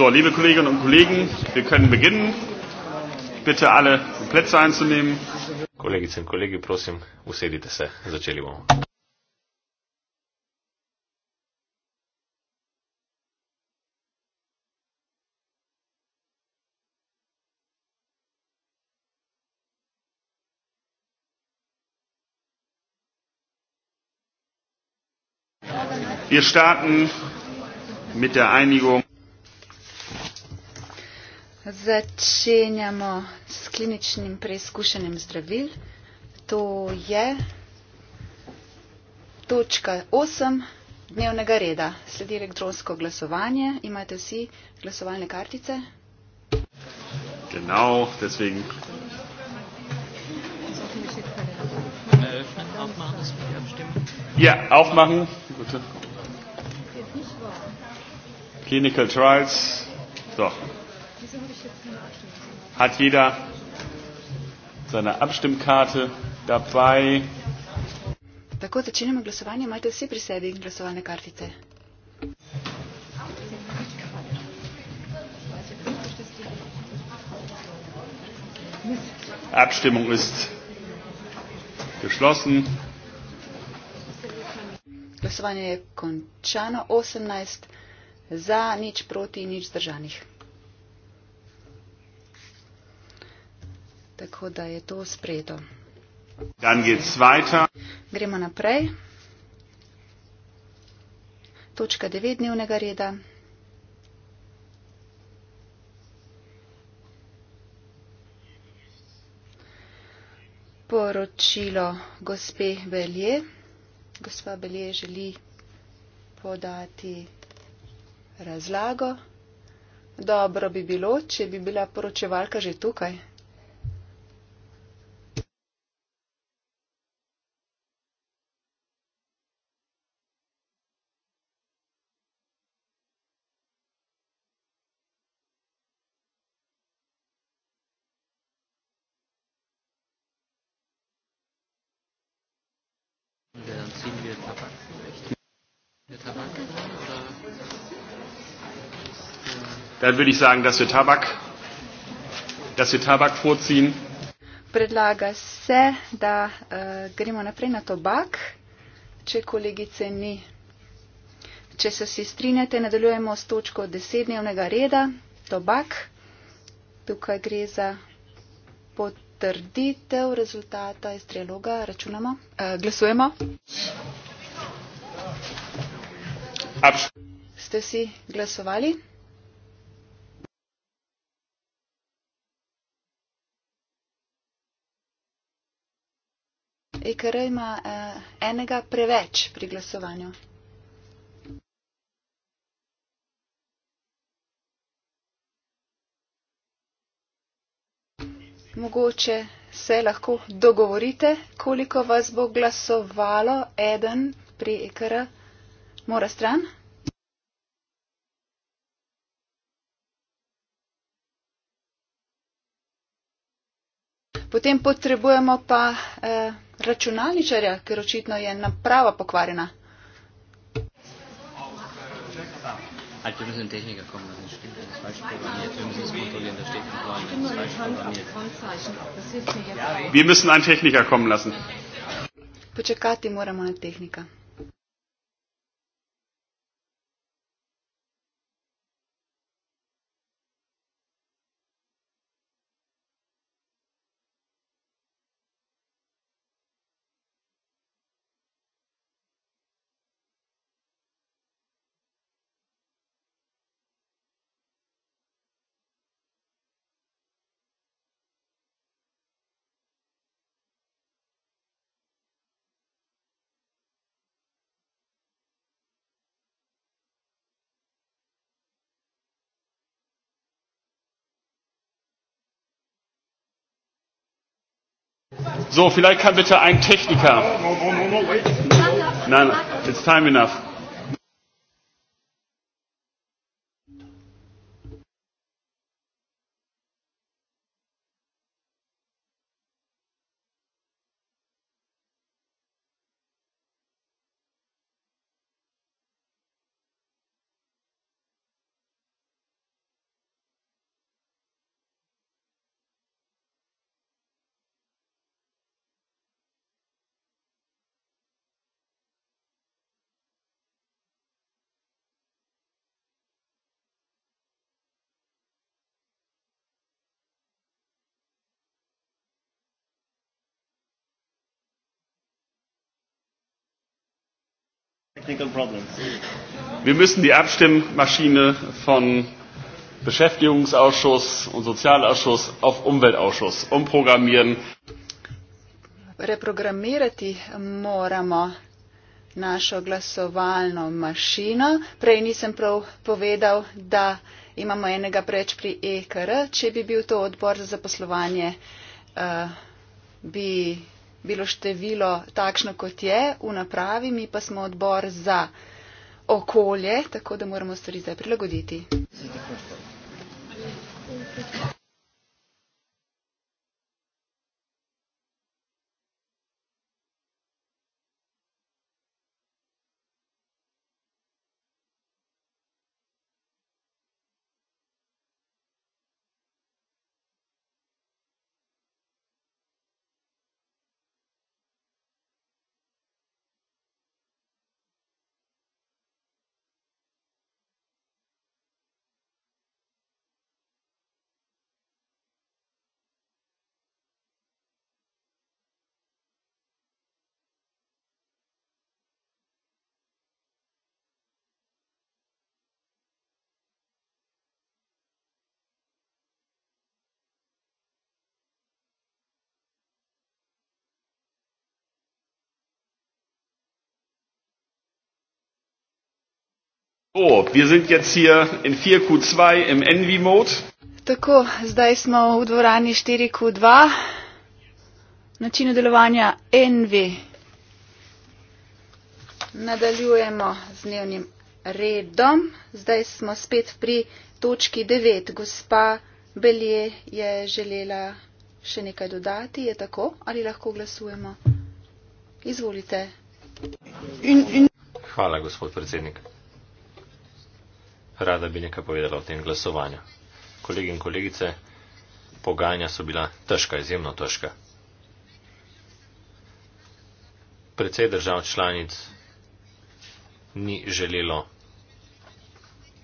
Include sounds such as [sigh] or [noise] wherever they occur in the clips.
So, liebe Kolleginnen und Kollegen, wir können beginnen. Bitte alle Plätze einzunehmen. Kolleginnen und Kollegen, prosim, usedite se, začeli bomo. Wir starten mit der Einigung. Začenjamo s kliničnim preizkušanjem zdravil. To je točka 8 dnevnega reda. Sledi elektronsko glasovanje. Imate vsi glasovalne kartice? Genau, deswegen. Ja, aufmachen. Bitte. Clinical Trials. Doch. So. Hat jeder seine Abstimmkarte dabei? Tako začenjamo glasovanje. Imate vsi pri sebi glasovalne kartice? Abstimmung ist geschlossen. Glasovanje je končano. 18 za, nič proti, nič zdržanih. Tako da je to sprejeto. Gremo naprej. Točka 9 dnevnega reda. Poročilo gospe Belje. Gospa Belje želi podati razlago. Dobro bi bilo, če bi bila poročevalka že tukaj. dann würde ich sagen, dass wir Tabak, dass wir Tabak vorziehen. Predlaga se, da uh, gremo naprej na tobak, če kolegice ni. Če se vsi strinjate, nadaljujemo s točko desetdnevnega reda, tobak. Tukaj gre za potrditev rezultata iz triloga, računamo, uh, glasujemo. Abs. Ste si glasovali? EKR ima uh, enega preveč pri glasovanju. Mogoče se lahko dogovorite, koliko vas bo glasovalo eden pri EKR mora stran. Potem potrebujemo pa eh, računalničarja, ker očitno je naprava pokvarjena. Počakati moramo na tehnika. So, vielleicht kann bitte ein Techniker. No, no, no, nein, it's time enough. Wir müssen die Abstimmmaschine von Beschäftigungsausschuss und Sozialausschuss auf Umweltausschuss umprogrammieren. Reprogrammirati moramo našo glasovalno mašino. Prej nisem prav povedal, da imamo enega preč pri EKR. Če bi bil to odbor za zaposlovanje, uh, bi bilo število takšno, kot je v napravi, mi pa smo odbor za okolje, tako da moramo stvari zdaj prilagoditi. So, wir sind jetzt hier in 4Q2 im Envy Mode. Tako, zdaj smo v dvorani 4Q2, načinu delovanja Envy. Nadaljujemo z dnevnim redom. Zdaj smo spet pri točki 9. Gospa Belje je želela še nekaj dodati. Je tako? Ali lahko glasujemo? Izvolite. In, in... Hvala, gospod predsednik rada bi nekaj povedala o tem glasovanju. Kolegi in kolegice, pogajanja so bila težka, izjemno težka. Predsej držav članic ni želelo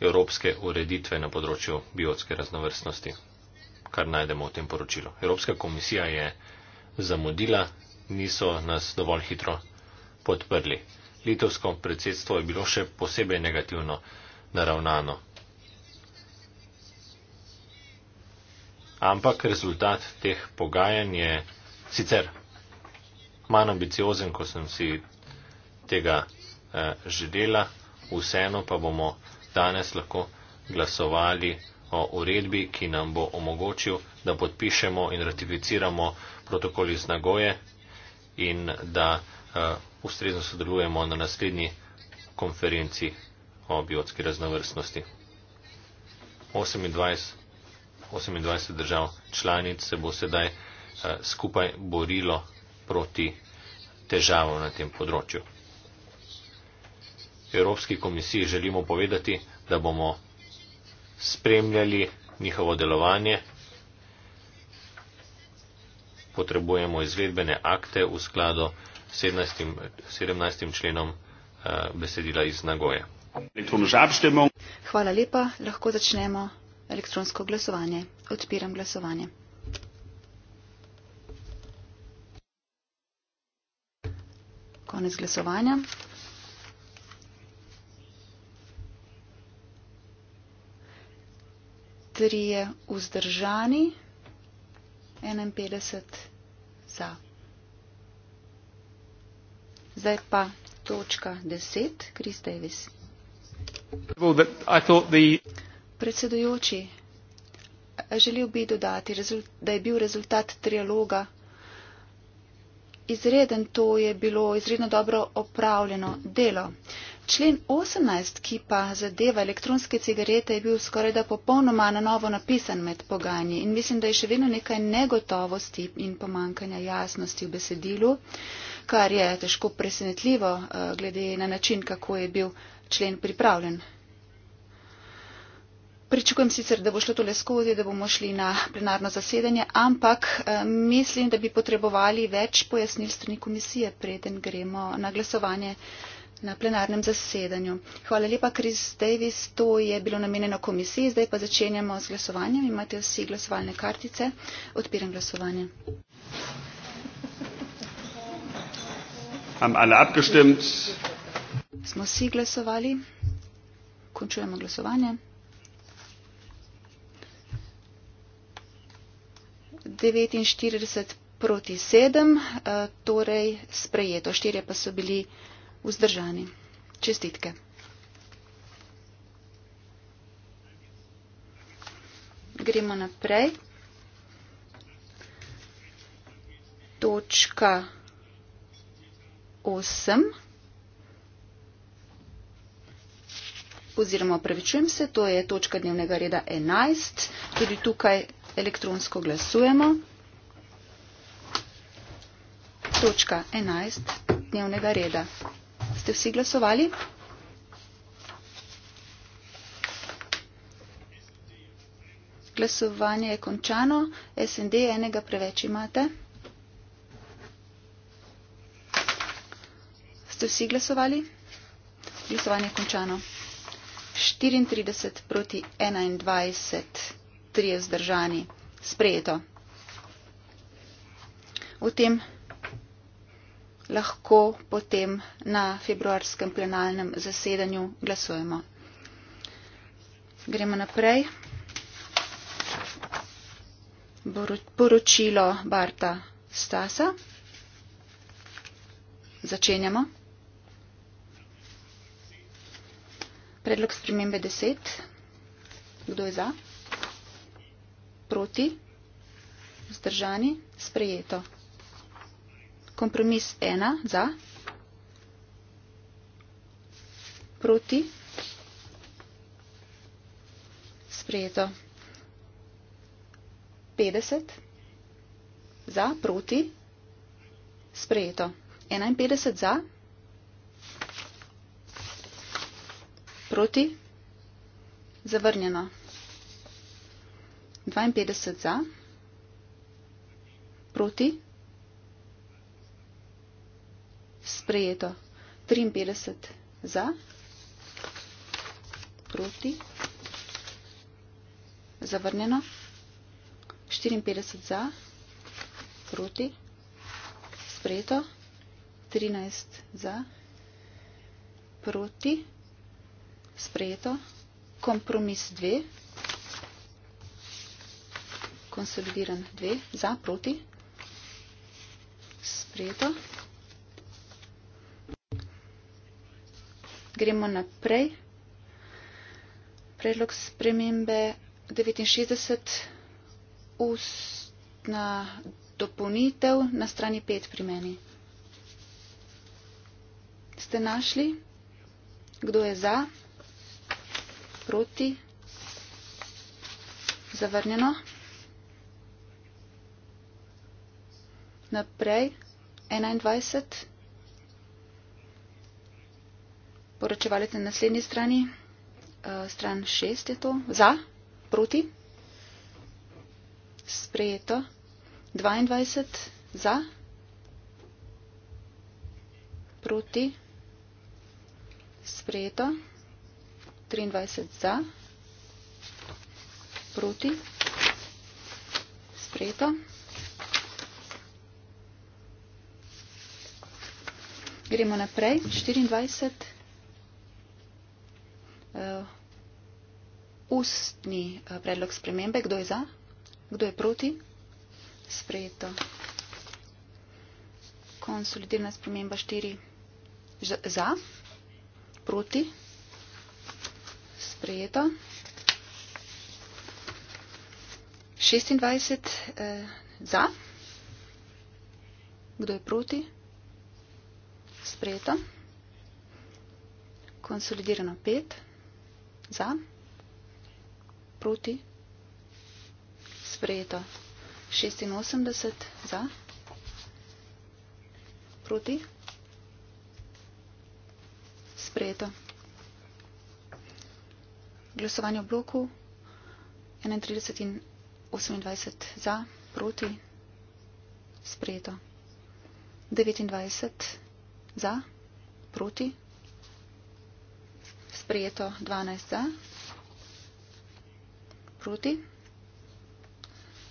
evropske ureditve na področju biotske raznovrstnosti, kar najdemo v tem poročilu. Evropska komisija je zamudila, niso nas dovolj hitro podprli. Litovsko predsedstvo je bilo še posebej negativno naravnano. Ampak rezultat teh pogajanj je sicer manj ambiciozen, ko sem si tega eh, želela, vseeno pa bomo danes lahko glasovali o uredbi, ki nam bo omogočil, da podpišemo in ratificiramo protokol iz Nagoje in da eh, ustrezno sodelujemo na naslednji konferenci o biotski raznovrstnosti. 28, 28 držav članic se bo sedaj eh, skupaj borilo proti težavam na tem področju. Evropski komisiji želimo povedati, da bomo spremljali njihovo delovanje, potrebujemo izvedbene akte v skladu s 17. členom eh, besedila iz Nagoje elektronska abstimmung. Hvala lepa, lahko začnemo elektronsko glasovanje. Odpiram glasovanje. Konec glasovanja. Tri je vzdržani, 51 za. Zdaj pa točka 10, Krista je vesel. Predsedujoči, želel bi dodati, da je bil rezultat trialoga izreden, to je bilo izredno dobro opravljeno delo. Člen 18, ki pa zadeva elektronske cigarete, je bil skoraj da popolnoma na novo napisan med pogajanji in mislim, da je še vedno nekaj negotovosti in pomankanja jasnosti v besedilu, kar je težko presenetljivo eh, glede na način, kako je bil člen pripravljen. Pričakujem sicer, da bo šlo tole skozi, da bomo šli na plenarno zasedanje, ampak eh, mislim, da bi potrebovali več pojasnil strani komisije, preden gremo na glasovanje na plenarnem zasedanju. Hvala lepa, Chris Davis, to je bilo namenjeno komisiji, zdaj pa začenjamo z glasovanjem. Imate vsi glasovalne kartice, odpiram glasovanje. Haben alle abgestimmt? Smo si glasovali. Končujemo glasovanje. 49 proti 7, eh, torej sprejeto. Štirje pa so bili vzdržani. Čestitke. Gremo naprej. Točka 8. oziroma prevečujem se, to je točka dnevnega reda 11, tudi tukaj elektronsko glasujemo. Točka 11 dnevnega reda. Ste vsi glasovali? Glasovanje je končano. SND enega preveč imate. Ste vsi glasovali? Glasovanje je končano. 34 proti 21, 3 zdržani, sprejeto. V tem lahko potem na februarskem plenalnem zasedanju glasujemo. Gremo naprej. Poročilo Barta Stasa. Začenjamo. Predlog spremembe 10. Kdo je za? Proti? Zdržani? Sprejeto. Kompromis 1. Za? Proti? Sprejeto. 50. Za? Proti? Sprejeto. 51 za? Proti? proti? Zavrnjeno. 52 za. Proti? Sprejeto. 53 za. Proti? Zavrnjeno. 54 za. Proti? Sprejeto. 13 za. Proti? sprejeto. Kompromis 2. Konsolidiran 2. Za, proti. Sprejeto. Gremo naprej. Predlog spremembe 69. Ustna dopolnitev na strani 5 pri meni. Ste našli? Kdo je za? proti, zavrnjeno, naprej, 21, poročevalec na naslednji strani, eh, stran 6 je to, za, proti, sprejeto, 22, za, proti, sprejeto, 22, 23 za, proti, sprejeto. Gremo naprej. 24. Uh, eh, ustni uh, predlog spremembe. Kdo je za? Kdo je proti? Sprejeto. Konsolidirna sprememba 4. Za? Proti? sprejeto. 26 eh, za. Kdo je proti? Sprejeto. Konsolidirano 5 za. Proti. Sprejeto. 86 za. Proti. Sprejeto glasovanje v bloku 31 in 28 za, proti, sprejeto. 29 za, proti, sprejeto. 12 za, proti,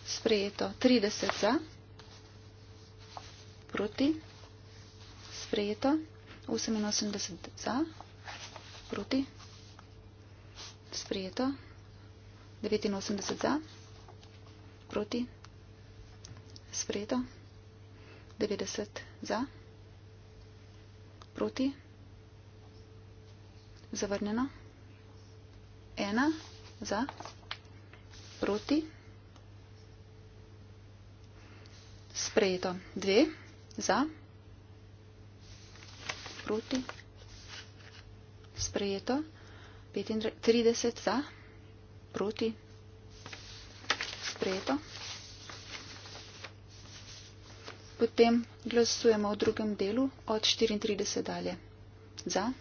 sprejeto. 30 za, proti, sprejeto. 88 za, proti sprijeto. 89 za, proti, sprijeto. 90 za, proti, zavrnjeno. 1 za, proti, sprijeto. 2 za, proti, sprijeto. 3 za, proti. 30 za, proti, sprejeto. Potem glasujemo v drugem delu od 34 dalje. Za,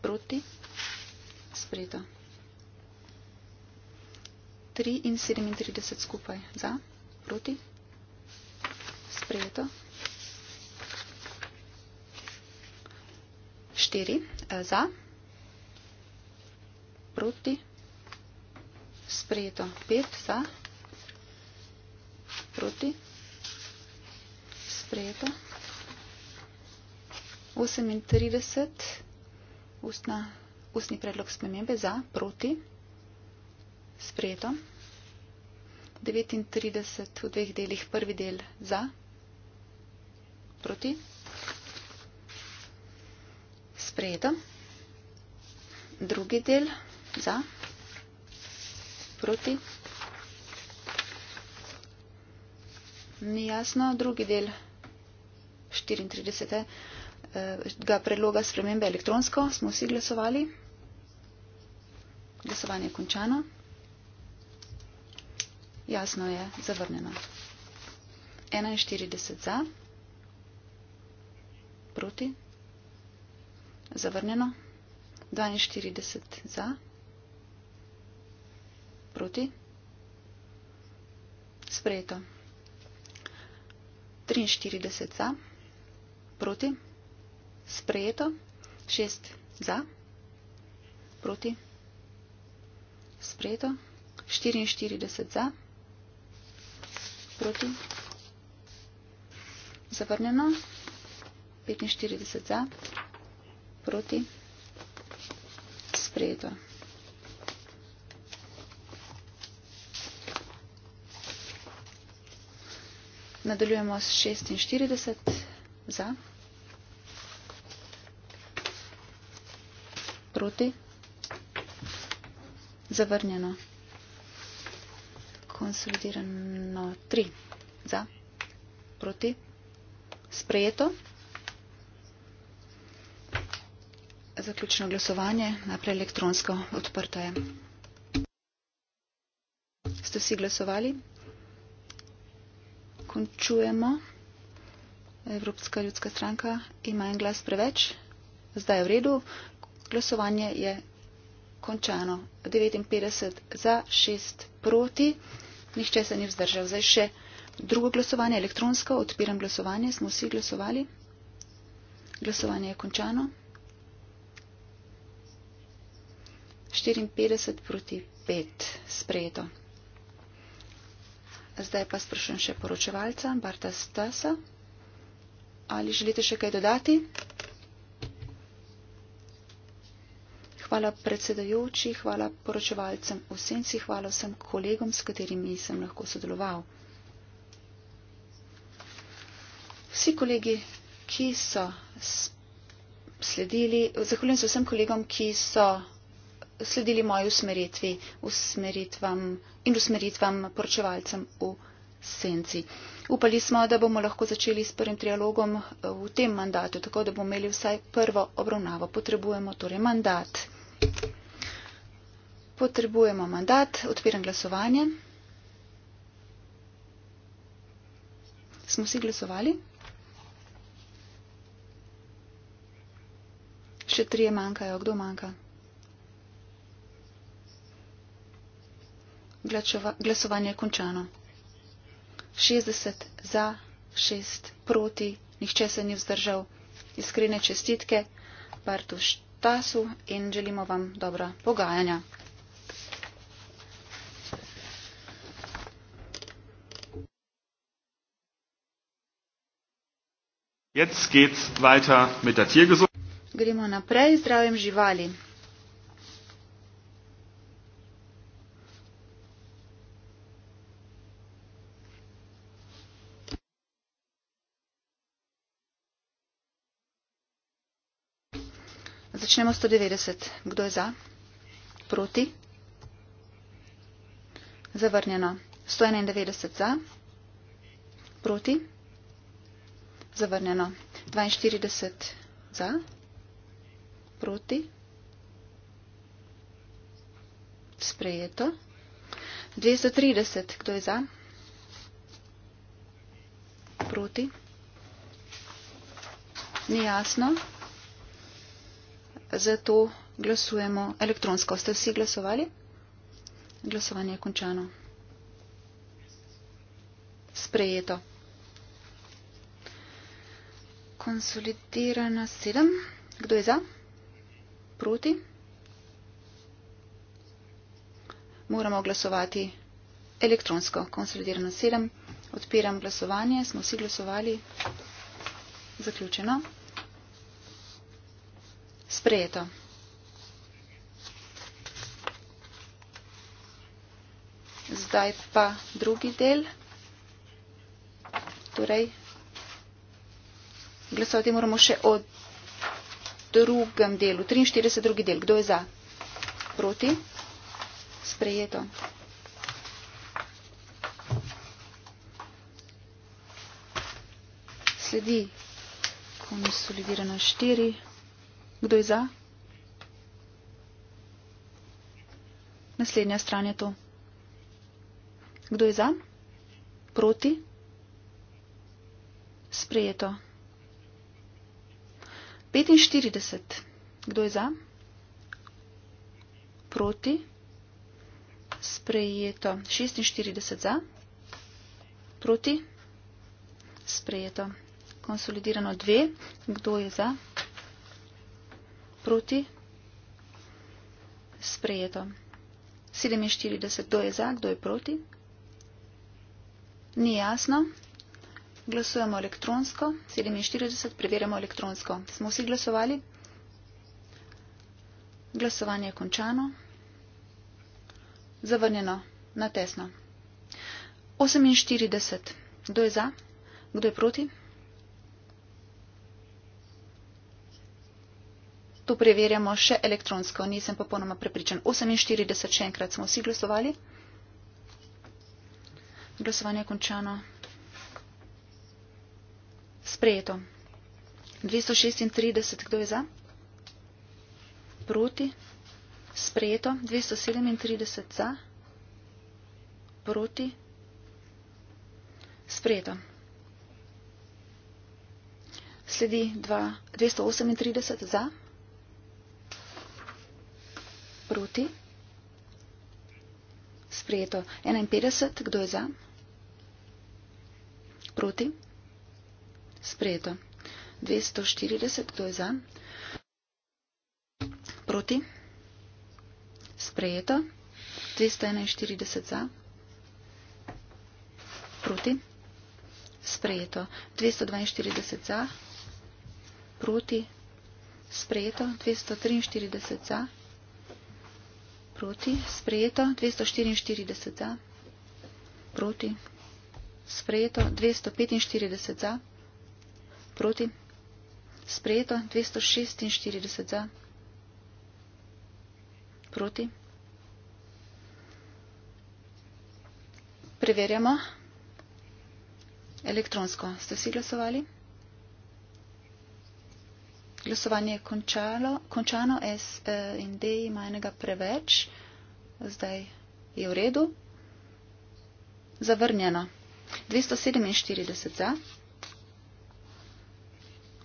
proti, sprejeto. 3 in 37 skupaj. Za, proti, sprejeto. 4 eh, za, proti, sprejeto 5 za, proti, sprejeto 38, ustna, ustni predlog spremembe za, proti, sprejeto 39 v dveh delih, prvi del za, proti, sprejeto spredem, drugi del za, proti. Ni jasno, drugi del 34. ga eh, predloga spremembe elektronsko, smo vsi glasovali. Glasovanje je končano. Jasno je, zavrnjeno. 41 za, proti zavrnjeno, 42 za, proti, sprejeto, 43 za, proti, sprejeto, 6 za, proti, sprejeto, 44 za, proti, zavrnjeno, 45 za, proti, proti spredo. Nadaljujemo s 46 za, proti, zavrnjeno, konsolidirano 3 za, proti, sprejeto. zaključno glasovanje, naprej elektronsko odprto je. Ste vsi glasovali? Končujemo. Evropska ljudska stranka ima en glas preveč, zdaj je v redu. Glasovanje je končano. 59 za, 6 proti, nihče se ni vzdržal. Zdaj še drugo glasovanje, elektronsko, odpiram glasovanje, smo vsi glasovali. Glasovanje je končano. 54 proti 5 sprejeto. Zdaj pa sprašujem še poročevalca Barta Stasa. Ali želite še kaj dodati? Hvala predsedajoči, hvala poročevalcem v senci, hvala vsem kolegom, s katerimi sem lahko sodeloval. Vsi kolegi, ki so sledili, zahvaljujem se vsem kolegom, ki so sledili moji usmeritvi, usmeritvam in usmeritvam poročevalcem v senci. Upali smo, da bomo lahko začeli s prvim trialogom eh, v tem mandatu, tako da bomo imeli vsaj prvo obravnavo. Potrebujemo torej mandat. Potrebujemo mandat, odpiram glasovanje. Smo vsi glasovali? Še trije manjkajo. Kdo manjka? glasovanje je končano. 60 za, 6 proti, nihče se ni vzdržal. Iskrene čestitke Bartu Štasu in želimo vam dobra pogajanja. Jetzt geht's weiter mit der Tiergesundheit. Gremo naprej, zdravim živali. Začnemo 190. Kdo je za? Proti? Zavrnjeno. 191 za. Proti? Zavrnjeno. 42 za. Proti? Sprejeto. 230. Kdo je za? Proti? Ni jasno. Proti? zato glasujemo elektronsko. Ste vsi glasovali? Glasovanje je končano. Sprejeto. Konsolidirana sedem. Kdo je za? Proti? Moramo glasovati elektronsko. Konsolidirana sedem. Odpiram glasovanje. Smo vsi glasovali. Zaključeno. Sprejeto. Zdaj pa drugi del. Torej, glasovati moramo še o drugem delu. 43. drugi del. Kdo je za? Proti? Sprejeto. Sledi konsolidirano štiri. Kdo je za? Naslednja stran je to. Kdo je za? Proti? Sprejeto. 45. Kdo je za? Proti? Sprejeto. 46 za? Proti? Sprejeto. Konsolidirano dve. Kdo je za? proti? Sprejeto. 47. Kdo je za, kdo je proti? Ni jasno. Glasujemo elektronsko. 47. Preverjamo elektronsko. Smo vsi glasovali? Glasovanje je končano. Zavrnjeno. Na tesno. 48. Kdo je za? Kdo je proti? Tu preverjamo še elektronsko. Nisem popolnoma prepričan. 48 še enkrat smo vsi glasovali. Glasovanje je končano. Sprejeto. 236, kdo je za? Proti. Sprejeto. 237 za. Proti. Sprejeto. Sledi 2, 238 za. Proti? Sprejeto. 51. Kdo je za? Proti? Sprejeto. 240. Kdo je za? Proti? Sprejeto. 241 za? Proti? Sprejeto. 242 za? Proti? Sprejeto. 243 za? Proti. Sprejeto. 244 za. Proti. Sprejeto. 245 za. Proti. Sprejeto. 246 za. Proti. Preverjamo. Elektronsko. Ste si glasovali? glasovanje je končalo, končano S e in D ima enega preveč, zdaj je v redu. Zavrnjeno. 247 za,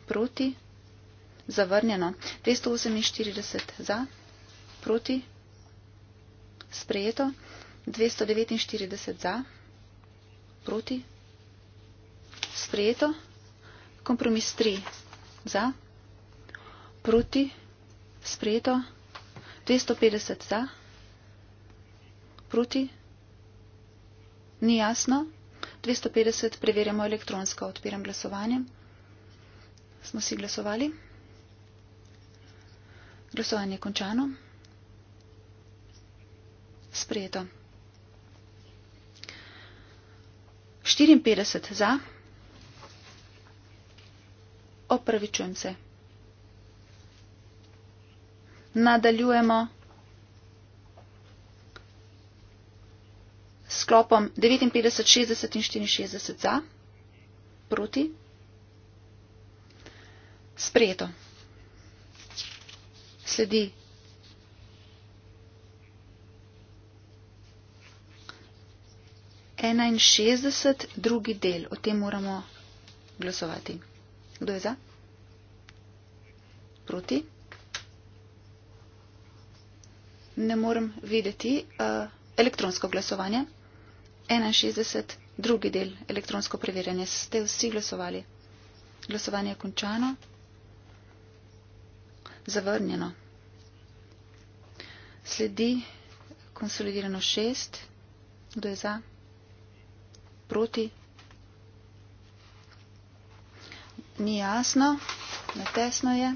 proti, zavrnjeno. 248 za, proti, sprejeto. 249 za, proti, sprejeto. Kompromis 3 za proti, sprejeto, 250 za, proti, ni jasno, 250 preverjamo elektronsko, odpiram glasovanje, smo si glasovali, glasovanje je končano, sprejeto, 54 za, opravičujem se nadaljujemo s sklopom 59, 60 in 64 za, proti, sprejeto. Sledi enainšestdeset drugi del. O tem moramo glasovati. Kdo je za? Proti? ne morem videti, uh, elektronsko glasovanje. 61, drugi del, elektronsko preverjanje. Ste vsi glasovali? Glasovanje je končano. Zavrnjeno. Sledi konsolidirano 6. Kdo je za? Proti? Ni jasno. Natesno je.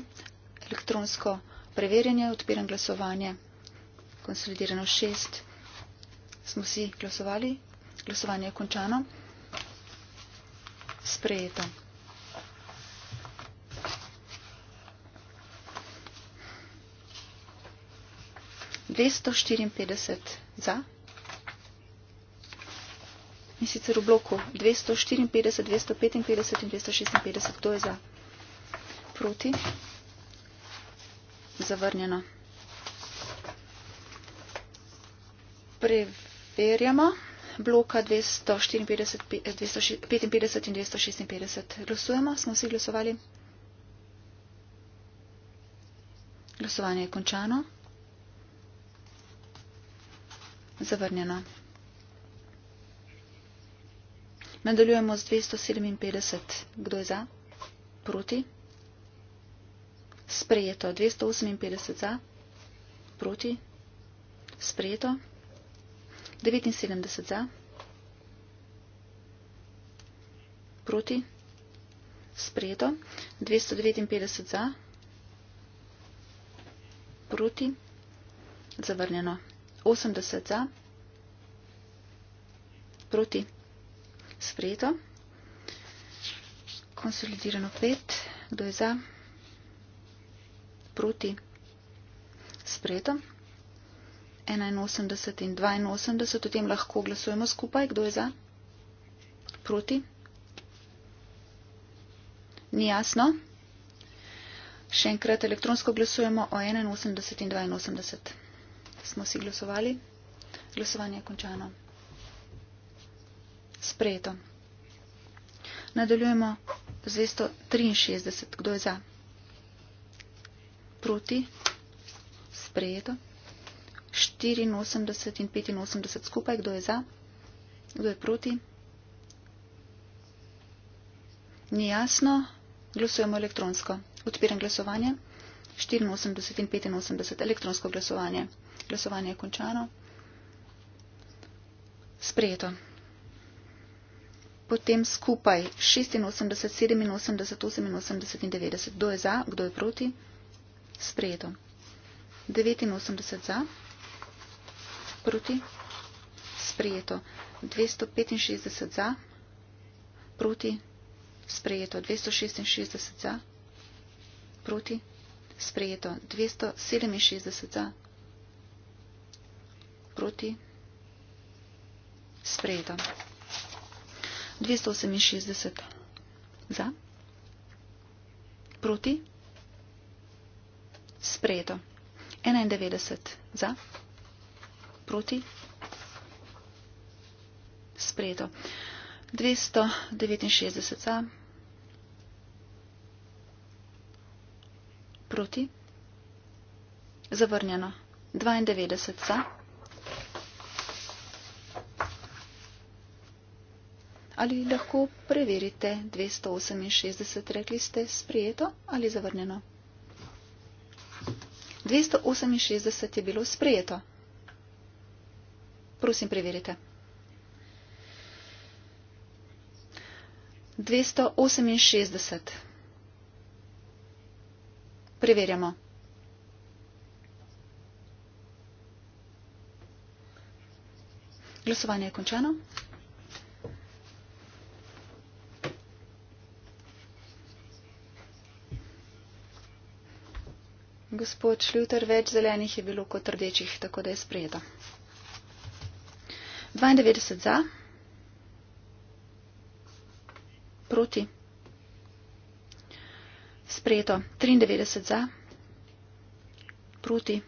Elektronsko preverjanje. Odpiram glasovanje konsolidirano šest, smo si glasovali. Glasovanje je končano. Sprejeto. Dvesto štirinpetdeset za. In sicer v bloku 254, 255 in 256, kdo je za? Proti? Zavrnjeno. preverjamo bloka 254, 255 in 256. Glasujemo, smo vsi glasovali. Glasovanje je končano. Zavrnjeno. Nadaljujemo z 257. Kdo je za? Proti? Sprejeto. 258 za? Proti? Sprejeto. 79 za, proti, sprejeto, 259 za, proti, zavrnjeno, 80 za, proti, sprejeto, konsolidirano 5, kdo je za, proti, sprejeto, 81 in 82, o tem lahko glasujemo skupaj. Kdo je za? Proti? Ni jasno? Še enkrat elektronsko glasujemo o 81 in 82. Smo si glasovali? Glasovanje je končano. Sprejeto. Nadaljujemo z 263. Kdo je za? Proti? Sprejeto. 84 in 85 skupaj, kdo je za, kdo je proti. Ni jasno, glasujemo elektronsko. Odpiram glasovanje. 84 in 85 elektronsko glasovanje. Glasovanje je končano. Sprejeto. Potem skupaj 86, 87, 88 in 90. Kdo je za, kdo je proti? Sprejeto. 89 za. Proti? Sprejeto. 265 za. Proti? Sprejeto. 266 za. Proti? Sprejeto. 267 za. Proti? Sprejeto. 268 za. Proti? Sprejeto. 91 za proti. Sprejeto. 269 za. Proti. Zavrnjeno. 92 za. Ali lahko preverite 268, rekli ste, sprijeto ali zavrnjeno? 268 je bilo sprijeto. Prosim, preverite. 268. Preverjamo. 268. Glasovanje je končano. Gospod Šljuter, več zelenih je bilo kot rdečih, tako da je sprejeto. 92 za, proti, sprejeto 93 za, proti,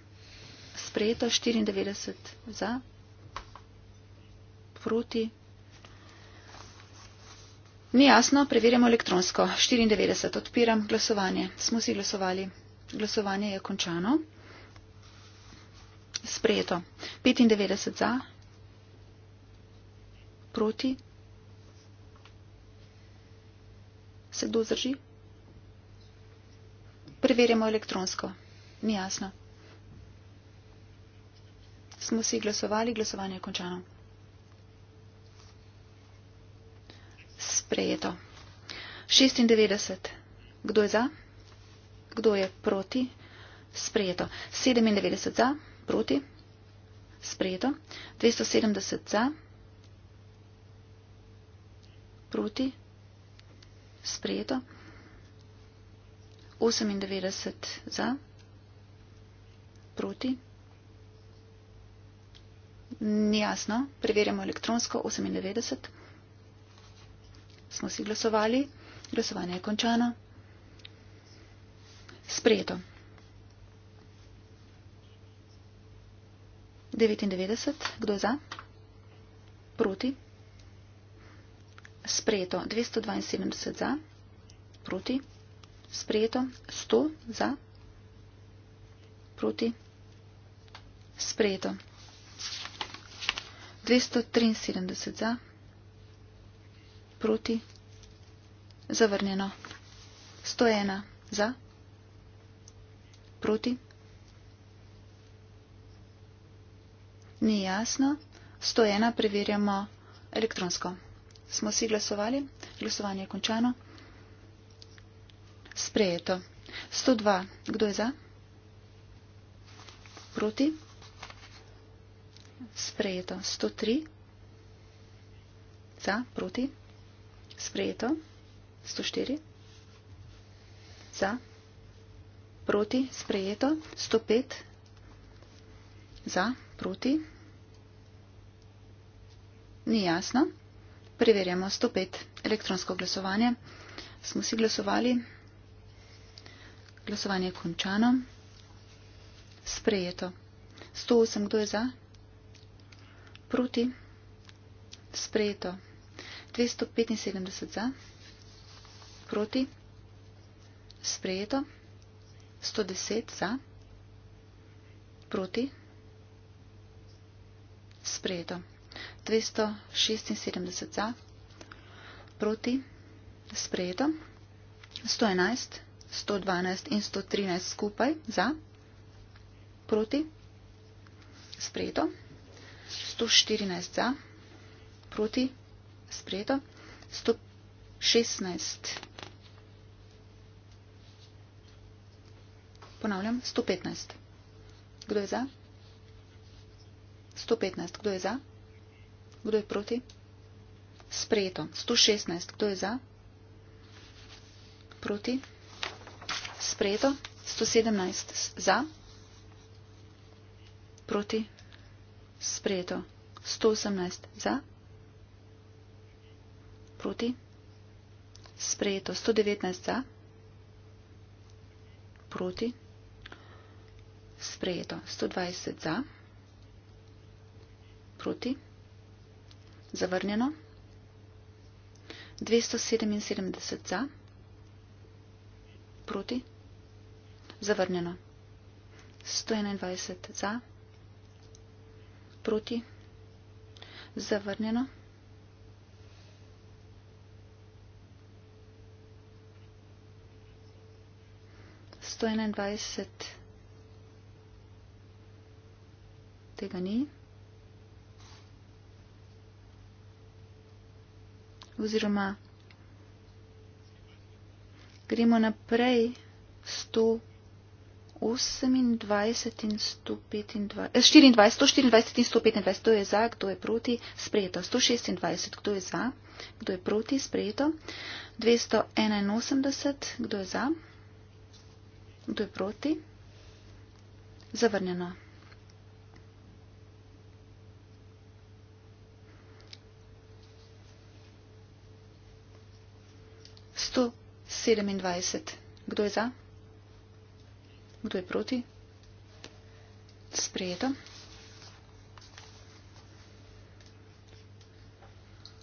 sprejeto 94 za, proti, ni jasno, preverjamo elektronsko, 94, odpiram glasovanje, smo si glasovali, glasovanje je končano, sprejeto 95 za, proti. Se kdo zdrži? Preverjamo elektronsko. Ni jasno. Smo si glasovali, glasovanje je končano. Sprejeto. 96. Kdo je za? Kdo je proti? Sprejeto. 97 za, proti? Sprejeto. 270 za proti, sprejeto, 98 za, proti, nijasno, preverjamo elektronsko, 98, smo si glasovali, glasovanje je končano, sprejeto, 99, kdo za, proti, proti, sprejeto 272 za, proti, sprejeto 100 za, proti, sprejeto 273 za, proti, zavrnjeno 101 za, proti, ni jasno, 101 preverjamo elektronsko smo si glasovali. Glasovanje je končano. Sprejeto. 102. Kdo je za? Proti? Sprejeto. 103. Za? Proti? Sprejeto. 104. Za? Proti? Sprejeto. 105. Za? Proti? Ni jasno. Preverjamo 105 elektronsko glasovanje. Smo si glasovali. Glasovanje je končano. Sprejeto. 108, kdo je za? Proti. Sprejeto. 275 za. Proti. Sprejeto. 110 za. Proti. Sprejeto. 276 za, proti, sprejeto, 111, 112 in 113 skupaj za, proti, sprejeto, 114 za, proti, sprejeto, 116, ponavljam, 115. Kdo je za? 115. Kdo je za? Kdo je proti? Sprejeto. 116. Kdo je za? Proti? Sprejeto. 117. Za? Proti? Sprejeto. 118. Za? Proti? Sprejeto. 119. Za? Proti? Sprejeto. 120. Za? Proti? Zavrnjeno. 277 za. Proti. Zavrnjeno. 121 za. Proti. Zavrnjeno. 121 tega ni. oziroma gremo naprej 128 in 125, 24, 124 in 125, kdo je za, kdo je proti, sprejeto. 126, kdo je za, kdo je proti, sprejeto. 281, kdo je za, kdo je proti, zavrnjeno. 27. Kdo je za? Kdo je proti? Sprejeto.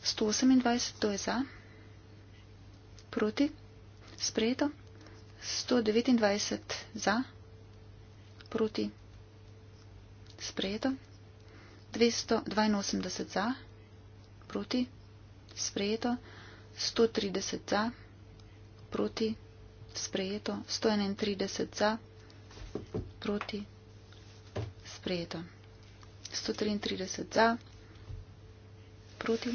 128. Kdo je za? Proti? Sprejeto. 129. Za? Proti? Sprejeto. 282. Za? Proti? Sprejeto. 130 za, proti, sprejeto, 131 za, proti, sprejeto, 133 za, proti,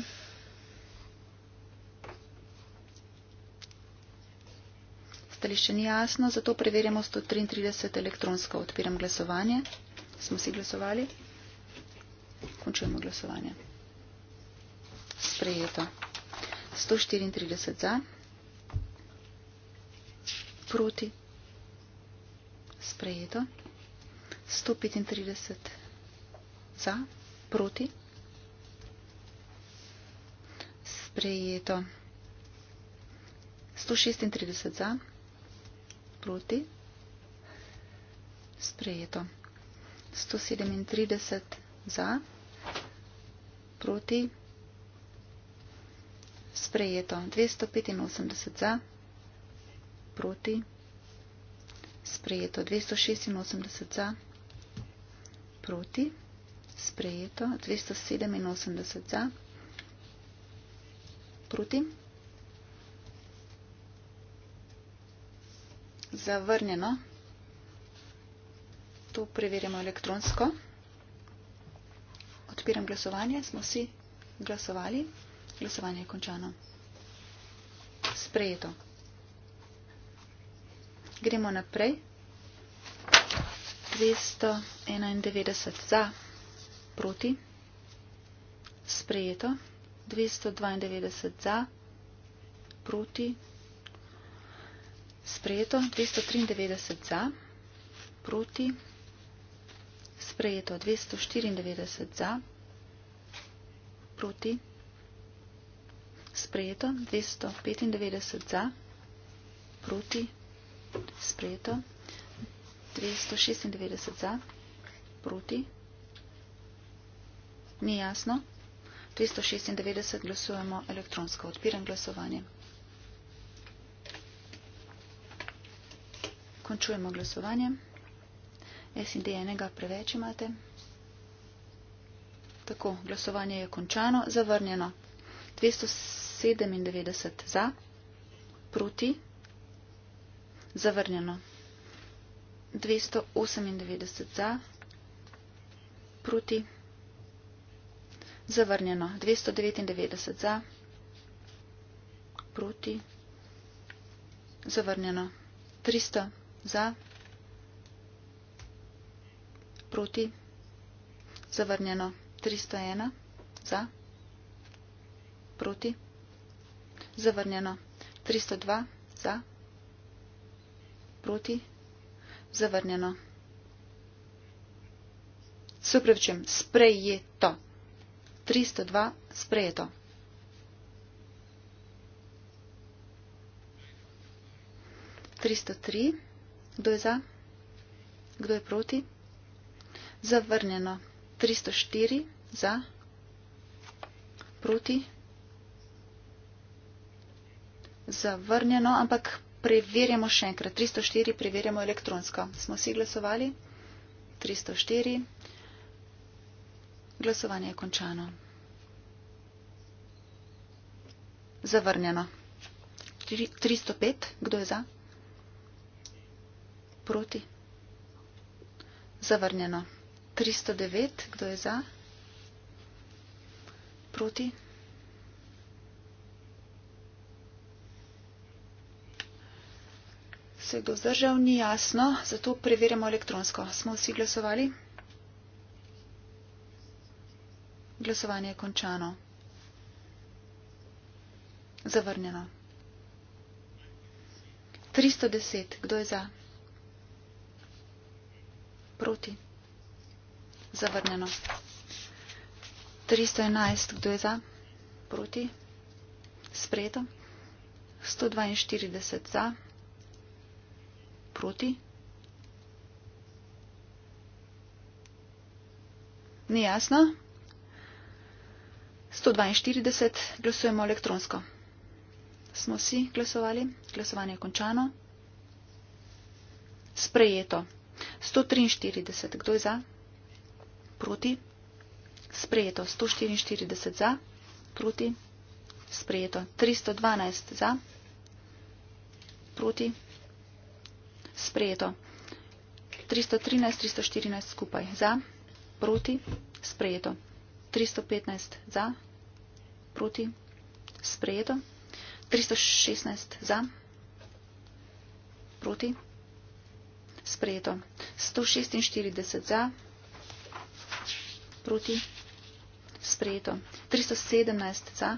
stališče ni jasno, zato preverjamo 133 elektronsko, odpiram glasovanje, smo si glasovali, končujemo glasovanje, sprejeto, 134 za, sprejeto, proti. Sprejeto. 135 za, proti. Sprejeto. 136 za, proti. Sprejeto. 137 za, proti. Sprejeto. 285 za, proti proti. Sprejeto 286 za, proti. Sprejeto 287 za, proti. Zavrnjeno. To preverjamo elektronsko. Odpiram glasovanje. Smo vsi glasovali. Glasovanje je končano. Sprejeto. Gremo naprej. 291 za, proti, sprejeto. 292 za, proti, sprejeto. 293 za, proti, sprejeto. 294 za, proti, sprejeto. 295 za, proti, sprejeto sprejeto. 396 za, proti, ni jasno. 396 glasujemo elektronsko. Odpiram glasovanje. Končujemo glasovanje. SND enega preveč imate. Tako, glasovanje je končano, zavrnjeno. 297 za, proti, Zavrnjeno. 298 za. Proti. Zavrnjeno. 299 za. Proti. Zavrnjeno. 300 za. Proti. Zavrnjeno. 301 za. Proti. Zavrnjeno. 302 za. Proti. Proti. Zavrnjeno. Supravčem, sprejeto. 302, sprejeto. Tristo tri. Kdo je za? Kdo je proti? Zavrnjeno. Tristo štiri. Za. Proti. Zavrnjeno, ampak Preverjamo še enkrat. 304 preverjamo elektronsko. Smo vsi glasovali? 304. Glasovanje je končano. Zavrnjeno. 305. Kdo je za? Proti. Zavrnjeno. 309. Kdo je za? Proti. se kdo zdržal, ni jasno, zato preverjamo elektronsko. Smo vsi glasovali? Glasovanje je končano. Zavrnjeno. 310. Kdo je za? Proti. Zavrnjeno. 311. Kdo je za? Proti. Sprejeto. 142 za proti. Ni jasno. 142 glasujemo elektronsko. Smo vsi glasovali, glasovanje je končano. Sprejeto. 143, kdo je za? Proti. Sprejeto. 144 za. Proti. Sprejeto. 312 za. Proti sprejeto. 313, 314 skupaj za, proti, sprejeto. 315 za, proti, sprejeto. 316 za, proti, sprejeto. 146 za, proti, sprejeto. 317 za,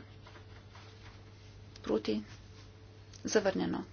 proti, zavrnjeno.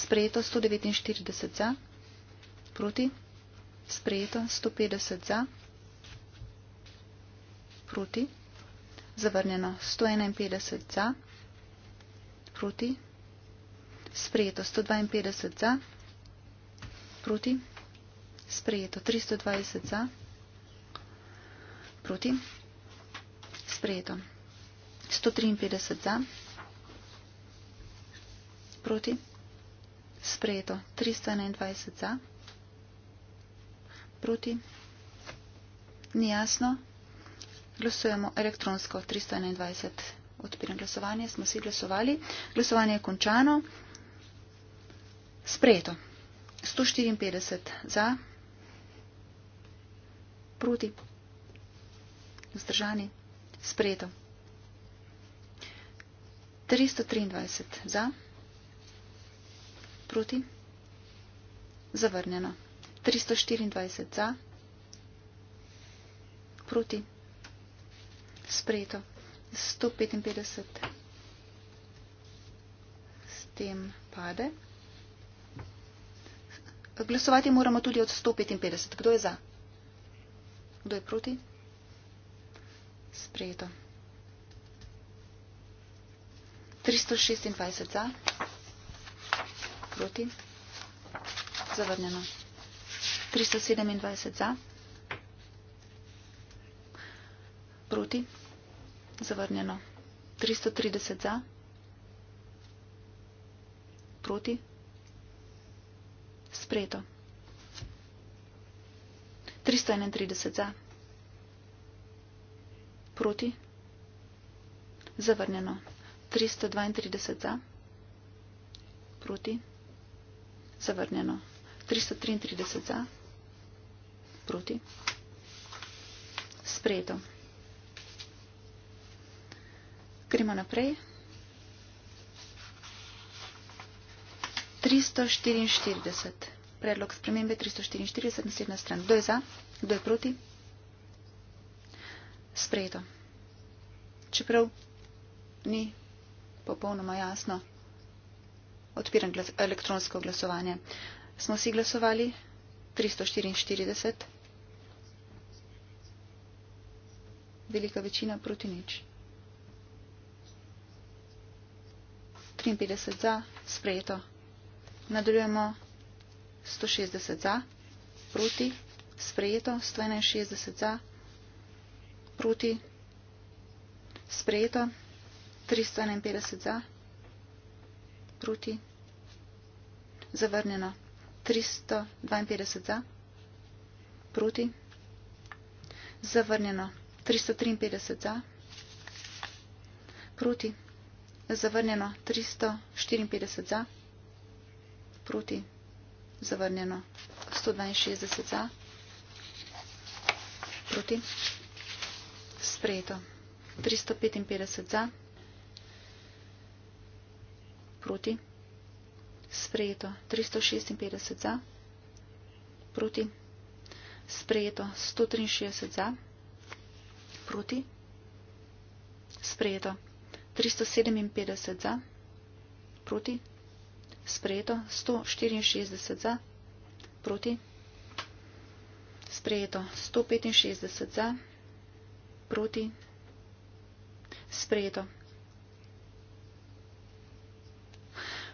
sprejeto 149 za, proti, sprejeto 150 za, proti, zavrnjeno 151 za, proti, sprejeto 152 za, proti, sprejeto 320 za, proti, sprejeto 153 za, proti, sprejeto 321 za, proti, ni jasno, glasujemo elektronsko 321. Odpiram glasovanje, smo si glasovali, glasovanje je končano, sprejeto 154 za, proti, vzdržani, sprejeto 323 za. Proti? Zavrnjeno. 324 za. Proti? Sprejeto. 155 s tem pade. Glasovati moramo tudi od 155. Kdo je za? Kdo je proti? Sprejeto. 326 za proti. Zavrnjeno. 327 za. Proti. Zavrnjeno. 330 za. Proti. Spreto. 331 za. Proti. Zavrnjeno. 332 za. Proti zavrnjeno. 333 za, proti, sprejeto. Gremo naprej. 344. Predlog spremembe 344, naslednja stran. Kdo je za? Kdo je proti? Sprejeto. Čeprav ni popolnoma jasno, odpiran glas, elektronsko glasovanje. Smo si glasovali? 344. Velika večina proti nič. 53 za, sprejeto. Nadaljujemo 160 za, proti, sprejeto, 161 za, proti, sprejeto, 351 za proti. Zavrnjeno. 352 za. Proti. Zavrnjeno. 353 za. Proti. Zavrnjeno. 354 za. Proti. Zavrnjeno. 162 za. Proti. Sprejeto. 355 za proti, sprejeto 356 za, proti, sprejeto 163 za, proti, sprejeto 357 za, proti, sprejeto 164 za, proti, sprejeto 165 za, proti, sprejeto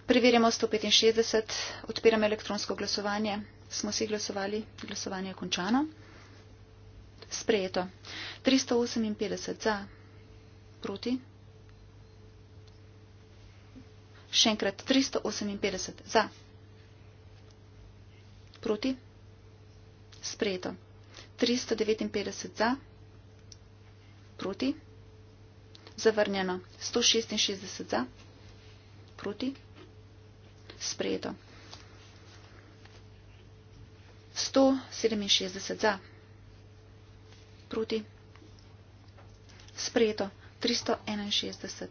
Preverjamo 165, odpiramo elektronsko glasovanje. Smo si glasovali, glasovanje je končano. Sprejeto. 358 za, proti. Še enkrat 358 za, proti. Sprejeto. 359 za, proti. Zavrnjeno. 166 za, proti sprejeto. 167 za, proti, sprejeto, 361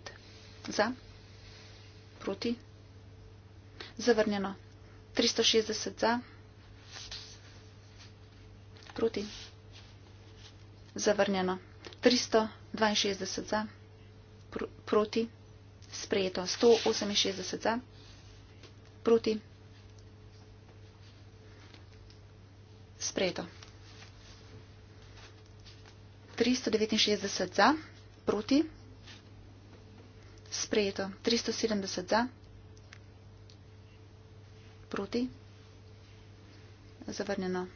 za, proti, zavrnjeno, 360 za, proti, zavrnjeno, 362 za, proti, sprejeto, 168 za, proti, Proti. Sprejeto. 369 za. Proti. Sprejeto. 370 za. Proti. Zavrnjeno.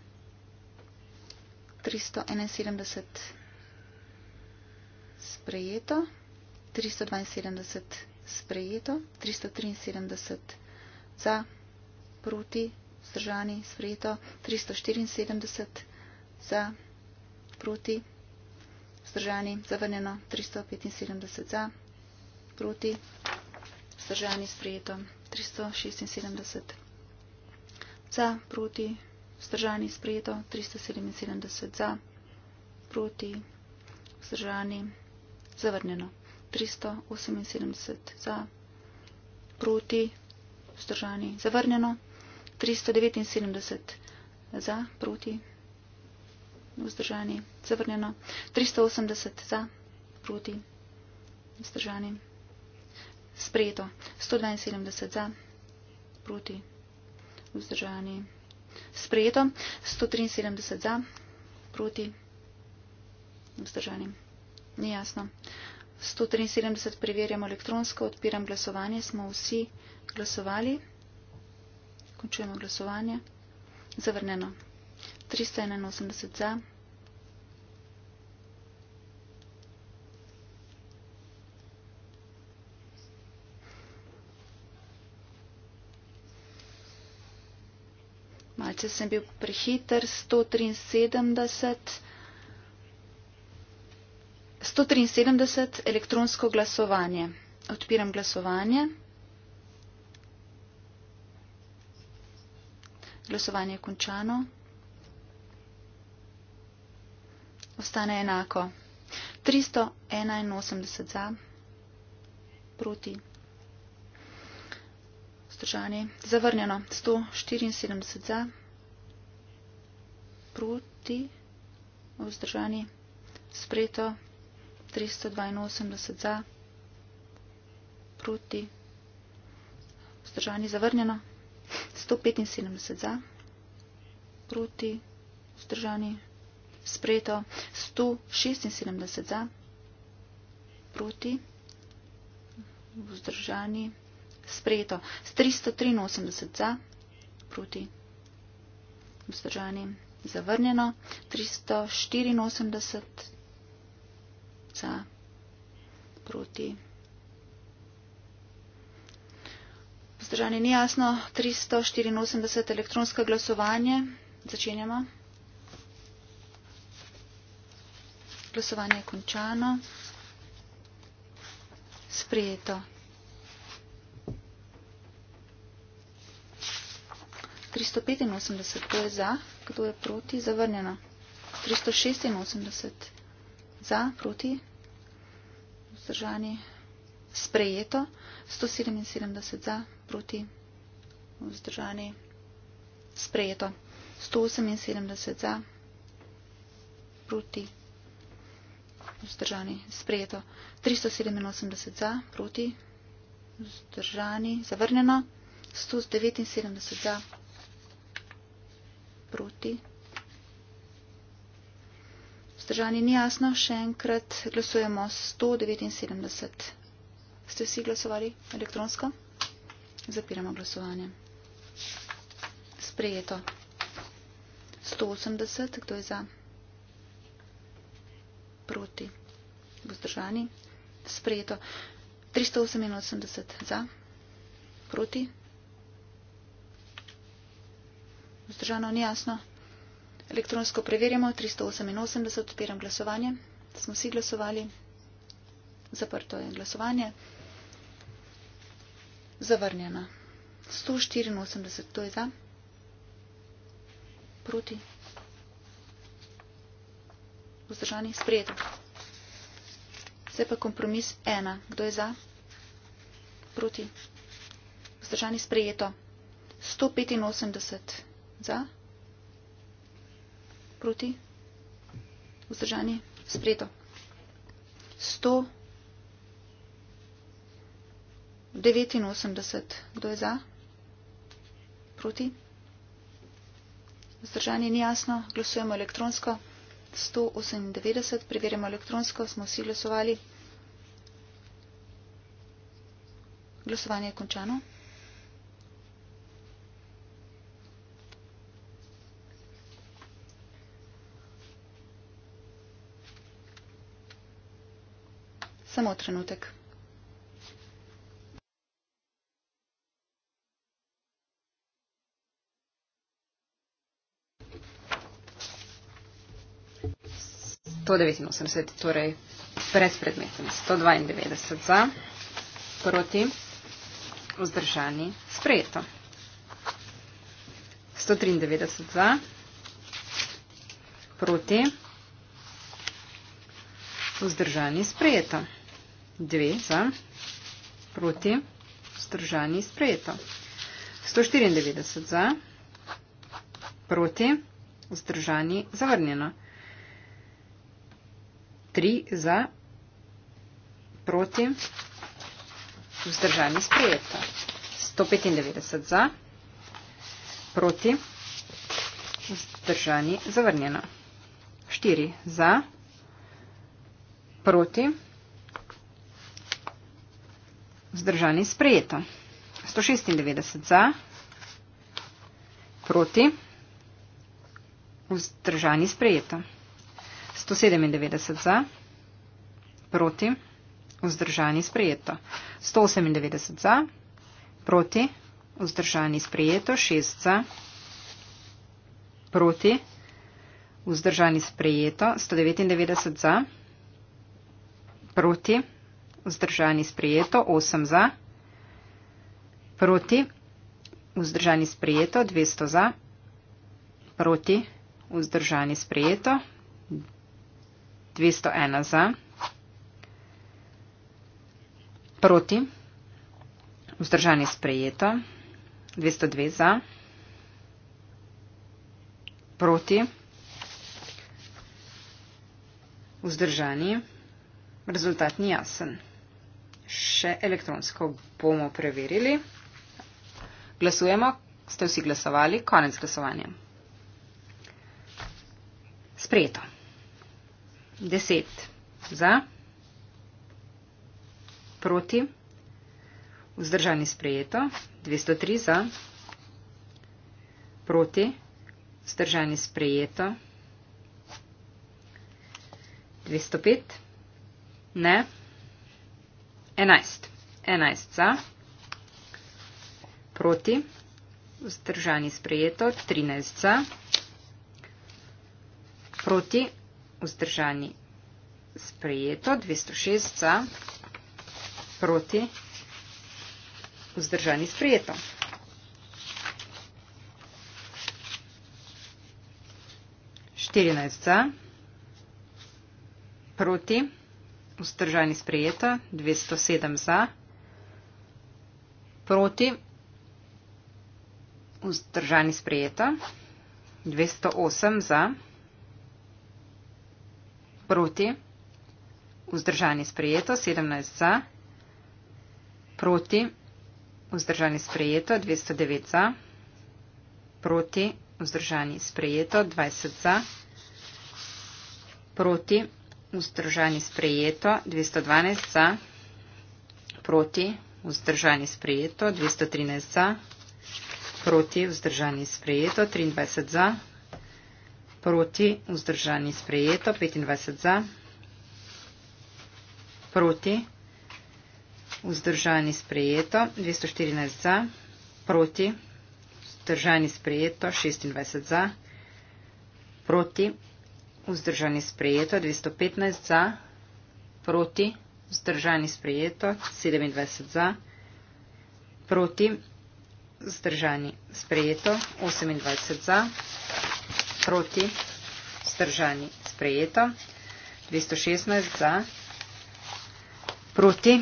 371 sprejeto, 372 sprejeto, 373 sprejeto za, proti, vzdržani, sprejeto, 374 za, proti, vzdržani, zavrnjeno, 375 za, proti, vzdržani, sprejeto, 376 za, proti, vzdržani, sprejeto, 377 za, proti, vzdržani, zavrnjeno, 378 za, proti, vzdržani. Zavrnjeno 379 za, proti, vzdržani. Zavrnjeno 380 za, proti, vzdržani. Sprejeto 172 za, proti, vzdržani. Sprejeto 173 za, proti, vzdržani. Nijasno. jasno. 173 preverjamo elektronsko, odpiram glasovanje, smo vsi glasovali. Končujemo glasovanje. Zavrneno. 381 za. Malce sem bil prehiter, 173. 173 elektronsko glasovanje. Odpiram glasovanje. Glasovanje je končano. Ostane enako. 381 za, proti, vzdržani, zavrnjeno. 174 za, proti, vzdržani, spreto, 382 za, proti, vzdržani zavrnjeno, 175 za, proti, vzdržani, sprejeto, 176 za, proti, vzdržani, sprejeto, 383 za, proti, vzdržani, zavrnjeno, 384 za, srca proti. Zdržanje ni jasno. 384 elektronsko glasovanje. Začenjamo. Glasovanje je končano. Sprejeto. 385, kdo je za, kdo je proti, zavrnjeno. 386 za, proti, vzdržani, sprejeto, 177 za, proti, vzdržani, sprejeto, 178 za, proti, vzdržani, sprejeto, 387 za, proti, vzdržani, zavrnjeno, 179 za, proti, vzdržani, Vzdržani ni jasno, še enkrat glasujemo 179. Ste vsi glasovali elektronsko? Zapiramo glasovanje. Sprejeto. 180, kdo je za? Proti. Vzdržani. Sprejeto. 388 za? Proti. Vzdržano ni jasno, Elektronsko preverjamo, 388 odpiram glasovanje. Smo vsi glasovali. Zaprto je glasovanje. Zavrnjena. 184, to je za. Proti. Vzdržani, sprejeto. Zdaj pa kompromis ena. Kdo je za? Proti. Vzdržani, sprejeto. 185 za proti. Vzdržanje, spreto. 100. 89. Kdo je za? Proti. Vzdržanje ni jasno. Glasujemo elektronsko. 198. Preverjamo elektronsko. Smo vsi glasovali. Glasovanje je končano. Samo trenutek. To 89, torej brezpredmeten, 192 za, proti, vzdržani, sprejeto. 193 za, proti, vzdržani, sprejeto. 2 za, proti, vzdržani, sprejeto. 194 za, proti, vzdržani, zavrnjeno. 3 za, proti, vzdržani, sprejeto. 195 za, proti, vzdržani, zavrnjeno. 4 za, proti, vzdržani, zavrnjeno. Vzdržan in sprejeto. 196 za, proti, vzdržan in sprejeto. 197 za, proti, vzdržan in sprejeto. 198 za, proti, vzdržan in sprejeto. 6 za, proti, vzdržan in sprejeto. 199 za, proti, vzdržan in sprejeto vzdržani sprejeto, 8 za, proti, vzdržani sprejeto, 200 za, proti, vzdržani sprejeto, 201 za, proti, vzdržani sprejeto, 202 za, proti, vzdržani, rezultat ni jasen še elektronsko bomo preverili. Glasujemo, ste vsi glasovali, konec glasovanja. Sprejeto. Deset za, proti, vzdržani sprejeto, 203 za, proti, vzdržani sprejeto, 205, ne. 11. 11 za, proti, vzdržani sprejeto, 13 za, proti, vzdržani sprejeto, 206 za, proti, vzdržani sprejeto. Štirinajst za, proti, vzdržani sprejeto vzdržani sprejeta, 207 za, proti vzdržani sprejeta, 208 za, proti vzdržani sprejeta, 17 za, proti vzdržani sprejeta, 209 za, proti vzdržani sprejeta, 20 za, proti vzdržani sprejeta, 20 za, vzdržani sprejeto, 212 za, proti, vzdržani sprejeto, 213 za, proti, vzdržani sprejeto, 23 za, proti, vzdržani sprejeto, 25 za, proti, vzdržani sprejeto, 214 za, proti, vzdržani sprejeto, 26 za, proti, vzdržani sprejeto, 215 za, proti, vzdržani sprejeto, 27 za, proti, vzdržani sprejeto, 28 za, proti, vzdržani sprejeto, 216 za, proti,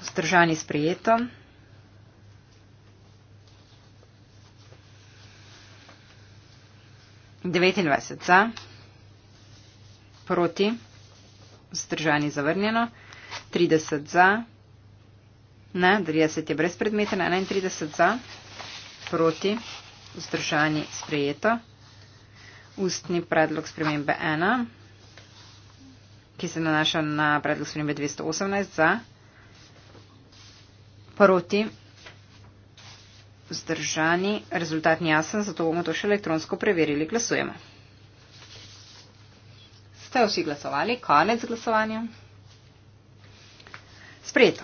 vzdržani sprejeto. Devetindvajset za proti, vzdržani zavrnjeno, 30 za, ne, 30 je brezpredmeten, 31 za, proti, vzdržani sprejeto, ustni predlog spremembe 1, ki se nanaša na predlog spremembe 218 za, proti, vzdržani, rezultat ni jasen, zato bomo to še elektronsko preverili, glasujemo. Ste vsi glasovali? Konec glasovanja. Sprejeto.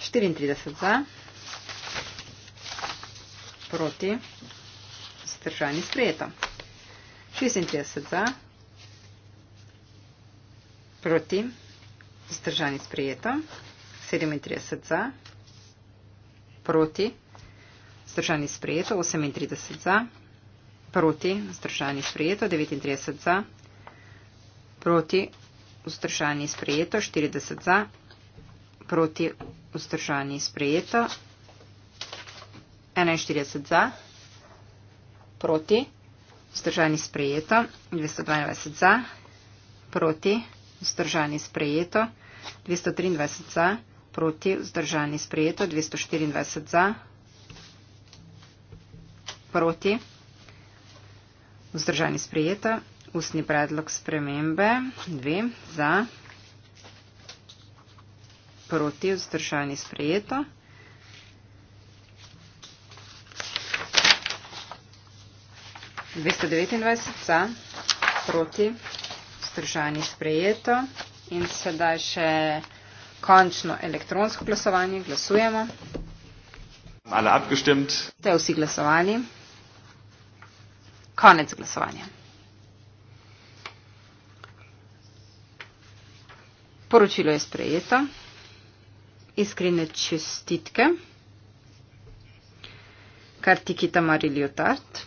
Štiriintrideset za, proti vzdržani sprejeto. 36 za, proti, vzdržani sprejeto. 37 za, proti, vzdržani sprejeto. 38 za, proti, vzdržani sprejeto. 39 za, proti, vzdržani sprejeto. 40 za, proti, vzdržani sprejeto. 41 za, proti, vzdržani sprejeto proti, vzdržani sprejeto, 222 za, proti, vzdržani sprejeto, 223 za, proti, vzdržani sprejeto, 224 za, proti, vzdržani sprejeto, ustni predlog spremembe, 2 za, proti, vzdržani sprejeto, 224 za, 229 za, proti, stržani sprejeto in sedaj še končno elektronsko glasovanje, glasujemo. Alle abgestimmt. Ste vsi glasovali? Konec glasovanja. Poročilo je sprejeto. Iskrene čestitke. Kartikita Marilio Tart.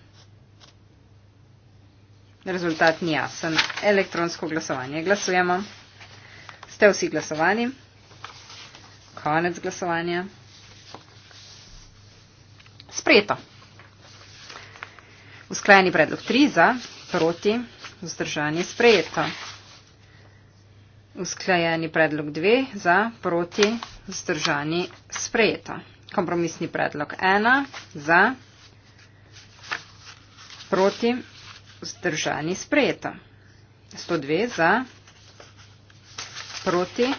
Rezultat ni jasen. Elektronsko glasovanje. Glasujemo. Ste vsi glasovali? Konec glasovanja. Sprejeto. Usklajeni predlog 3 za, proti, vzdržanje sprejeto. Usklajeni predlog 2 za, proti, vzdržanje sprejeto. Kompromisni predlog 1 za, proti, vzdržanje sprejeto vzdržani sprejeto. 102 za, proti,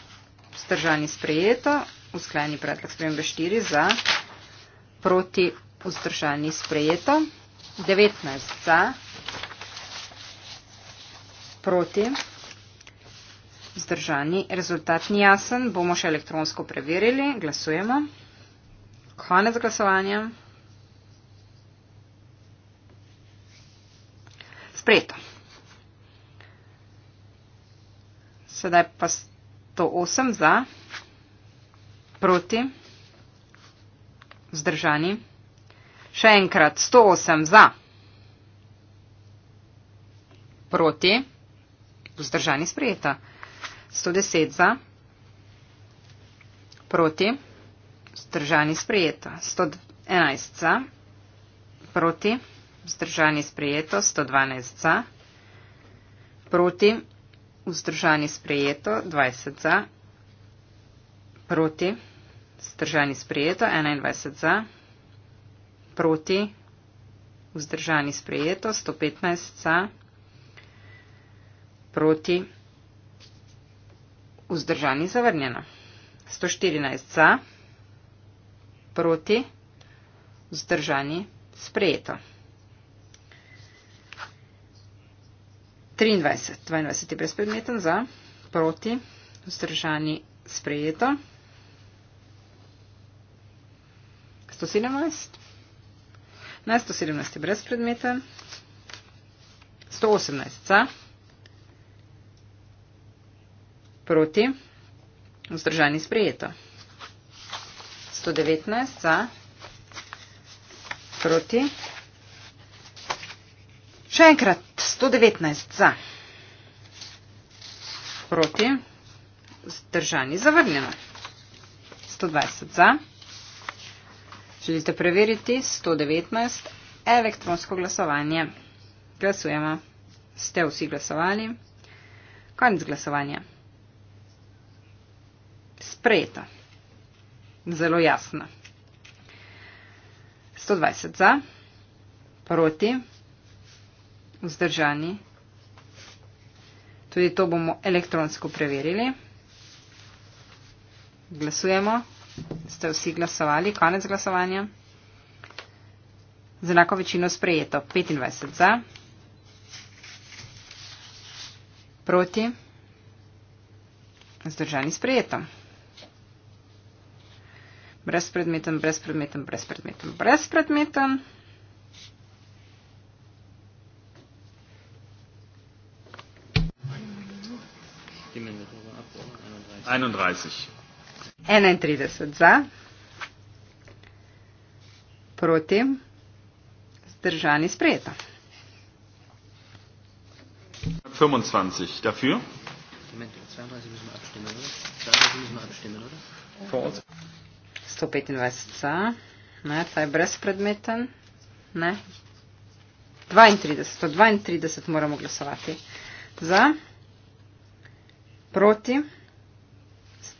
vzdržani sprejeto, usklajeni predlog spremembe 4 za, proti, vzdržani sprejeto, 19 za, proti, vzdržani, rezultat ni jasen, bomo še elektronsko preverili, glasujemo, konec glasovanja. sprejeto. Sedaj pa 108 za, proti, vzdržani. Še enkrat 108 za, proti, vzdržani sprejeta. 110 za, proti, vzdržani sprejeta. 111 za, proti, vzdržani sprejeta vzdržani sprejeto 112 za, proti vzdržani sprejeto 20 za, proti vzdržani sprejeto 21 za, proti vzdržani sprejeto 115 za, proti vzdržani zavrnjeno 114 za, proti vzdržani sprejeto. 23. 22 je brezpredmeten za, proti, vzdržani sprejeto. 117. Na 117 je brezpredmeten. 118 za, proti, vzdržani sprejeto. 119 za, proti, Še enkrat, 119 za. Proti, zdržani, zavrnjeno. 120 za. Želite preveriti 119 elektronsko glasovanje. Glasujemo. Ste vsi glasovali? Konec glasovanja. Sprejeto. Zelo jasno. 120 za. Proti vzdržani. Tudi to bomo elektronsko preverili. Glasujemo. Ste vsi glasovali? Konec glasovanja. Z enako večino sprejeto. 25 za. Proti. Zdržani sprejeto. Brezpredmeten, brezpredmeten, brezpredmeten, brezpredmeten. Brez 31. 31 za, proti, zdržani sprejeta. 25 dafür. Moment, 32 müssen wir abstimmen, oder? 32 müssen wir abstimmen, oder? Vor Ort. 125 za. Ne, ta je brez predmeten. Ne. 32, 132 moramo glasovati. Za. Proti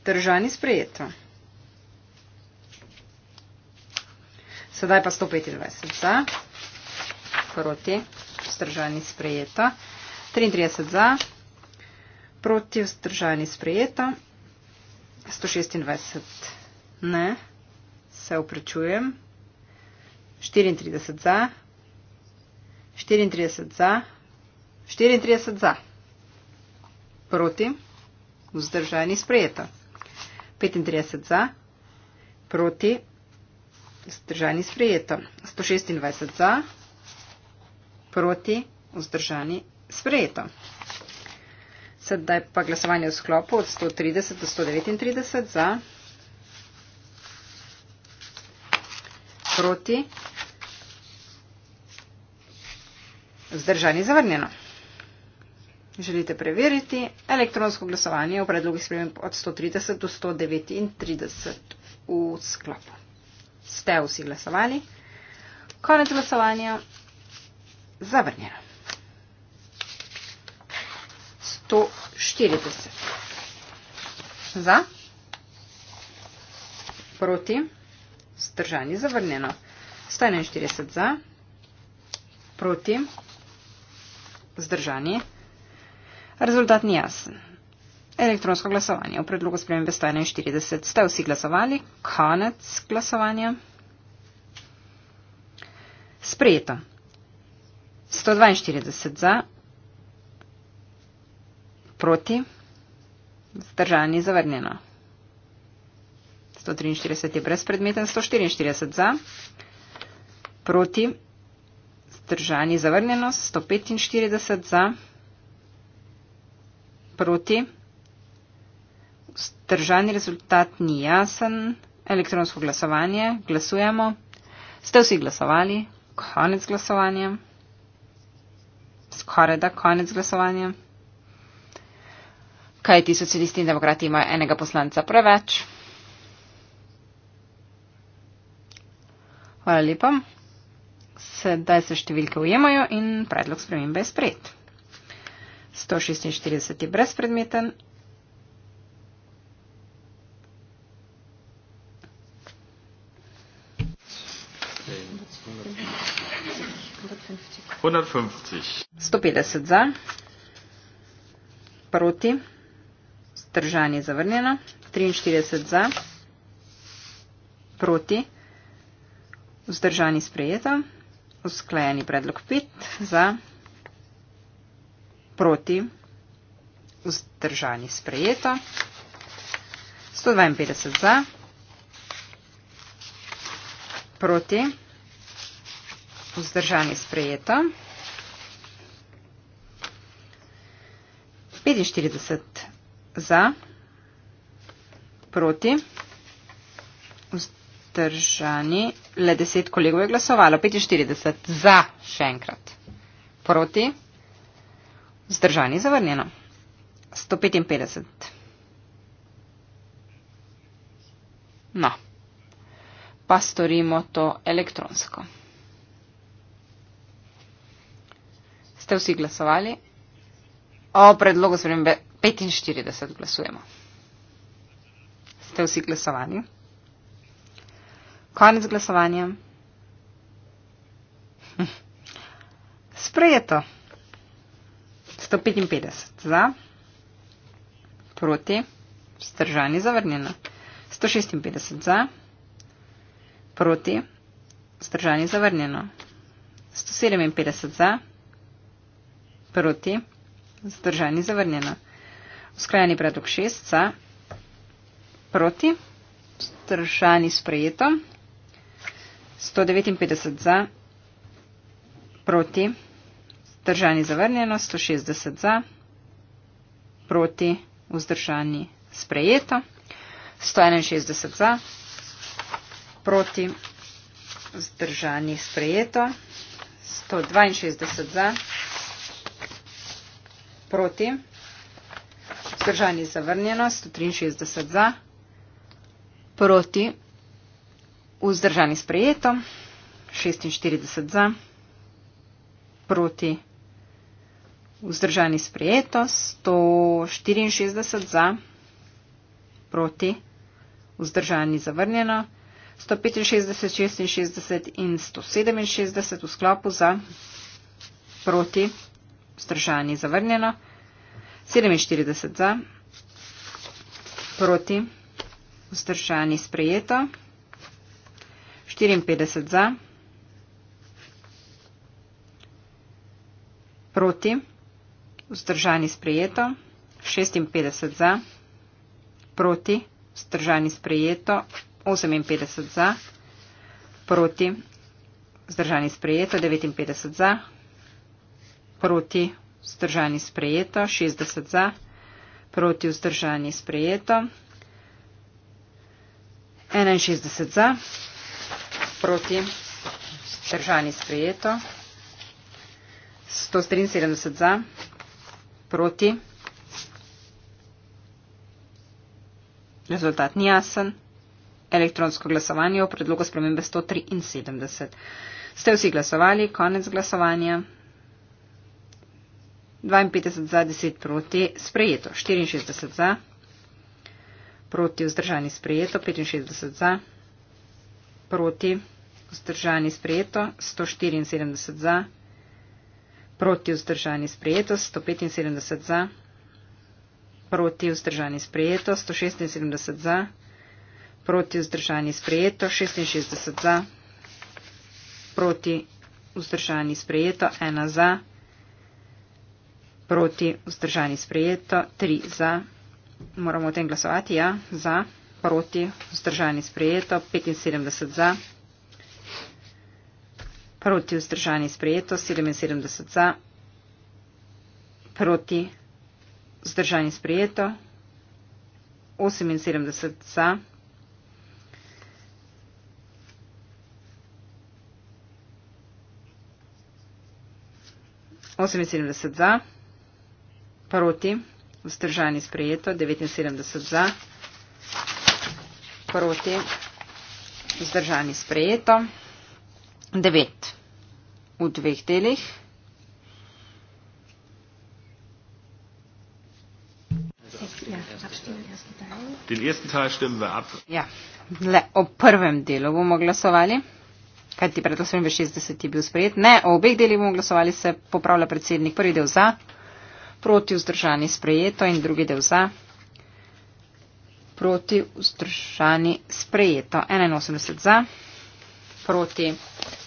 držani sprejeto. Sedaj pa 125 za, proti, vzdržani sprejeto, 33 za, proti, vzdržani sprejeto, 126 ne, se oprečujem, 34 za, 34 za, 34 za, proti, vzdržani sprejeto. 35 za, proti, vzdržani sprejeto. 126 za, proti, vzdržani sprejeto. Sedaj pa glasovanje v sklopu od 130 do 139 za, proti, vzdržani zavrnjeno želite preveriti elektronsko glasovanje v predlogu sprejem od 130 do 139 v sklopu. Ste vsi glasovali? Konec glasovanja. Zavrnjeno. 140. Za. Proti. Zdržani. Zavrnjeno. 141 za. Proti. Zdržani. Rezultat ni jasen. Elektronsko glasovanje. V predlogu spremembe 141 ste vsi glasovali. Konec glasovanja. Sprejeto. 142 za. Proti. Zdržani zavrnjeno. 143 je brezpredmeten. 144 za. Proti. Zdržani zavrnjeno. 145 za proti. Zdržani rezultat ni jasen. Elektronsko glasovanje. Glasujemo. Ste vsi glasovali? Konec glasovanja. Skoraj da konec glasovanja. Kaj ti socialisti in demokrati imajo enega poslanca preveč? Hvala lepa. Sedaj se številke ujemajo in predlog spremembe je sprejet. 146 je brezpredmeten. Sto petdeset za, proti, vzdržanje zavrnjeno, triinštirideset za, proti, vzdržanje sprejeto, usklajeni predlog pet za proti vzdržani sprejeta, 152 za, proti vzdržani sprejeta, 45 za, proti vzdržani, le 10 kolegov je glasovalo, 45 za še enkrat, proti vzdržani sprejeta, Zdržani zavrnjeno. 155. No. Pa storimo to elektronsko. Ste vsi glasovali? O predlogu spremembe 45 glasujemo. Ste vsi glasovali? Konec glasovanja. Hm. Sprejeto. 155 za, proti, vzdržani zavrnjeno. 156 za, proti, vzdržani zavrnjeno. 157 za, proti, vzdržani zavrnjeno. Vzkrajani predlog 6 za, proti, vzdržani sprejeto. 159 za, proti, vzdržani zavrnjeno. Držani zavrnjeno 160 za, proti vzdržani sprejeto. 161 za, proti vzdržani sprejeto. 162 za, proti vzdržani zavrnjeno. 163 za, proti vzdržani sprejeto. 46 za, proti vzdržani sprejeto vzdržani sprejeto 164 za, proti vzdržani zavrnjeno 165, 66 in 167 v sklopu za, proti vzdržani zavrnjeno 47 za, proti vzdržani sprejeto 54 za, proti vzdržani sprejeto vzdržani sprejeto, 56 za, proti, vzdržani sprejeto, 58 za, proti, vzdržani sprejeto, 59 za, proti, vzdržani sprejeto, 60 za, proti, vzdržani sprejeto, 61 za, proti, vzdržani sprejeto, 173 za, proti. Rezultat ni jasen. Elektronsko glasovanje o predlogu spremembe 173. Ste vsi glasovali, konec glasovanja. 52 za, 10 proti, sprejeto. 64 za, proti, vzdržani, sprejeto. 65 za, proti, vzdržani, sprejeto. 174 za. Proti vzdržani sprejeto 175 za. Proti vzdržani sprejeto 176 za. Proti vzdržani sprejeto 66 za. Proti vzdržani sprejeto 1 za. Proti vzdržani sprejeto 3 za. Moramo o tem glasovati, ja, za. Proti vzdržani sprejeto 75 za. Proti vzdržani sprejeto 77 za. Proti vzdržani sprejeto 78 za. Oseminsedemdeset za, proti, vzdržani sprejeto, devetinsedemdeset za, proti, vzdržani sprejeto devet v dveh delih. Ja, le o prvem delu bomo glasovali, kajti predlasovim v 60 je bil sprejet. Ne, o obeh delih bomo glasovali, se popravlja predsednik. Prvi del za, proti vzdržani sprejeto in drugi del za, proti vzdržani sprejeto. 81 za, proti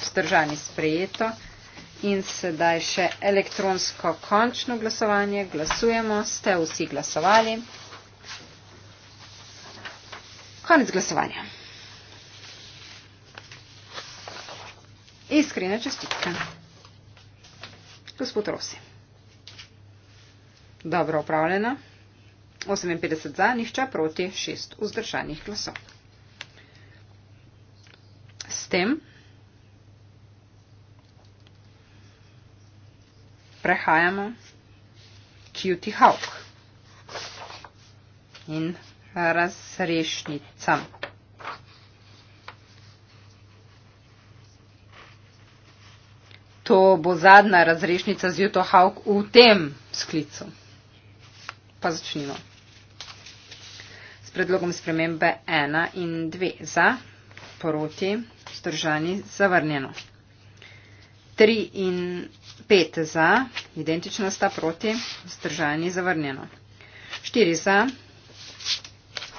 vzdržani sprejeto. In sedaj še elektronsko končno glasovanje. Glasujemo. Ste vsi glasovali. Konec glasovanja. Iskrena čestitka. Gospod Rosi. Dobro upravljeno. 58 za, nihče proti, 6 vzdržanih glasov. S tem prehajamo Cutie Hawk in razrešnica. To bo zadnja razrešnica z Cutie Hawk v tem sklicu. Pa začnimo. S predlogom spremembe 1 in 2 za, proti, vzdržani, zavrnjeno. 3 in 2. 5 za, identična sta proti, vzdržani zavrnjeno. 4 za,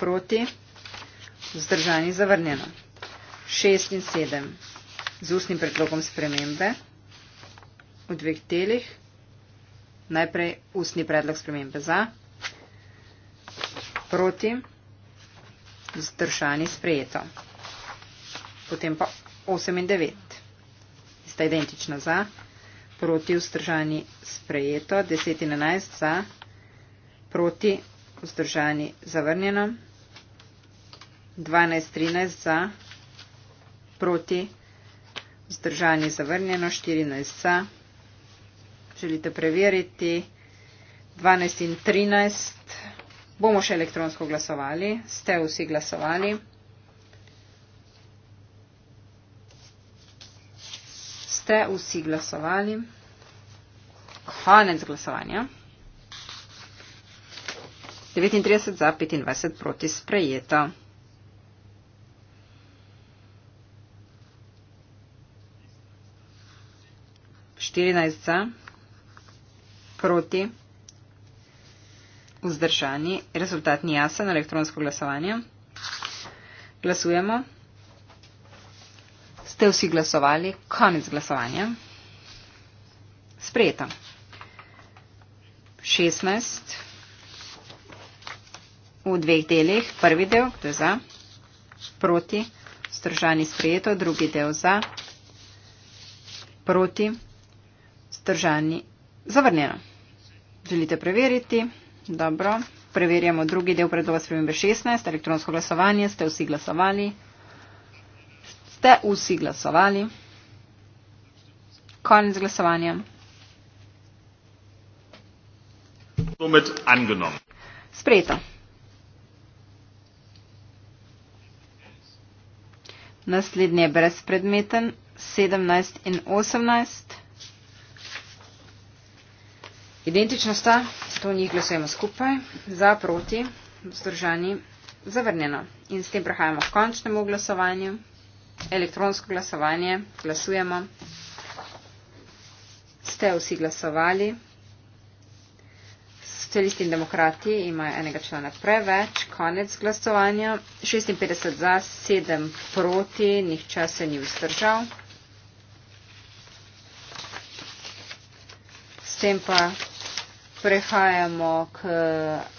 proti, vzdržani zavrnjeno. 6 in 7 z ustnim predlogom spremembe v dveh telih. Najprej ustni predlog spremembe za, proti, vzdržani sprejeto. Potem pa 8 in 9 sta identična za, proti proti vzdržani sprejeto, 10 in 11 za, proti vzdržani zavrnjeno, 12 in 13 za, proti vzdržani zavrnjeno, 14 za. Želite preveriti 12 in 13. Bomo še elektronsko glasovali. Ste vsi glasovali? ste vsi glasovali. Konec glasovanja. 39 za, 25 proti sprejeto. štirinajstca proti vzdržani rezultat ni jasen elektronsko glasovanje. Glasujemo ste vsi glasovali, konec glasovanja. Sprejeto. 16 v dveh delih. Prvi del, kdo je za, proti, stržani sprejeto, drugi del za, proti, stržani zavrnjeno. Želite preveriti? Dobro. Preverjamo drugi del predloga spremembe 16, elektronsko glasovanje. Ste vsi glasovali? Ste vsi glasovali? Konec glasovanja. Sprejeto. Naslednji je brezpredmeten, 17 in 18. Identično sta, to njih glasujemo skupaj, za, proti, vzdržani, zavrnjeno. In s tem prehajamo k končnemu glasovanju elektronsko glasovanje. Glasujemo. Ste vsi glasovali. Socialisti in demokrati imajo enega člana preveč. Konec glasovanja. 56 za, 7 proti. Nihče se ni vzdržal. S tem pa prehajamo k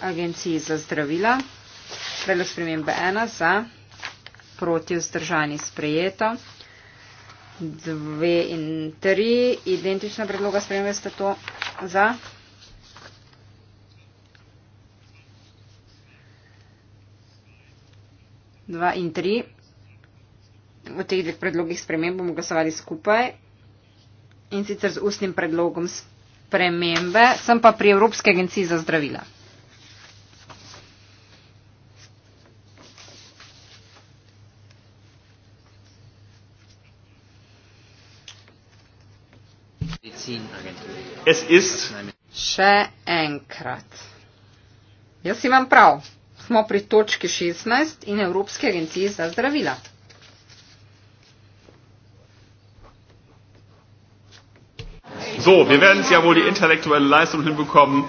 agenciji za zdravila. Predlog spremembe 1 za proti vzdržani sprejeto. Dve in tri identična predloga spremembe sta to za. Dva in tri. V teh dveh predlogih sprememb bomo glasovali skupaj in sicer z ustnim predlogom spremembe. Sem pa pri Evropske agenciji za zdravila. ist. Še enkrat. Jaz imam prav. Smo pri točki 16 in Evropske agencije za zdravila. So, wir werden es ja wohl die intellektuelle Leistung hinbekommen.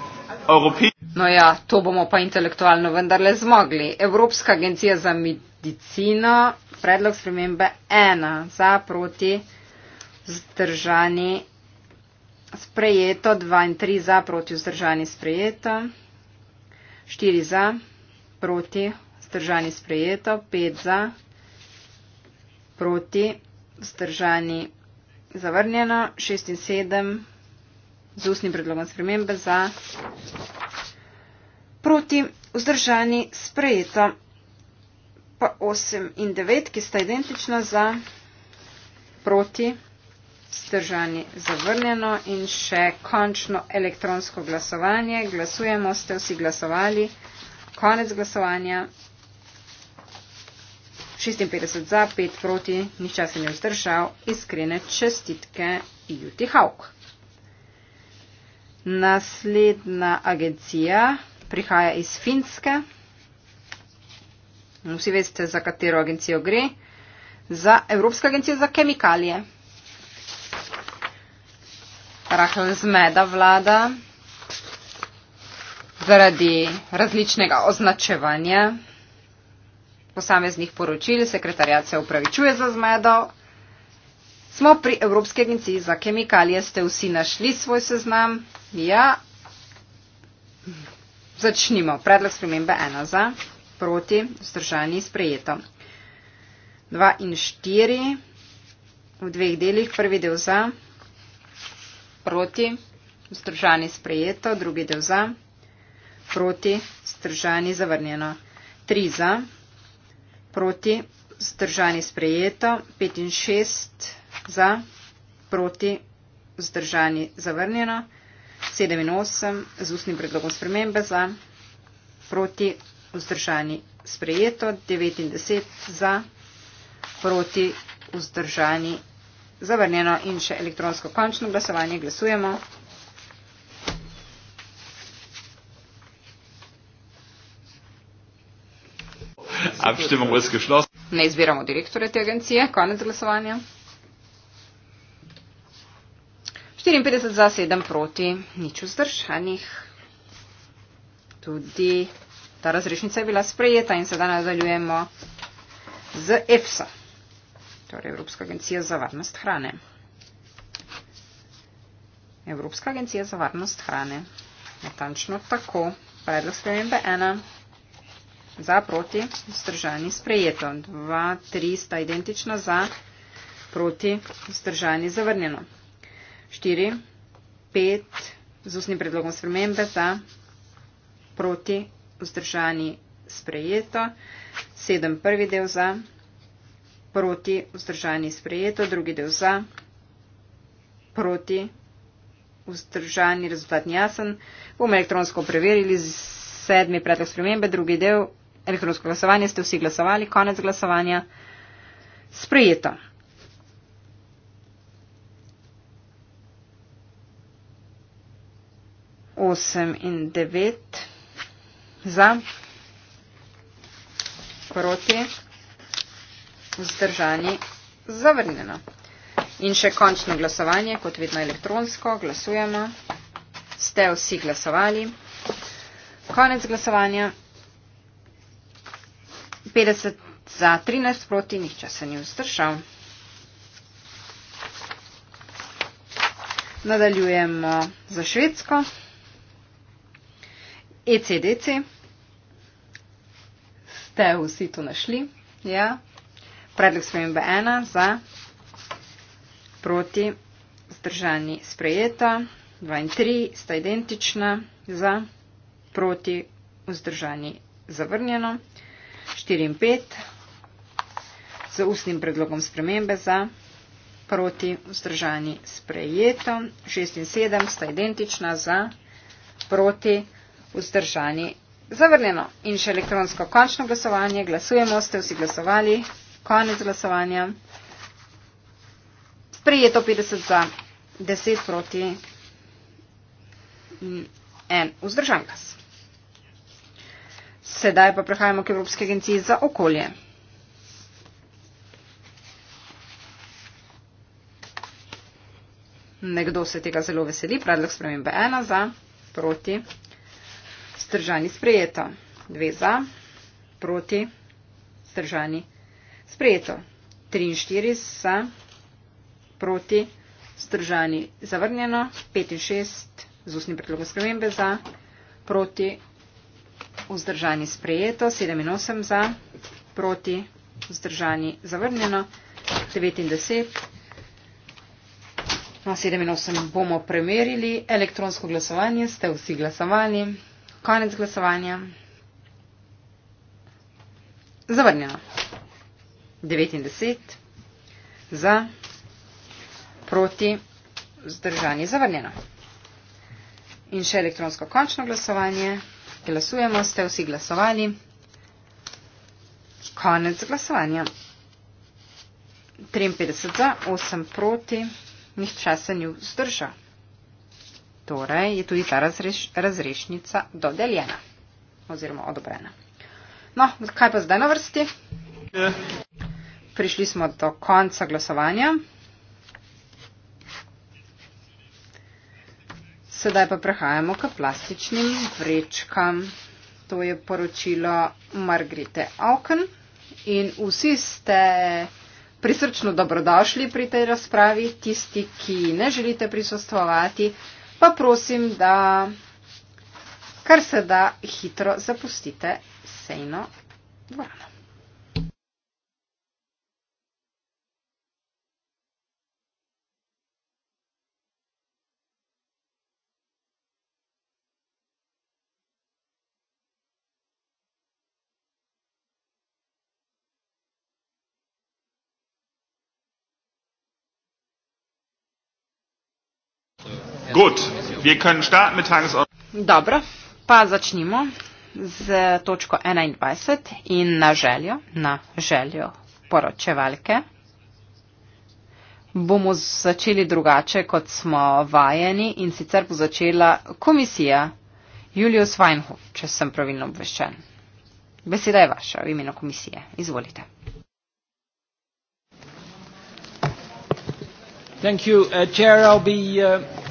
Europä no ja, to bomo pa intelektualno vendarle zmogli. Evropska agencija za medicino, predlog spremembe 1 za proti zdržani sprejeto, 2 in 3 za, proti vzdržani sprejeto, 4 za, proti vzdržani sprejeto, 5 za, proti vzdržani zavrnjeno, 6 in 7 z ustnim predlogom spremembe za, proti vzdržani sprejeto, pa 8 in 9, ki sta identična za, proti vzdržani sprejeto vzdržani zavrnjeno in še končno elektronsko glasovanje. Glasujemo, ste vsi glasovali. Konec glasovanja. 56 za, 5 proti, nihče se ni vzdržal. Iskrene čestitke, Juti Hauk. Naslednja agencija prihaja iz Finske. Vsi veste, za katero agencijo gre. Za Evropska agencija za kemikalije rahel zmeda vlada zaradi različnega označevanja posameznih poročil, sekretarjat se upravičuje za zmedo. Smo pri Evropski agenciji za kemikalije, ste vsi našli svoj seznam? Ja. Začnimo. Predlog spremembe 1 za, proti, zdržani, sprejeto. 2 in 4 v dveh delih, prvi del za, proti, vzdržani sprejeto, drugi del za, proti, vzdržani zavrnjeno, 3 za, proti, vzdržani sprejeto, 5 in 6 za, proti, vzdržani zavrnjeno, 7 in 8 z ustnim predlogom spremembe za, proti, vzdržani sprejeto, 9 in 10 za, proti, vzdržani sprejeto zavrnjeno in še elektronsko končno glasovanje glasujemo. Ne izbiramo direktore te agencije, konec glasovanja. 54 za, 7 proti, nič vzdržanih. Tudi ta razrešnica je bila sprejeta in sedaj nadaljujemo z EFSA torej Evropska agencija za varnost hrane. Evropska agencija za varnost hrane, natančno tako, predlog spremembe 1, za proti, vzdržani sprejeto, 2, 3 sta identična za, proti, vzdržani zavrnjeno, 4, 5 z usnim predlogom spremembe za, proti, vzdržani sprejeto, 7 prvi del za, proti, vzdržani sprejeto, drugi del za, proti, vzdržani, rezultat ni jasen. Bomo elektronsko preverili z sedmi predlog spremembe, drugi del, elektronsko glasovanje, ste vsi glasovali, konec glasovanja, sprejeto. Osem in devet za, proti vzdržani zavrnjeno. In še končno glasovanje, kot vedno elektronsko, glasujemo. Ste vsi glasovali. Konec glasovanja. 50 za 13 proti, nihče se ni vzdržal. Nadaljujemo za Švedsko. ECDC. Ste vsi to našli? Ja, Predlog spremembe ena za proti zdržani sprejeta, dva in tri sta identična za proti vzdržani zavrnjeno, štiri in pet z ustnim predlogom spremembe za proti vzdržani sprejeto, šest in sedem sta identična za proti vzdržani zavrnjeno. In še elektronsko končno glasovanje, glasujemo, ste vsi glasovali, Konec glasovanja. Sprejeto 50 za, 10 proti in en vzdržan glas. Sedaj pa prehajamo k Evropske agenciji za okolje. Nekdo se tega zelo veseli, predlog spremembe ena za, proti, zdržani sprejeto, dve za, proti, zdržani sprejeto sprejeto. 43 za, proti, stržani zavrnjeno, 65 z ustnim predlogom spremembe za, proti, vzdržani sprejeto, 7 in 8 za, proti, vzdržani zavrnjeno, 9 in 10. No, 7 in 8 bomo premerili, elektronsko glasovanje ste vsi glasovali, konec glasovanja. Zavrnjeno devetindeset za proti zdržanje zavrnjeno. In še elektronsko končno glasovanje. Glasujemo, ste vsi glasovali. Konec glasovanja. 53 za, 8 proti, nihče se ni vzdržal. Torej je tudi ta razreš, razrešnica dodeljena oziroma odobrena. No, kaj pa zdaj na vrsti? Yeah. Ja. Prišli smo do konca glasovanja. Sedaj pa prehajamo k plastičnim vrečkam. To je poročilo Margrete Auken in vsi ste prisrčno dobrodošli pri tej razpravi. Tisti, ki ne želite prisostovati, pa prosim, da kar se da hitro zapustite sejno dvorano. Good. Wir können starten mit Tagesordnung. Dobro, pa začnimo z točko 21 in na željo, na željo poročevalke. Bomo začeli drugače, kot smo vajeni in sicer bo začela komisija Julius Weinhof, če sem pravilno obveščen. Beseda je vaša v imenu komisije. Izvolite. Thank you, uh, chair. I'll be, uh...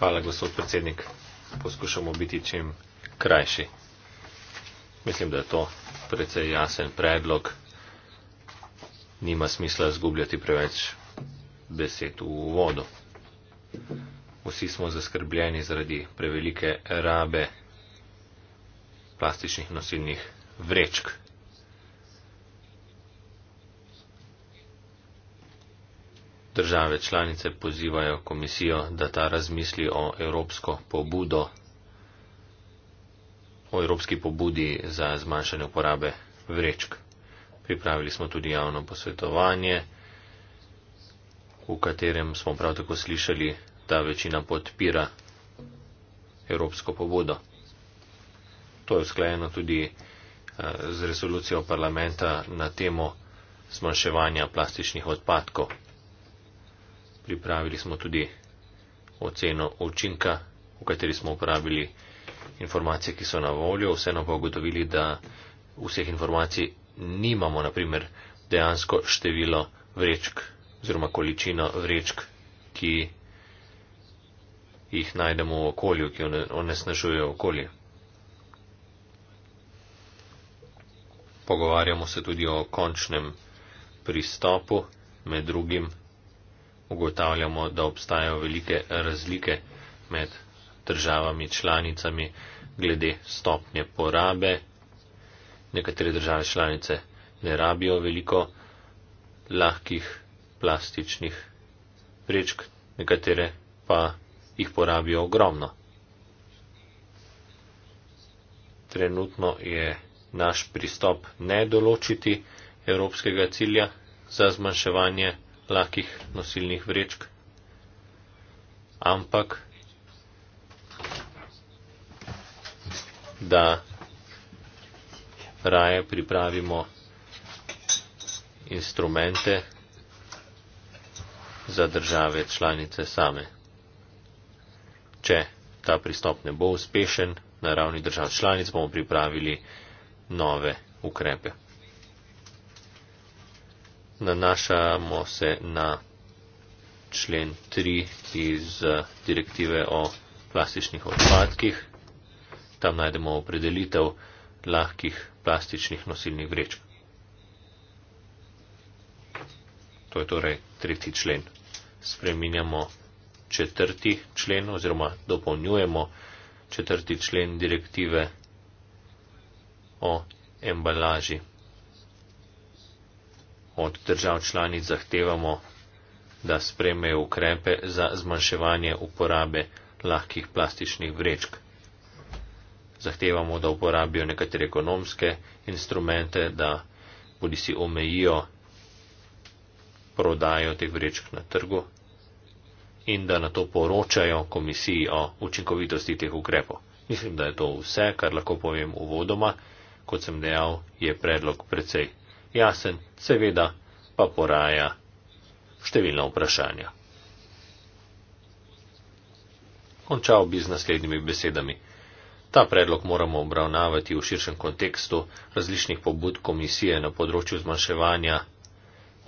Hvala, gospod predsednik. Poskušamo biti čim krajši. Mislim, da je to precej jasen predlog. Nima smisla zgubljati preveč besed v vodu. Vsi smo zaskrbljeni zaradi prevelike rabe plastičnih nosilnih vrečk. države članice pozivajo komisijo, da ta razmisli o evropsko pobudo, o evropski pobudi za zmanjšanje uporabe vrečk. Pripravili smo tudi javno posvetovanje, v katerem smo prav tako slišali, da večina podpira evropsko pobudo. To je usklajeno tudi eh, z resolucijo parlamenta na temo zmanjševanja plastičnih odpadkov pripravili smo tudi oceno učinka, v kateri smo uporabili informacije, ki so na voljo, vseeno pa ugotovili, da vseh informacij nimamo, naprimer dejansko število vrečk oziroma količino vrečk, ki jih najdemo v okolju, ki onesnažujejo okolje. Pogovarjamo se tudi o končnem pristopu, med drugim ugotavljamo, da obstajajo velike razlike med državami članicami glede stopnje porabe. Nekatere države članice ne rabijo veliko lahkih plastičnih prečk, nekatere pa jih porabijo ogromno. Trenutno je naš pristop ne določiti evropskega cilja za zmanjševanje lahkih nosilnih vrečk, ampak da raje pripravimo instrumente za države članice same. Če ta pristop ne bo uspešen na ravni držav članic, bomo pripravili nove ukrepe nanašamo se na člen 3 iz eh, direktive o plastičnih odpadkih. Tam najdemo opredelitev lahkih plastičnih nosilnih vrečk. To je torej tretji člen. Spreminjamo četrti člen oziroma dopolnjujemo četrti člen direktive o embalaži od držav članic zahtevamo, da spremejo ukrepe za zmanjševanje uporabe lahkih plastičnih vrečk. Zahtevamo, da uporabijo nekatere ekonomske instrumente, da bodi si omejijo prodajo teh vrečk na trgu in da na to poročajo komisiji o učinkovitosti teh ukrepov. Mislim, da je to vse, kar lahko povem uvodoma. Kot sem dejal, je predlog precej jasen, seveda pa poraja številna vprašanja. Končal bi z naslednjimi besedami. Ta predlog moramo obravnavati v širšem kontekstu različnih pobud komisije na področju zmanjševanja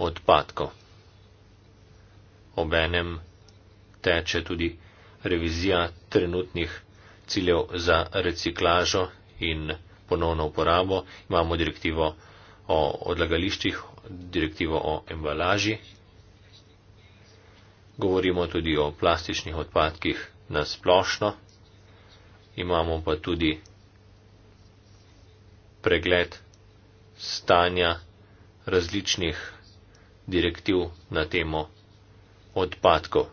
odpadkov. Obenem teče tudi revizija trenutnih ciljev za reciklažo in ponovno uporabo. Imamo direktivo o odlagališčih, direktivo o embalaži. Govorimo tudi o plastičnih odpadkih na splošno. Imamo pa tudi pregled stanja različnih direktiv na temo odpadkov,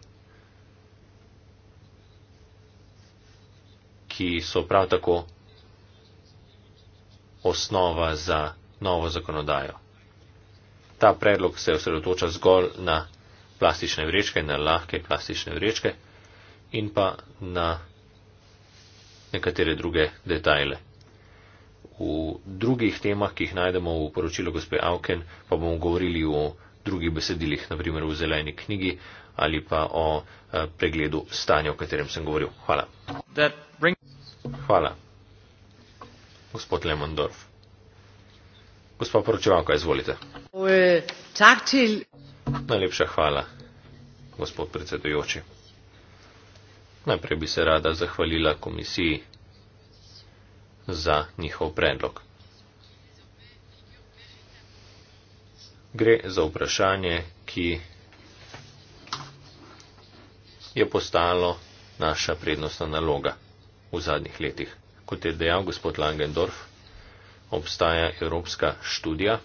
ki so prav tako osnova za novo zakonodajo. Ta predlog se osredotoča zgolj na plastične vrečke, na lahke plastične vrečke in pa na nekatere druge detajle. V drugih temah, ki jih najdemo v poročilu gospe Auken, pa bomo govorili o drugih besedilih, naprimer v zeleni knjigi ali pa o eh, pregledu stanja, o katerem sem govoril. Hvala. Hvala. Gospod Lemondorf. Gospod poročevalka, izvolite. Najlepša hvala, gospod predsedujoči. Najprej bi se rada zahvalila komisiji za njihov predlog. Gre za vprašanje, ki je postalo naša prednostna naloga v zadnjih letih. Kot je dejal gospod Langendorf, obstaja evropska študija,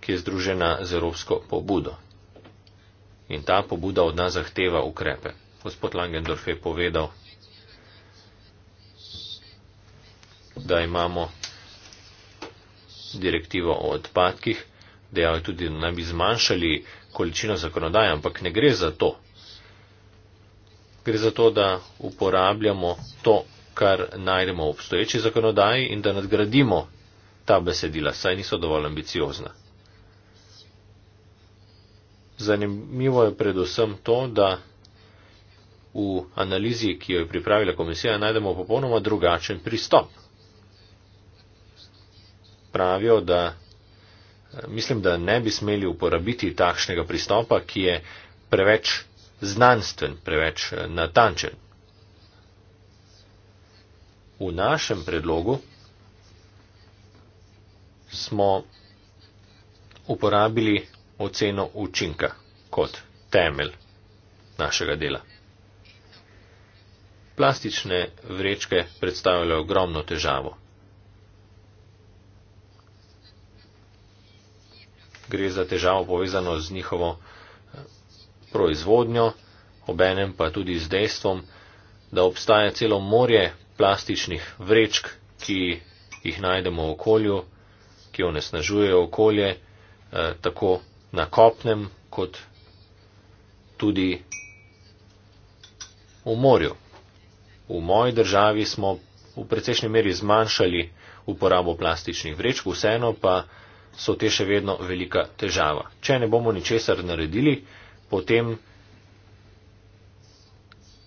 ki je združena z evropsko pobudo. In ta pobuda od nas zahteva ukrepe. Gospod Langendorf je povedal, da imamo direktivo o odpadkih, da je tudi, da naj bi zmanjšali količino zakonodaje, ampak ne gre za to gre za to, da uporabljamo to, kar najdemo v obstoječi zakonodaji in da nadgradimo ta besedila, saj niso dovolj ambiciozna. Zanimivo je predvsem to, da v analizi, ki jo je pripravila komisija, najdemo popolnoma drugačen pristop. Pravijo, da mislim, da ne bi smeli uporabiti takšnega pristopa, ki je preveč znanstven, preveč eh, natančen. V našem predlogu smo uporabili oceno učinka kot temelj našega dela. Plastične vrečke predstavljajo ogromno težavo. Gre za težavo povezano z njihovo proizvodnjo, obenem pa tudi z dejstvom, da obstaja celo morje plastičnih vrečk, ki jih najdemo v okolju, ki onesnažujejo okolje, eh, tako na kopnem, kot tudi v morju. V moji državi smo v precejšnji meri zmanjšali uporabo plastičnih vrečk, vseeno pa so te še vedno velika težava. Če ne bomo ničesar naredili, potem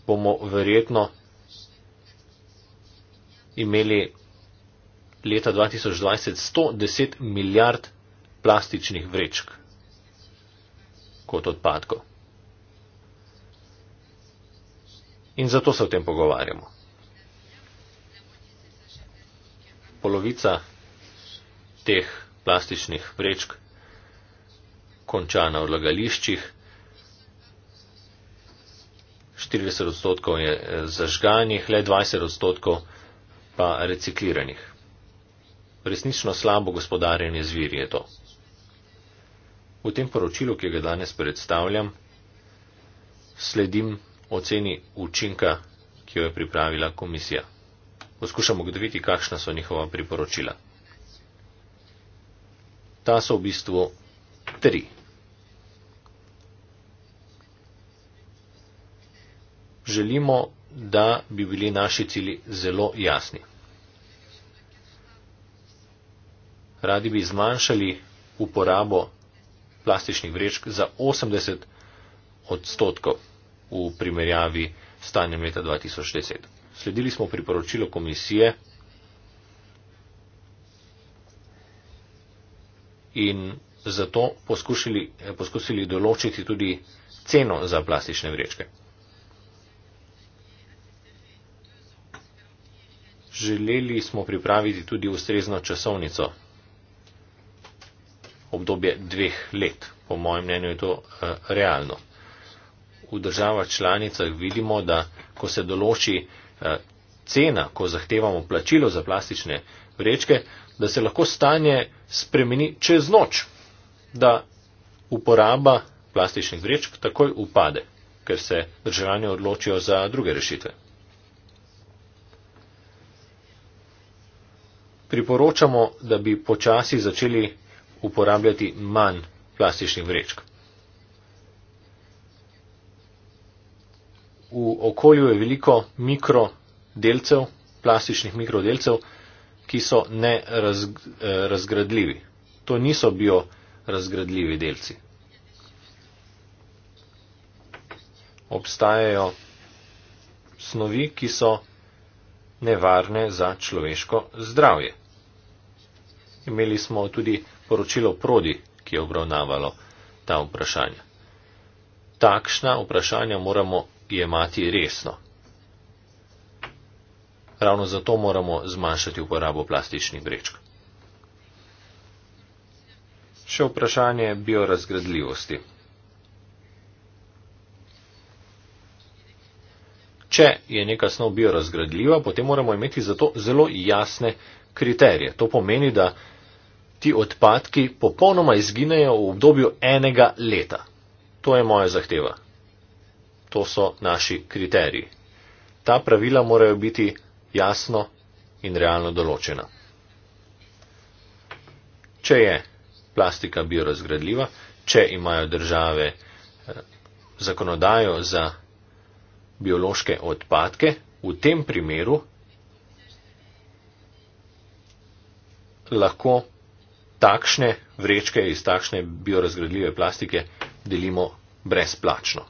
bomo verjetno imeli leta 2020 110 milijard plastičnih vrečk kot odpadkov. In zato se o tem pogovarjamo. Polovica teh plastičnih vrečk konča na odlagališčih, 40 odstotkov je eh, zažganih, le 20 odstotkov pa recikliranih. Resnično slabo gospodarjenje zvir je to. V tem poročilu, ki ga danes predstavljam, sledim oceni učinka, ki jo je pripravila komisija. Poskušamo gledati, kakšna so njihova priporočila. Ta so v bistvu tri. želimo, da bi bili naši cili zelo jasni. Radi bi zmanjšali uporabo plastičnih vrečk za 80 odstotkov v primerjavi s stanjem leta 2010. Sledili smo priporočilo komisije in zato poskusili, poskusili določiti tudi ceno za plastične vrečke. Želeli smo pripraviti tudi ustrezno časovnico. Obdobje dveh let. Po mojem mnenju je to eh, realno. V državah članicah vidimo, da ko se določi eh, cena, ko zahtevamo plačilo za plastične vrečke, da se lahko stanje spremeni čez noč, da uporaba plastičnih vrečk takoj upade, ker se državljani odločijo za druge rešitve. priporočamo, da bi počasi začeli uporabljati manj plastičnih vrečk. V okolju je veliko mikrodelcev, plastičnih mikrodelcev, ki so nerazgradljivi. Eh, to niso biorazgradljivi delci. Obstajajo snovi, ki so nevarne za človeško zdravje imeli smo tudi poročilo Prodi, ki je obravnavalo ta vprašanja. Takšna vprašanja moramo jemati resno. Ravno zato moramo zmanjšati uporabo plastičnih vrečk. Še vprašanje biorazgradljivosti. Če je neka snov biorazgradljiva, potem moramo imeti za to zelo jasne kriterije. To pomeni, da ti odpadki popolnoma izginejo v obdobju enega leta. To je moja zahteva. To so naši kriteriji. Ta pravila morajo biti jasno in realno določena. Če je plastika biorazgradljiva, če imajo države eh, zakonodajo za biološke odpadke, v tem primeru lahko takšne vrečke iz takšne biorazgradljive plastike delimo brezplačno.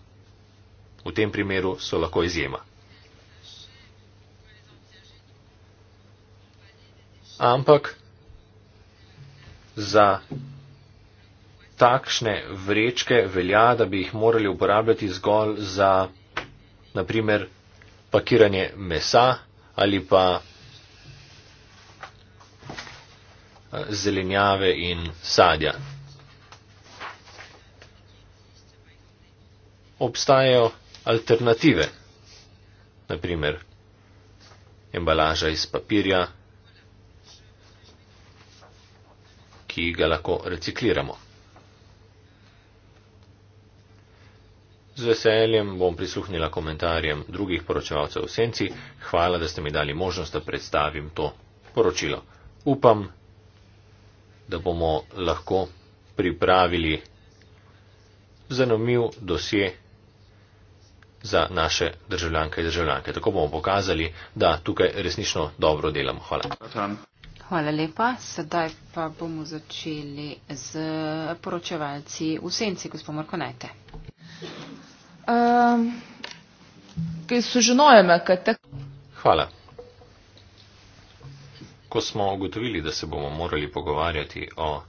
V tem primeru so lahko izjema. Ampak za takšne vrečke velja, da bi jih morali uporabljati zgolj za, naprimer, pakiranje mesa ali pa zelenjave in sadja. Obstajajo alternative, naprimer embalaža iz papirja, ki ga lahko recikliramo. Z veseljem bom prisluhnila komentarjem drugih poročevalcev v senci. Hvala, da ste mi dali možnost, da predstavim to poročilo. Upam, da bomo lahko pripravili zanimiv dosje za naše državljanke in državljanke. Tako bomo pokazali, da tukaj resnično dobro delamo. Hvala. Hvala lepa. Sedaj pa bomo začeli z poročevalci v senci, gospod Markonajte. Um, Hvala. Ko smo ugotovili, da se bomo morali pogovarjati o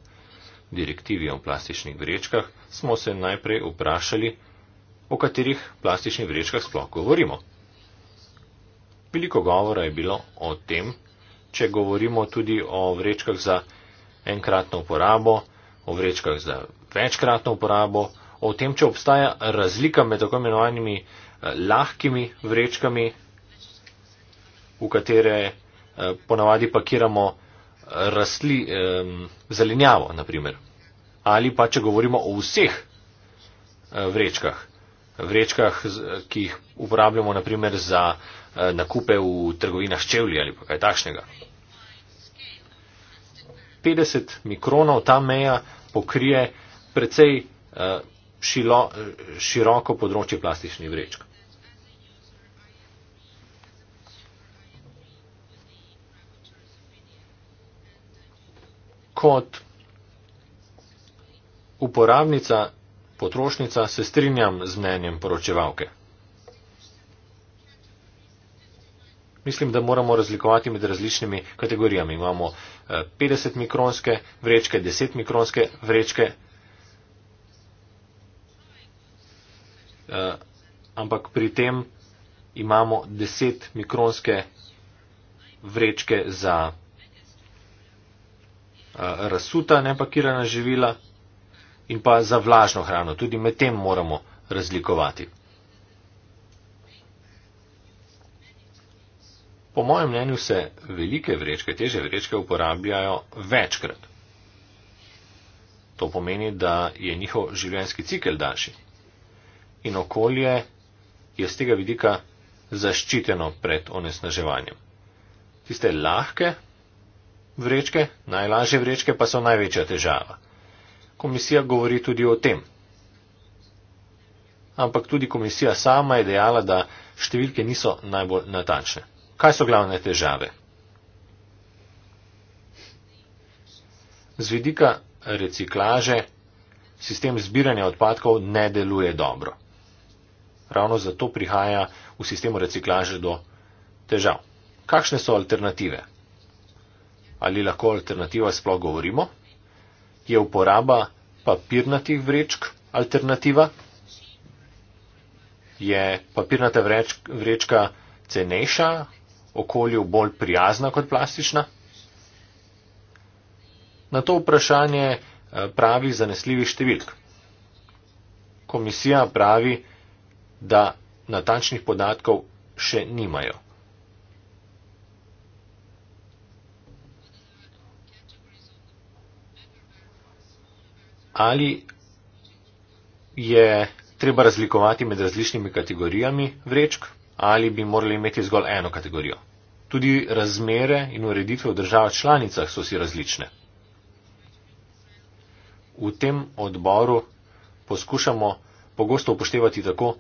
direktivi o plastičnih vrečkah, smo se najprej vprašali, o katerih plastičnih vrečkah sploh govorimo. Veliko govora je bilo o tem, če govorimo tudi o vrečkah za enkratno uporabo, o vrečkah za večkratno uporabo, o tem, če obstaja razlika med tako imenovanimi eh, lahkimi vrečkami, v katere Eh, ponavadi pakiramo rasli, zelenjavo, naprimer. Ali pa, če govorimo o vseh eh, vrečkah, vrečkah, ki jih uporabljamo, naprimer, za eh, nakupe v trgovinah ščevlji ali pa kaj takšnega. 50 mikronov ta meja pokrije precej široko področje plastičnih vrečk. kot uporabnica, potrošnica se strinjam z mnenjem poročevalke. Mislim, da moramo razlikovati med različnimi kategorijami. Imamo 50 eh, mikronske vrečke, 10 mikronske vrečke. Eh, ampak pri tem imamo 10 mikronske vrečke za rasuta nepakirana živila in pa za vlažno hrano. Tudi med tem moramo razlikovati. Po mojem mnenju se velike vrečke, teže vrečke uporabljajo večkrat. To pomeni, da je njihov življenjski cikel daljši in okolje je z tega vidika zaščiteno pred onesnaževanjem. Tiste lahke vrečke, najlažje vrečke pa so največja težava. Komisija govori tudi o tem. Ampak tudi komisija sama je dejala, da številke niso najbolj natančne. Kaj so glavne težave? Z vidika reciklaže sistem zbiranja odpadkov ne deluje dobro. Ravno zato prihaja v sistemu reciklaže do težav. Kakšne so alternative? ali lahko alternativa sploh govorimo? Je uporaba papirnatih vrečk alternativa? Je papirnata vrečka cenejša, okolju bolj prijazna kot plastična? Na to vprašanje eh, pravi zanesljivih številk. Komisija pravi, da natančnih podatkov še nimajo. ali je treba razlikovati med različnimi kategorijami vrečk, ali bi morali imeti zgolj eno kategorijo. Tudi razmere in ureditve v državah članicah so si različne. V tem odboru poskušamo pogosto upoštevati tako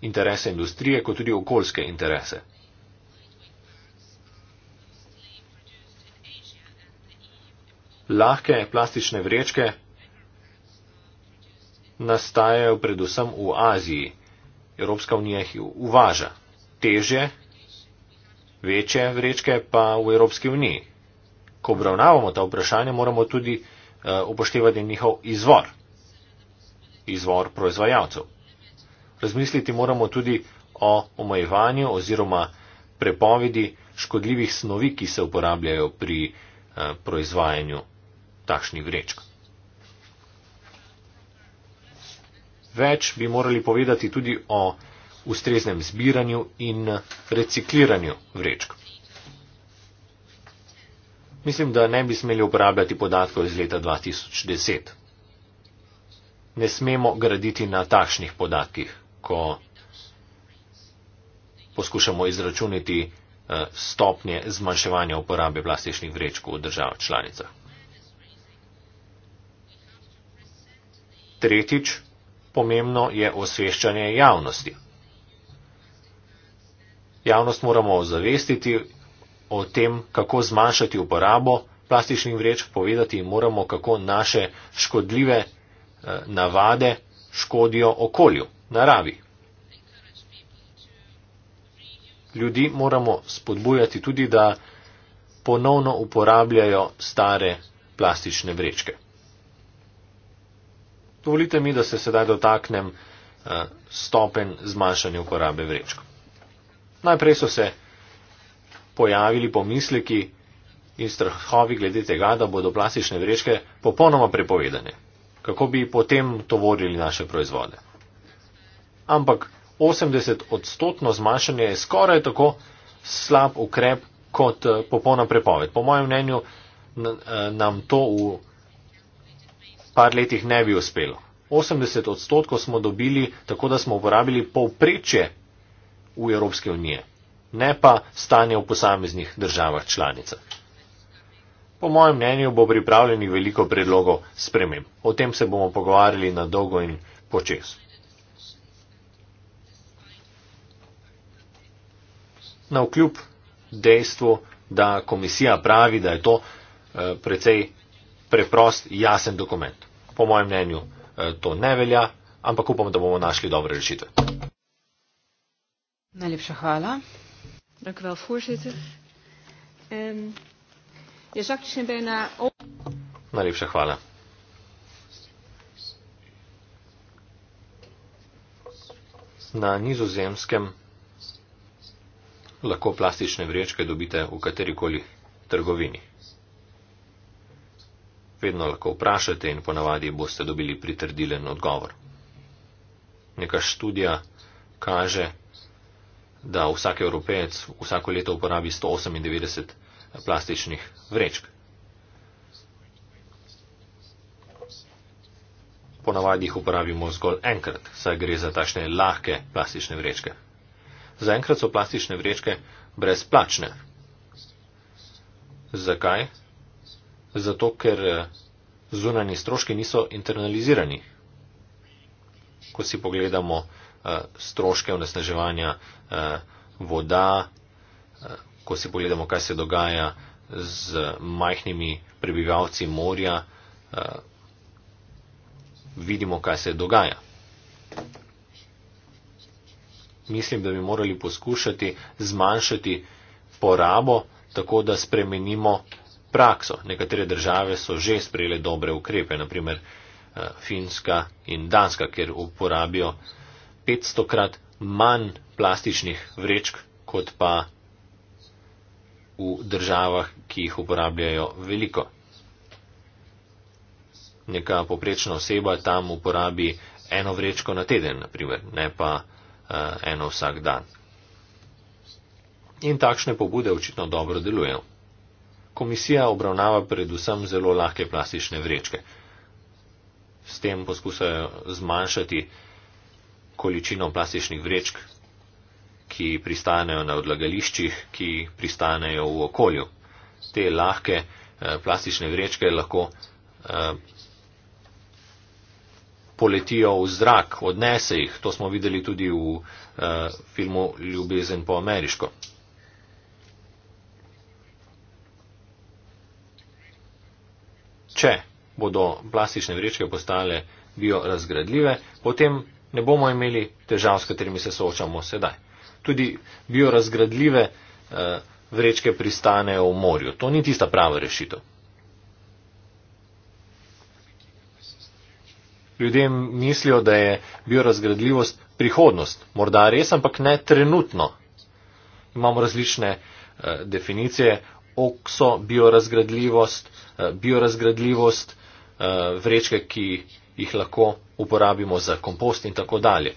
interese industrije, kot tudi okoljske interese. Lahke plastične vrečke nastajajo predvsem v Aziji. Evropska unija jih uvaža. Teže, večje vrečke pa v Evropski uniji. Ko obravnavamo ta vprašanja, moramo tudi eh, upoštevati njihov izvor, izvor proizvajalcev. Razmisliti moramo tudi o omejevanju oziroma prepovedi škodljivih snovi, ki se uporabljajo pri eh, proizvajanju takšnih vrečk. Več bi morali povedati tudi o ustreznem zbiranju in recikliranju vrečk. Mislim, da ne bi smeli uporabljati podatkov iz leta 2010. Ne smemo graditi na takšnih podatkih, ko poskušamo izračuniti eh, stopnje zmanjševanja uporabe plastičnih vrečk v državah članicah. Tretjič, pomembno je osveščanje javnosti. Javnost moramo ozavestiti o tem, kako zmanjšati uporabo plastičnih vreč, povedati moramo, kako naše škodljive eh, navade škodijo okolju, naravi. Ljudi moramo spodbujati tudi, da ponovno uporabljajo stare plastične vrečke. Dovolite mi, da se sedaj dotaknem eh, stopen zmanjšanja uporabe vrečk. Najprej so se pojavili pomisleki in strahovi glede tega, da bodo plastične vrečke popolnoma prepovedane. Kako bi potem tovorili naše proizvode? Ampak 80 odstotno zmanjšanje je skoraj tako slab ukrep kot eh, popolna prepoved. Po mojem mnenju eh, nam to v par letih ne bi uspelo. 80 odstotkov smo dobili tako, da smo uporabili povprečje v Evropske unije, ne pa stanje v posameznih državah članica. Po mojem mnenju bo pripravljenih veliko predlogov spremem. O tem se bomo pogovarjali na dolgo in počes. Na vkljub dejstvu, da komisija pravi, da je to eh, precej preprost, jasen dokument. Po mojem mnenju eh, to ne velja, ampak upam, da bomo našli dobre rešitve. Najlepša hvala. Ehm, Najlepša hvala. Na nizozemskem lahko plastične vrečke dobite v katerikoli trgovini vedno lahko vprašate in ponavadi boste dobili pritrdilen odgovor. Neka študija kaže, da vsak evropejec vsako leto uporabi 198 plastičnih vrečk. Ponavadi jih uporabimo zgolj enkrat, saj gre za tašne lahke plastične vrečke. Zaenkrat so plastične vrečke brezplačne. Zakaj? zato ker eh, zunani stroški niso internalizirani. Ko si pogledamo eh, stroške onesnaževanja eh, voda, ko si pogledamo, kaj se dogaja z majhnimi prebivalci morja, vidimo, kaj se dogaja. Mislim, da bi morali poskušati zmanjšati porabo, tako da spremenimo prakso. Nekatere države so že sprejele dobre ukrepe, naprimer eh, Finska in Danska, kjer uporabijo 500 krat manj plastičnih vrečk, kot pa v državah, ki jih uporabljajo veliko. Neka poprečna oseba tam uporabi eno vrečko na teden, naprimer, ne pa eh, eno vsak dan. In takšne pobude očitno dobro delujejo komisija obravnava predvsem zelo lahke plastične vrečke. S tem poskušajo zmanjšati količino plastičnih vrečk, ki pristanejo na odlagališčih, ki pristanejo v okolju. Te lahke eh, plastične vrečke lahko eh, poletijo v zrak, odnese jih. To smo videli tudi v uh, filmu Ljubezen po ameriško. če bodo plastične vrečke postale biorazgradljive, potem ne bomo imeli težav, s katerimi se soočamo sedaj. Tudi biorazgradljive eh, vrečke pristanejo v morju. To ni tista prava rešitev. Ljudje mislijo, da je biorazgradljivost prihodnost. Morda res, ampak ne trenutno. Imamo različne eh, definicije okso biorazgradljivost, eh, biorazgradljivost eh, vrečke, ki jih lahko uporabimo za kompost in tako dalje.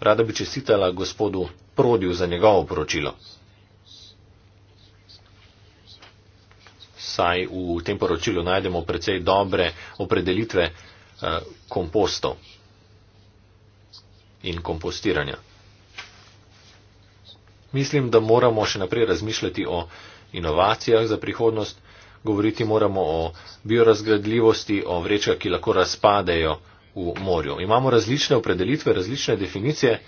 Rada bi čestitala gospodu Prodiju za njegovo poročilo. Saj v tem poročilu najdemo precej dobre opredelitve eh, kompostov in kompostiranja. Mislim, da moramo še naprej razmišljati o uh, inovacijah za prihodnost, govoriti moramo o biorazgradljivosti, o vrečah, ki lahko razpadejo v morju. Imamo različne opredelitve, različne definicije,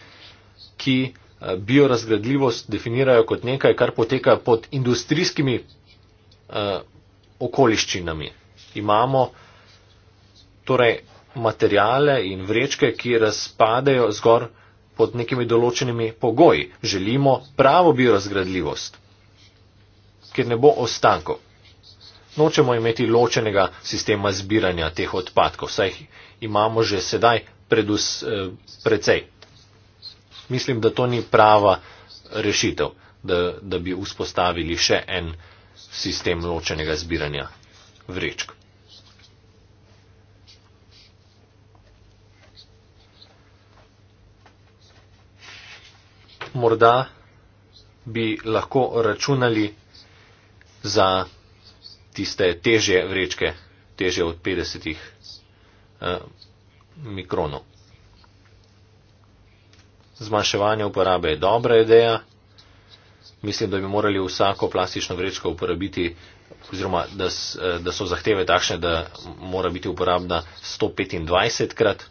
ki eh, biorazgradljivost definirajo kot nekaj, kar poteka pod industrijskimi uh, okoliščinami. Imamo torej materijale in vrečke, ki razpadejo zgor pod nekimi določenimi pogoji. Želimo pravo biorazgradljivost kjer ne bo ostankov. Nočemo imeti ločenega sistema zbiranja teh odpadkov, saj jih imamo že sedaj predus, eh, precej. Mislim, da to ni prava rešitev, da, da bi vzpostavili še en sistem ločenega zbiranja vrečk. Morda bi lahko računali za tiste težje vrečke, težje od 50 uh, eh, mikronov. Zmanjševanje uporabe je dobra ideja. Mislim, da bi morali vsako plastično vrečko uporabiti, oziroma da, eh, da so zahteve takšne, da mora biti uporabna 125 krat.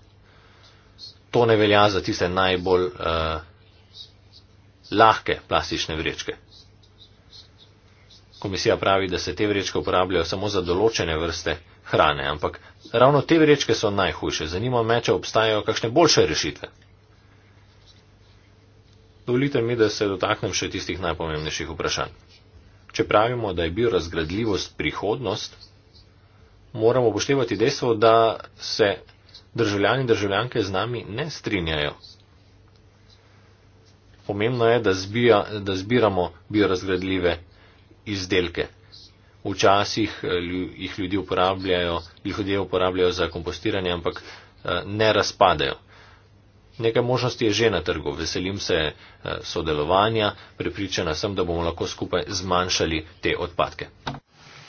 To ne velja za tiste najbolj uh, lahke plastične vrečke. Komisija pravi, da se te vrečke uporabljajo samo za določene vrste hrane, ampak ravno te vrečke so najhujše. Zanima me, če obstajajo kakšne boljše rešitve. Dovolite mi, da se dotaknem še tistih najpomembnejših vprašanj. Če pravimo, da je bil razgradljivost prihodnost, moramo upoštevati dejstvo, da se državljani in državljanke z nami ne strinjajo. Pomembno je, da, zbija, da zbiramo biorazgradljive izdelke. Včasih eh, jih ljudje uporabljajo, ljudje uporabljajo za kompostiranje, ampak eh, ne razpadajo. Nekaj možnosti je že na trgu. Veselim se eh, sodelovanja, prepričana sem, da bomo lahko skupaj zmanjšali te odpadke.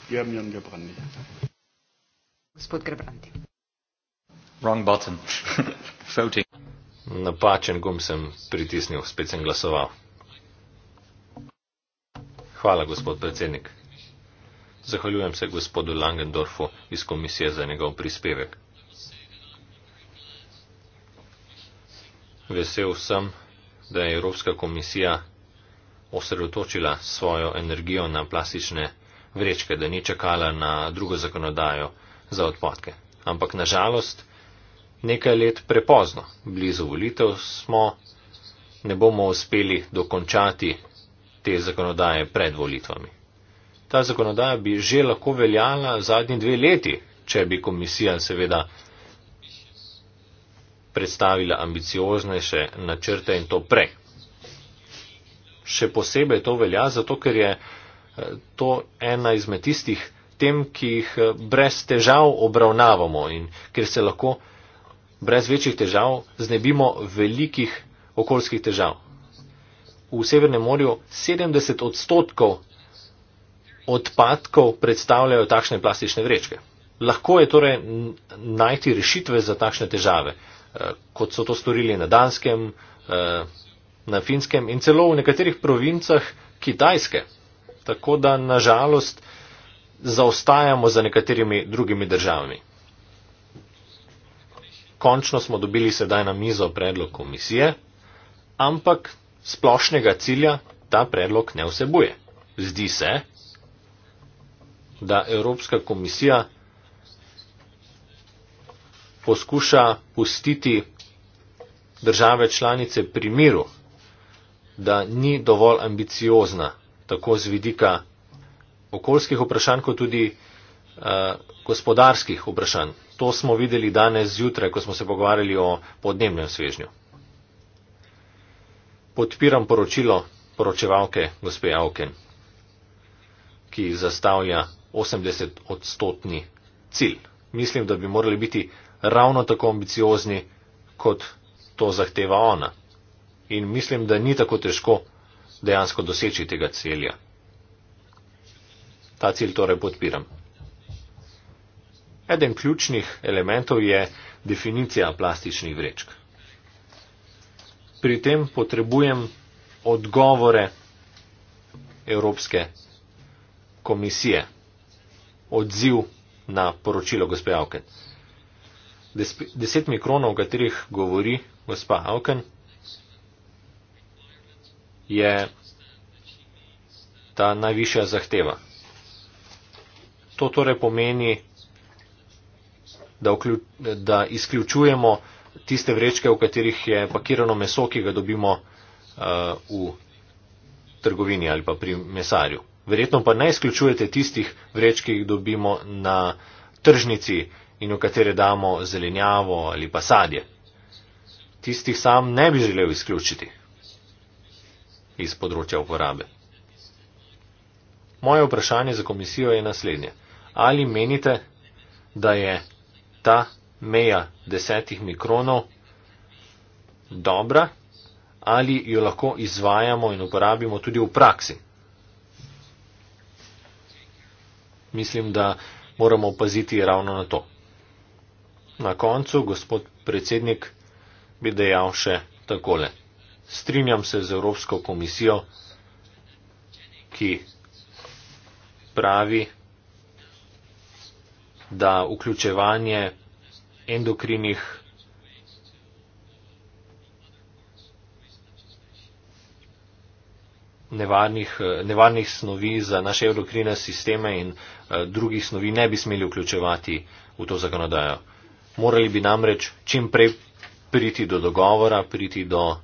Gremljen Gebrandi. Gospod Gebrandi. Wrong button. [laughs] Napačen gum sem pritisnil, spet sem glasoval. Hvala, gospod predsednik. Zahvaljujem se gospodu Langendorfu iz komisije za njegov prispevek. Vesel sem, da je Evropska komisija osredotočila svojo energijo na plastične vrečke, da ni čakala na drugo zakonodajo za odpadke. Ampak nažalost, nekaj let prepozno, blizu volitev smo, ne bomo uspeli dokončati te zakonodaje pred volitvami. Ta zakonodaja bi že lahko veljala zadnji dve leti, če bi komisija seveda predstavila ambicioznejše načrte in to prej. Še posebej to velja, zato ker je eh, to ena izmed tistih tem, ki jih eh, brez težav obravnavamo in ker se lahko brez večjih težav znebimo velikih okoljskih težav v Severnem morju 70 odstotkov odpadkov predstavljajo takšne plastične vrečke. Lahko je torej najti rešitve za takšne težave, eh, kot so to storili na Danskem, eh, na Finskem in celo v nekaterih provincah Kitajske. Tako da nažalost zaostajamo za nekaterimi drugimi državami. Končno smo dobili sedaj na mizo predlog komisije, ampak splošnega cilja ta predlog ne vsebuje. Zdi se, da Evropska komisija poskuša pustiti države članice pri miru, da ni dovolj ambiciozna tako z vidika okoljskih vprašanj, kot tudi eh, gospodarskih vprašanj. To smo videli danes zjutraj, ko smo se pogovarjali o podnebnem svežnju podpiram poročilo poročevalke gospe Avken, ki zastavlja 80 odstotni cilj. Mislim, da bi morali biti ravno tako ambiciozni, kot to zahteva ona. In mislim, da ni tako težko dejansko doseči tega celja. Ta cilj torej podpiram. Eden ključnih elementov je definicija plastičnih vrečk pri tem potrebujem odgovore Evropske komisije, odziv na poročilo gospe Auken. Deset mikronov, o katerih govori gospa Auken, je ta najvišja zahteva. To torej pomeni, da, vklju, da izključujemo tiste vrečke, v katerih je pakirano meso, ki ga dobimo eh, v trgovini ali pa pri mesarju. Verjetno pa ne izključujete tistih vreč, ki jih dobimo na tržnici in v katere damo zelenjavo ali pa sadje. Tistih sam ne bi želel izključiti iz področja uporabe. Moje vprašanje za komisijo je naslednje. Ali menite, da je ta meja desetih mikronov dobra ali jo lahko izvajamo in uporabimo tudi v praksi. Mislim, da moramo paziti ravno na to. Na koncu, gospod predsednik, bi dejal še takole. Strinjam se z Evropsko komisijo, ki pravi, da vključevanje endokrinih nevarnih, nevarnih snovi za naše endokrine sisteme in uh, drugih snovi ne bi smeli vključevati v to zakonodajo. Morali bi namreč čim prej priti do dogovora, priti do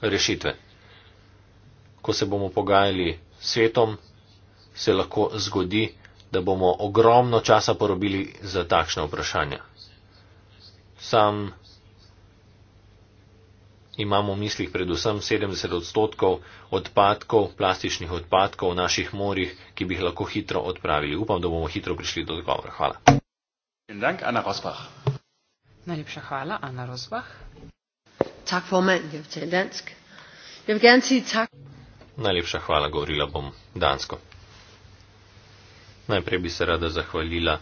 rešitve. Ko se bomo pogajali s svetom, se lahko zgodi, da bomo ogromno časa porobili za takšne vprašanja. Sam imam v mislih predvsem 70 odstotkov odpadkov, plastičnih odpadkov v naših morjih, ki bi jih lahko hitro odpravili. Upam, da bomo hitro prišli do odgovora. Hvala. Dank, Anna Najlepša hvala, Ana Rozbah. Tak, formand, jeg vil tale dansk. Jeg vil gerne sige tak. Najlepša hvala, govorila bom dansko. Najprej bi se rada zahvalila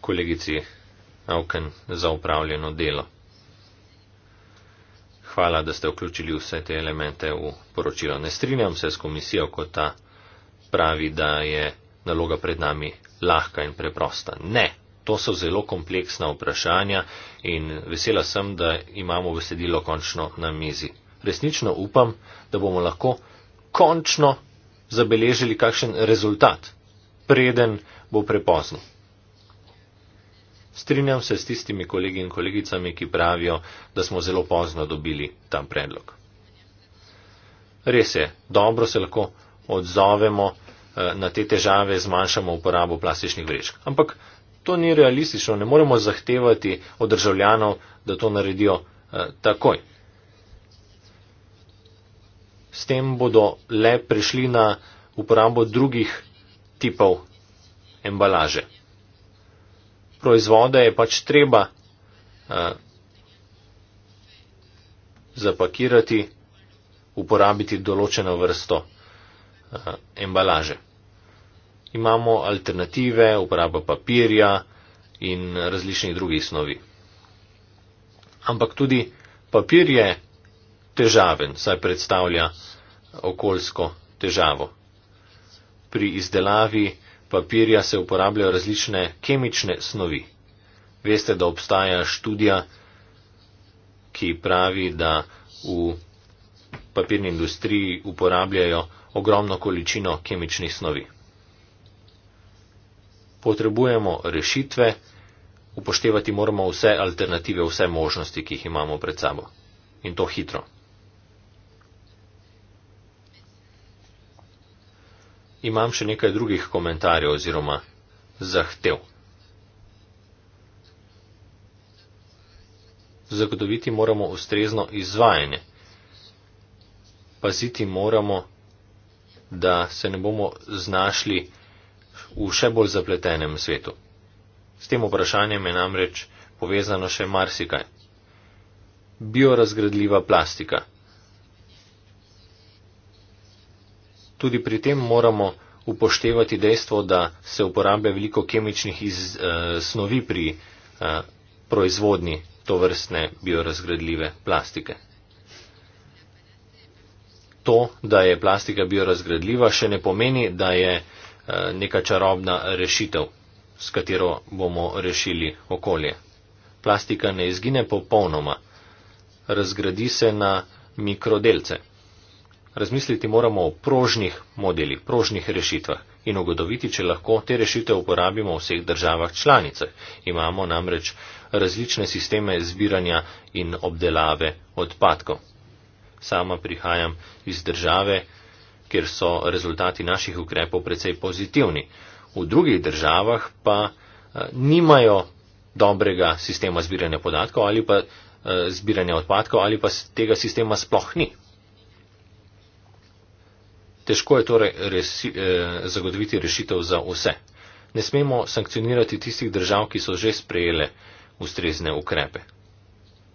kolegici Avken za upravljeno delo. Hvala, da ste vključili vse te elemente v poročilo. Ne strinjam se s komisijo, ko ta pravi, da je naloga pred nami lahka in preprosta. Ne, to so zelo kompleksna vprašanja in vesela sem, da imamo besedilo končno na mizi. Resnično upam, da bomo lahko končno zabeležili kakšen rezultat preden bo prepozno. Strinjam se s tistimi kolegi in kolegicami, ki pravijo, da smo zelo pozno dobili ta predlog. Res je, dobro se lahko odzovemo eh, na te težave, zmanjšamo uporabo plastičnih vrečk. Ampak to ni realistično, ne moremo zahtevati od državljanov, da to naredijo eh, takoj. S tem bodo le prišli na uporabo drugih tipov embalaže. Proizvode je pač treba uh, zapakirati, uporabiti določeno vrsto uh, embalaže. Imamo alternative, uporaba papirja in različnih drugih snovi. Ampak tudi papir je težaven, saj predstavlja okoljsko težavo pri izdelavi papirja se uporabljajo različne kemične snovi. Veste, da obstaja študija, ki pravi, da v papirni industriji uporabljajo ogromno količino kemičnih snovi. Potrebujemo rešitve, upoštevati moramo vse alternative, vse možnosti, ki jih imamo pred sabo. In to hitro. imam še nekaj drugih komentarjev oziroma zahtev. Zagotoviti moramo ustrezno izvajanje. Paziti moramo, da se ne bomo znašli v še bolj zapletenem svetu. S tem vprašanjem je namreč povezano še marsikaj. Biorazgradljiva plastika. tudi pri tem moramo upoštevati dejstvo, da se uporablja veliko kemičnih iz, eh, snovi pri eh, proizvodni tovrstne biorazgradljive plastike. To, da je plastika biorazgradljiva, še ne pomeni, da je eh, neka čarobna rešitev, s katero bomo rešili okolje. Plastika ne izgine popolnoma, razgradi se na mikrodelce. Razmisliti moramo o prožnih modelih, prožnih rešitvah in ugotoviti, če lahko te rešitve uporabimo v vseh državah članicah. Imamo namreč različne sisteme zbiranja in obdelave odpadkov. Sama prihajam iz države, kjer so rezultati naših ukrepov precej pozitivni. V drugih državah pa eh, nimajo dobrega sistema zbiranja podatkov ali pa eh, zbiranja odpadkov ali pa tega sistema sploh ni. Težko je torej resi, eh, zagotoviti rešitev za vse. Ne smemo sankcionirati tistih držav, ki so že sprejele ustrezne ukrepe.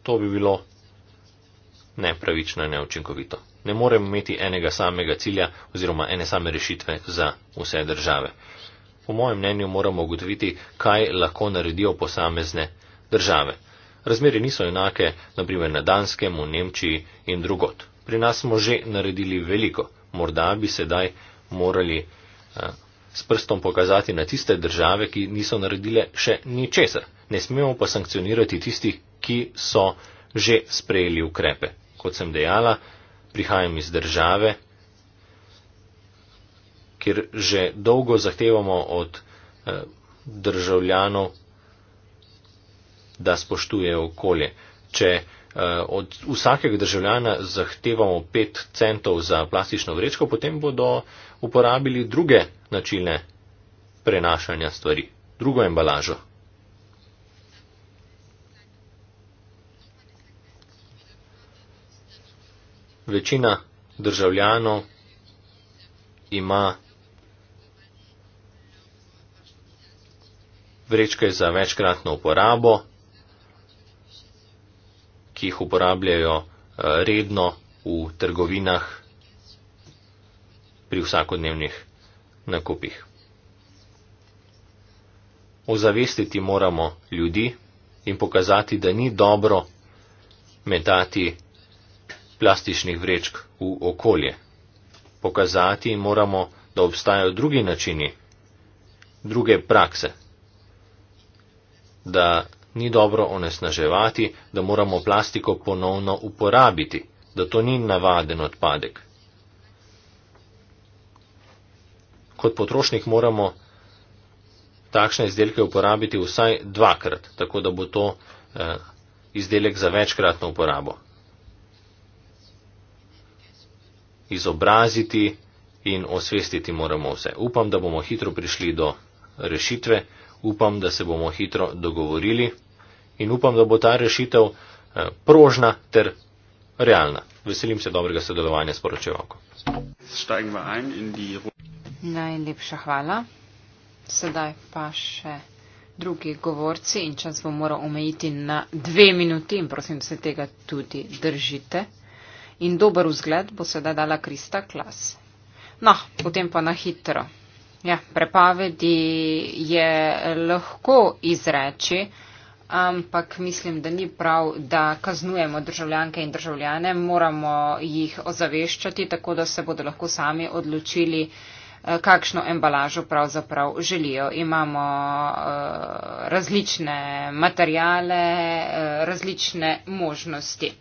To bi bilo nepravično in neučinkovito. Ne moremo imeti enega samega cilja oziroma ene same rešitve za vse države. Po mojem mnenju moramo ugotoviti, kaj lahko naredijo posamezne države. Razmeri niso enake, naprimer na Danskem, v Nemčiji in drugot. Pri nas smo že naredili veliko morda bi sedaj morali eh, s prstom pokazati na tiste države, ki niso naredile še ničesar. Ne smemo pa sankcionirati tistih, ki so že sprejeli ukrepe. Kot sem dejala, prihajam iz države, kjer že dolgo zahtevamo od eh, državljanov, da spoštujejo okolje. Če Eh, od vsakega državljana zahtevamo 5 centov za plastično vrečko, potem bodo uporabili druge načine prenašanja stvari, drugo embalažo. Večina državljanov ima vrečke za večkratno uporabo ki jih uporabljajo eh, redno v trgovinah pri vsakodnevnih nakupih. Ozavestiti moramo ljudi in pokazati, da ni dobro metati plastičnih vrečk v okolje. Pokazati moramo, da obstajajo drugi načini, druge prakse, da ni dobro onesnaževati, da moramo plastiko ponovno uporabiti, da to ni navaden odpadek. Kot potrošnik moramo takšne izdelke uporabiti vsaj dvakrat, tako da bo to eh, izdelek za večkratno uporabo. Izobraziti in osvestiti moramo vse. Upam, da bomo hitro prišli do rešitve, upam, da se bomo hitro dogovorili in upam, da bo ta rešitev eh, prožna ter realna. Veselim se dobrega sodelovanja s poročevalko. Najlepša hvala. Sedaj pa še drugi govorci in čas bo moral omejiti na dve minuti in prosim, da se tega tudi držite. In dober vzgled bo sedaj dala Krista Klas. No, potem pa na hitro. Ja, prepavedi je lahko izreči ampak mislim, da ni prav, da kaznujemo državljanke in državljane. Moramo jih ozaveščati, tako da se bodo lahko sami odločili, eh, kakšno embalažo pravzaprav želijo. Imamo eh, različne materijale, eh, različne možnosti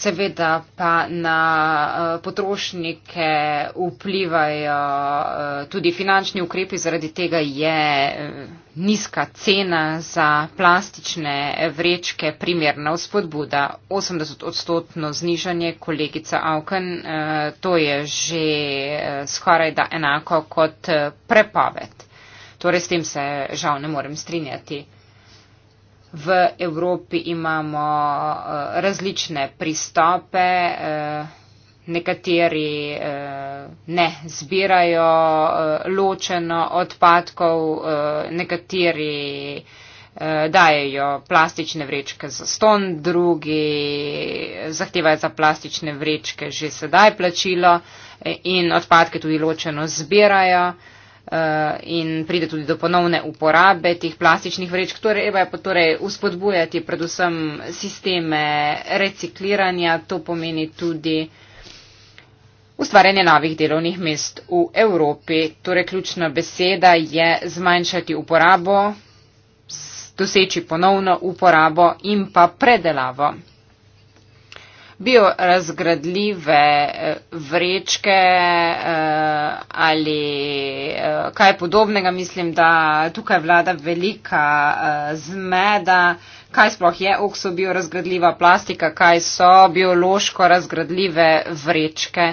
seveda pa na eh, potrošnike vplivajo eh, tudi finančni ukrepi, zaradi tega je eh, nizka cena za plastične vrečke primerna vzpodbuda. 80 odstotno znižanje, kolegica Auken, to je že skoraj da enako kot prepoved. Torej s tem se žal ne morem strinjati v Evropi imamo eh, različne pristope, eh, nekateri eh, ne zbirajo ločeno odpadkov, nekateri dajejo plastične vrečke za ston, drugi zahtevajo za plastične vrečke že sedaj plačilo in odpadke tudi ločeno zbirajo. Eh, in pride tudi do ponovne uporabe teh plastičnih vrečk. Torej, je pa torej uspodbujati predvsem sisteme recikliranja, to pomeni tudi ustvarjanje novih delovnih mest v Evropi. Torej, ključna beseda je zmanjšati uporabo, doseči ponovno uporabo in pa predelavo biorazgradljive eh, vrečke eh, ali eh, kaj podobnega. Mislim, da tukaj vlada velika zmeda, kaj sploh je okso biorazgradljiva plastika, kaj so biološko razgradljive vrečke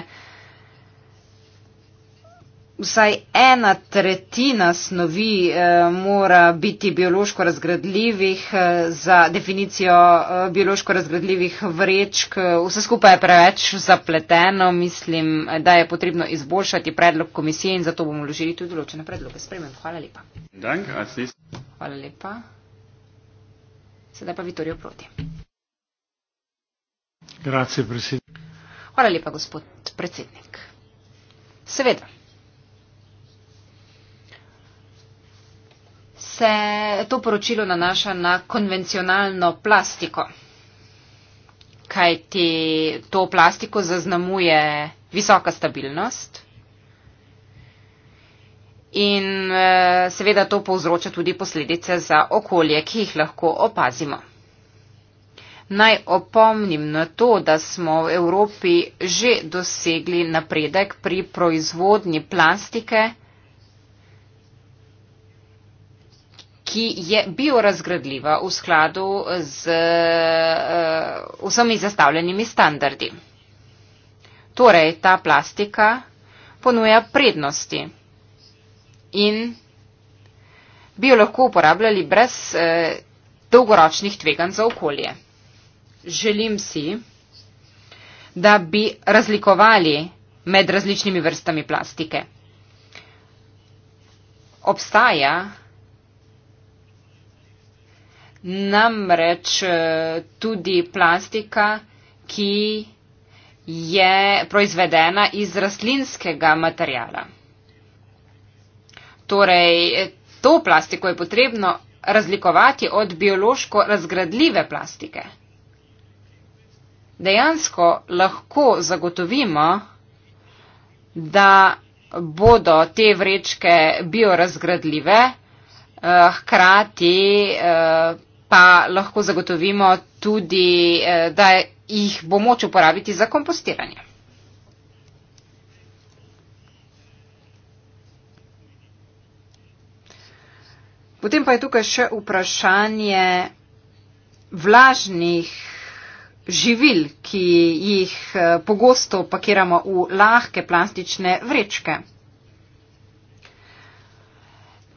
vsaj ena tretjina snovi eh, mora biti biološko razgradljivih eh, za definicijo eh, biološko razgradljivih vrečk. Vse skupaj je preveč zapleteno, mislim, da je potrebno izboljšati predlog komisije in zato bomo vložili tudi določene predloge. Spremem. Hvala lepa. Dank, Hvala lepa. Sedaj pa Vitorijo proti. Grazie, Hvala lepa, gospod predsednik. Seveda. se to poročilo nanaša na konvencionalno plastiko, kajti to plastiko zaznamuje visoka stabilnost in eh, seveda to povzroča tudi posledice za okolje, ki jih lahko opazimo. Naj opomnim na to, da smo v Evropi že dosegli napredek pri proizvodnji plastike, ki je biorazgradljiva v skladu z uh, vsemi zastavljenimi standardi. Torej, ta plastika ponuja prednosti in bi jo lahko uporabljali brez uh, dolgoročnih tvegan za okolje. Želim si, da bi razlikovali med različnimi vrstami plastike. Obstaja Namreč eh, tudi plastika, ki je proizvedena iz rastlinskega materijala. Torej, to plastiko je potrebno razlikovati od biološko razgradljive plastike. Dejansko lahko zagotovimo, da bodo te vrečke biorazgradljive, eh, hkrati eh, pa lahko zagotovimo tudi, eh, da jih bo moč uporabiti za kompostiranje. Potem pa je tukaj še vprašanje vlažnih živil, ki jih eh, pogosto pakiramo v lahke plastične vrečke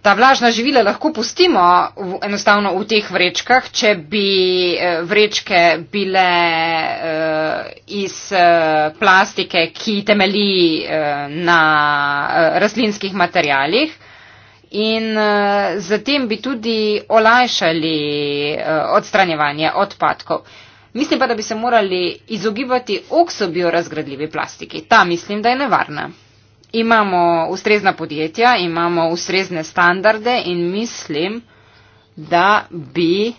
ta vlažna živila lahko pustimo v, enostavno v teh vrečkah, če bi eh, vrečke bile uh, iz uh, plastike, ki temeli uh, na uh, rastlinskih materijalih. In uh, z tem bi tudi olajšali uh, odstranjevanje odpadkov. Mislim pa, da bi se morali izogibati oksobiorazgradljivi plastiki. Ta mislim, da je nevarna imamo ustrezna podjetja, imamo ustrezne standarde in mislim, da bi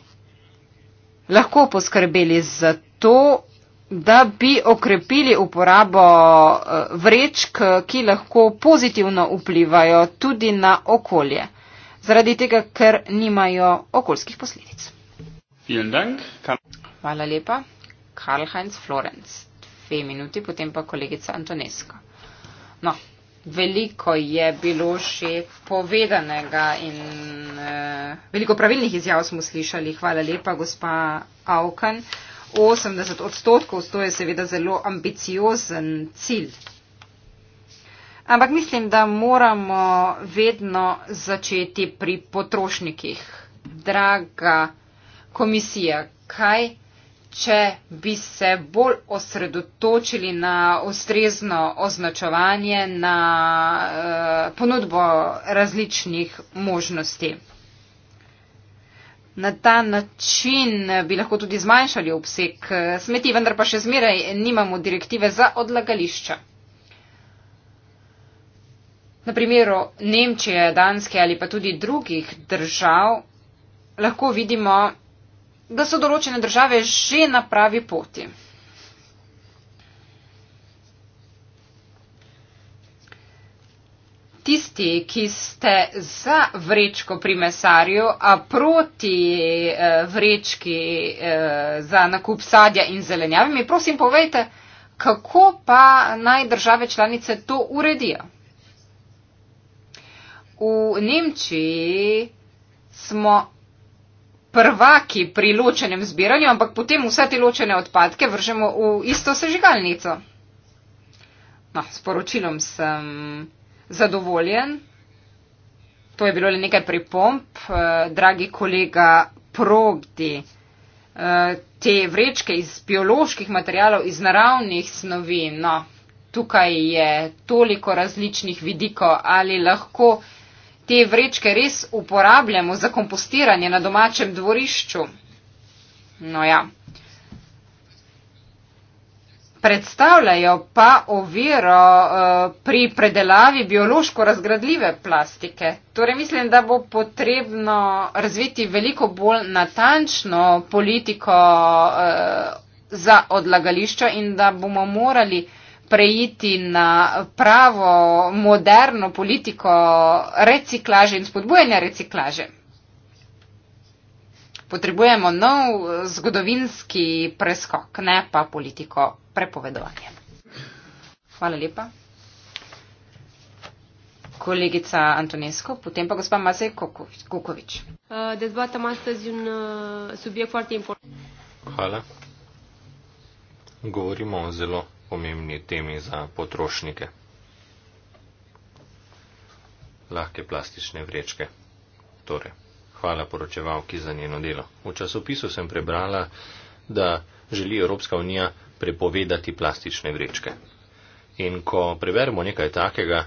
lahko poskrbeli za to, da bi okrepili uporabo eh, vrečk, ki lahko pozitivno vplivajo tudi na okolje, zaradi tega, ker nimajo okoljskih posledic. Hvala lepa. Karl-Heinz Florenc. Dve minuti, potem pa kolegica Antonesko. No, veliko je bilo še povedanega in eh, veliko pravilnih izjav smo slišali. Hvala lepa, gospa Avkan. 80 odstotkov, to je seveda zelo ambiciozen cilj. Ampak mislim, da moramo vedno začeti pri potrošnikih. Draga komisija, kaj? če bi se bolj osredotočili na ustrezno označevanje, na eh, ponudbo različnih možnosti. Na ta način bi lahko tudi zmanjšali obseg eh, smeti, vendar pa še zmeraj nimamo direktive za odlagališča. Na primeru Nemčije, Danske ali pa tudi drugih držav lahko vidimo, da so določene države že na pravi poti. Tisti, ki ste za vrečko pri mesarju, a proti eh, vrečki eh, za nakup sadja in zelenjave, mi prosim povejte, kako pa naj države članice to uredijo. V Nemčiji smo prvaki pri ločenem zbiranju, ampak potem vse te ločene odpadke vržemo v isto sežigalnico. No, s poročilom sem zadovoljen. To je bilo le nekaj pripomp, eh, dragi kolega Progdi. Eh, te vrečke iz bioloških materijalov, iz naravnih snovi, no, tukaj je toliko različnih vidikov, ali lahko te vrečke res uporabljamo za kompostiranje na domačem dvorišču. No ja. Predstavljajo pa oviro uh, pri predelavi biološko razgradljive plastike. Torej mislim, da bo potrebno razviti veliko bolj natančno politiko uh, za odlagališča in da bomo morali uh, preiti na pravo moderno politiko reciklaže in spodbujanja reciklaže. Potrebujemo nov zgodovinski preskok, ne pa politiko prepovedovanja. Hvala lepa. Kolegica Antonesko, potem pa gospa Mazej Kukovič. Uh, uh, Hvala. Govorimo o zelo pomembni temi za potrošnike. Lahke plastične vrečke. Torej, hvala poročevalki za njeno delo. V časopisu sem prebrala, da želi Evropska unija prepovedati plastične vrečke. In ko preberemo nekaj takega,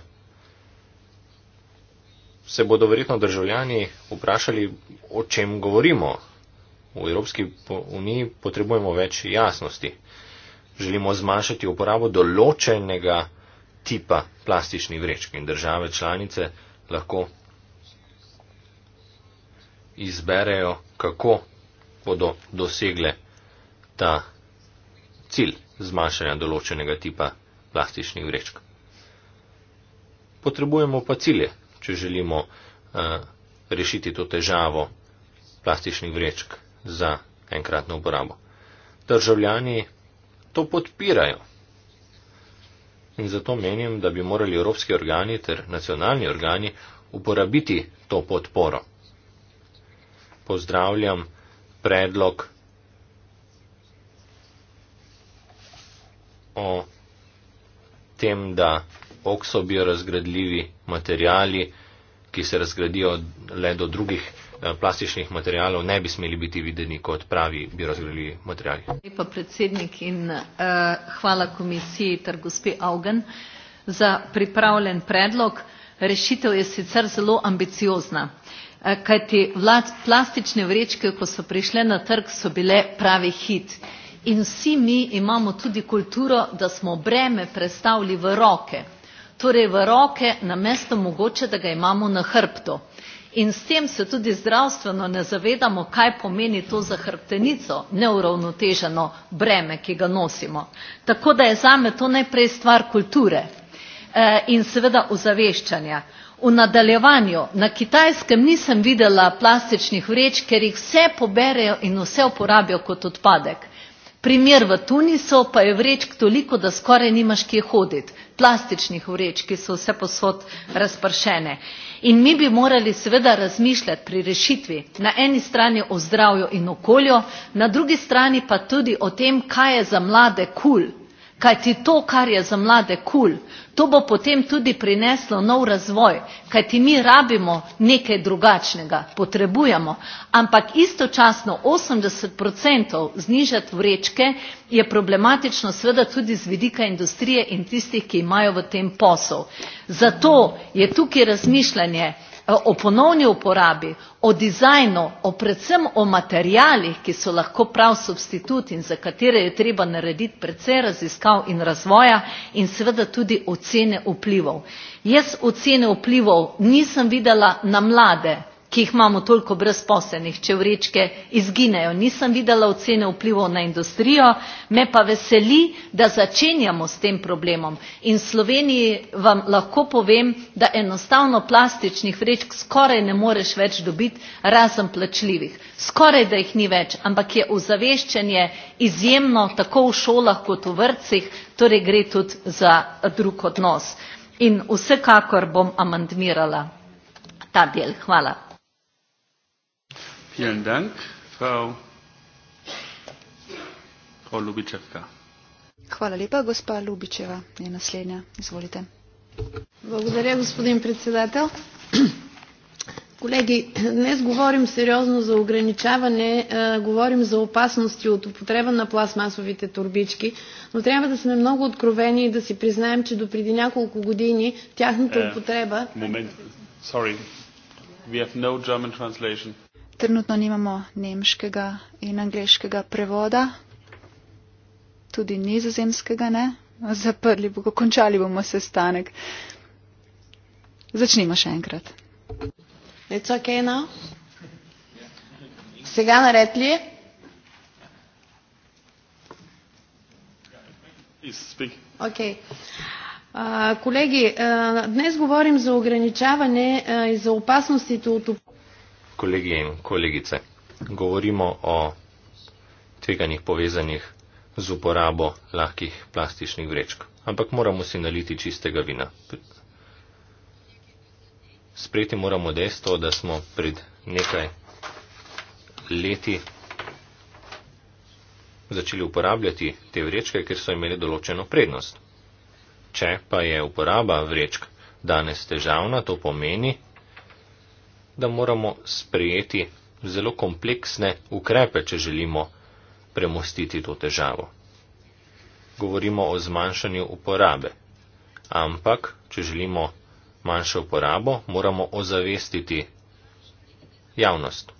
se bodo verjetno državljani vprašali, o čem govorimo. V Evropski uniji potrebujemo več jasnosti želimo zmanjšati uporabo določenega tipa plastičnih vrečk in države članice lahko izberejo, kako bodo dosegle ta cilj zmanjšanja določenega tipa plastičnih vrečk. Potrebujemo pa cilje, če želimo uh, rešiti to težavo plastičnih vrečk za enkratno uporabo. Državljani to podpirajo. In zato menim, da bi morali evropski organi ter nacionalni organi uporabiti to podporo. Pozdravljam predlog o tem, da oksobiorazgradljivi materijali, ki se razgradijo le do drugih Eh, plastičnih materijalov ne bi smeli biti videni kot pravi biorazgradljivi materijali. Lepa predsednik in uh, hvala komisiji ter gospe Augen za pripravljen predlog. Rešitev je sicer zelo ambiciozna, eh, kajti vlad, plastične vrečke, ko so prišle na trg, so bile pravi hit. In vsi mi imamo tudi kulturo, da smo breme prestavili v roke, torej v roke, namesto mogoče, da ga imamo na hrbto in s tem se tudi zdravstveno ne zavedamo, kaj pomeni to za hrbtenico, neuravnoteženo breme, ki ga nosimo. Tako da je zame to najprej stvar kulture eh, in seveda ozaveščanja. V nadaljevanju na kitajskem nisem videla plastičnih vreč, ker jih vse poberejo in vse uporabijo kot odpadek. Primer v Tunisu pa je vrečk toliko, da skoraj nimaš kje hoditi, plastičnih vrečk, ki so vse posod razpršene. In mi bi morali seveda razmišljati pri rešitvi na eni strani o zdravju in okolju, na drugi strani pa tudi o tem, kaj je za mlade kul. Cool kajti to, kar je za mlade kul, cool, to bo potem tudi prineslo nov razvoj, kajti mi rabimo nekaj drugačnega, potrebujemo, ampak istočasno 80% znižati vrečke je problematično sveda tudi z vidika industrije in tistih, ki imajo v tem posel. Zato je tukaj razmišljanje, Eh, o ponovni uporabi, o dizajnu, o predvsem o materijalih, ki so lahko prav substitut in za katere je treba narediti precej raziskav in razvoja in seveda tudi ocene vplivov. Jaz ocene vplivov nisem videla na mlade, ki jih imamo toliko brezposelnih, če vrečke izginejo. Nisem videla ocene vplivov na industrijo, me pa veseli, da začenjamo s tem problemom. In v Sloveniji vam lahko povem, da enostavno plastičnih vrečk skoraj ne moreš več dobiti, razen plačljivih. Skoraj da jih ni več, ampak je ozaveščanje izjemno tako v šolah kot v vrtcih, torej gre tudi za drug odnos. In vsekakor bom amandmirala ta del. Hvala. Vielen Dank, Frau, Frau Lubitschewka. Hvala lepa, gospa Lubičeva je naslednja. Izvolite. Благодаря, господин председател. Колеги, днес говорим сериозно за ограничаване, говорим за опасности от употреба на пластмасовите турбички, но трябва да сме много откровени и да си признаем, че допреди няколко години тяхната употреба... Момент, sorry, we have no German translation. Trenutno nimamo nemškega in angliškega prevoda, tudi nizozemskega ne. Zaprli bomo, končali bomo sestanek. Začnimo še enkrat. Okay Se ga naredili? Okay. Uh, kolegi, uh, danes govorim za ograničavanje uh, in za opasnosti tu kolegi in kolegice. Govorimo o tveganjih povezanih z uporabo lahkih plastičnih vrečk. Ampak moramo si naliti čistega vina. Sprejeti moramo dejstvo, da smo pred nekaj leti začeli uporabljati te vrečke, ker so imeli določeno prednost. Če pa je uporaba vrečk danes težavna, to pomeni, da moramo sprejeti zelo kompleksne ukrepe, če želimo premostiti to težavo. Govorimo o zmanjšanju uporabe, ampak, če želimo manjšo uporabo, moramo ozavestiti javnost,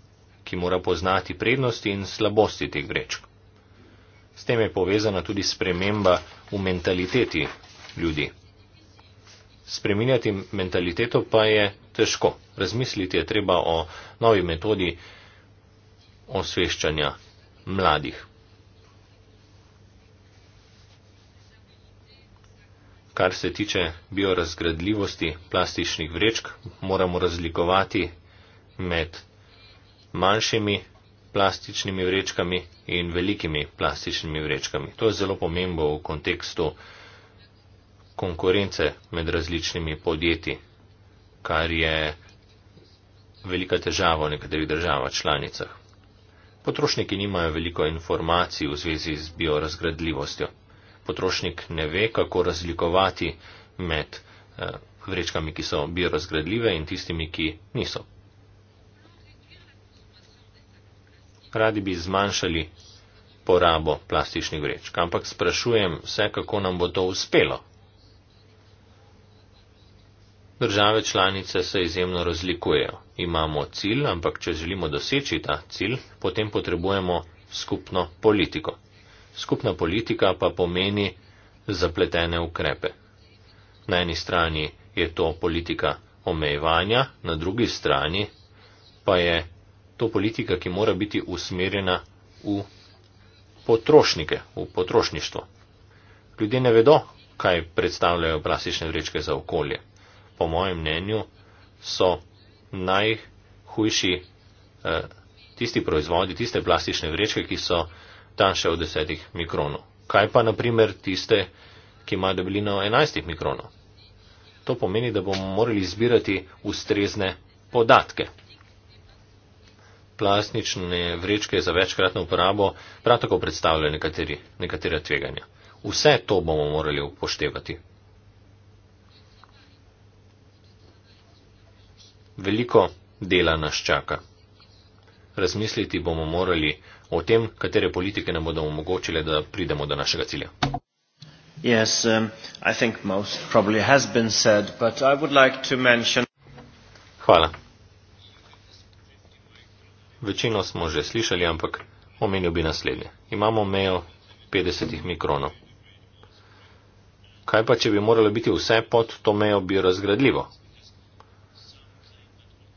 ki mora poznati prednosti in slabosti teh vrečk. S tem je povezana tudi sprememba v mentaliteti ljudi. Spreminjati mentaliteto pa je težko. Razmisliti je treba o novi metodi osveščanja mladih. Kar se tiče biorazgradljivosti plastičnih vrečk, moramo razlikovati med manjšimi plastičnimi vrečkami in velikimi plastičnimi vrečkami. To je zelo pomembno v kontekstu konkurence med različnimi podjetji, kar je velika težava v nekaterih državah članicah. Potrošniki nimajo veliko informacij v zvezi z biorazgradljivostjo. Potrošnik ne ve, kako razlikovati med eh, vrečkami, ki so biorazgradljive in tistimi, ki niso. Radi bi zmanjšali porabo plastičnih vrečk, ampak sprašujem se, kako nam bo to uspelo. Države članice se izjemno razlikujejo. Imamo cilj, ampak če želimo doseči ta cilj, potem potrebujemo skupno politiko. Skupna politika pa pomeni zapletene ukrepe. Na eni strani je to politika omejevanja, na drugi strani pa je to politika, ki mora biti usmerjena v potrošnike, v potrošništvo. Ljudje ne vedo, kaj predstavljajo plastične vrečke za okolje po mojem mnenju, so najhujši eh, tisti proizvodi, tiste plastične vrečke, ki so tanjše od 10 mikronov. Kaj pa naprimer tiste, ki imajo debelino 11 mikronov? To pomeni, da bomo morali zbirati ustrezne podatke. Plastične vrečke za večkratno uporabo prav tako predstavljajo nekateri, nekatera tveganja. Vse to bomo morali upoštevati Veliko dela nas čaka. Razmisliti bomo morali o tem, katere politike nam bodo omogočile, da pridemo do našega cilja. Yes, um, said, like mention... Hvala. Večino smo že slišali, ampak omenil bi naslednje. Imamo mejo 50 mikronov. Kaj pa, če bi moralo biti vse pod to mejo, bi razgradljivo?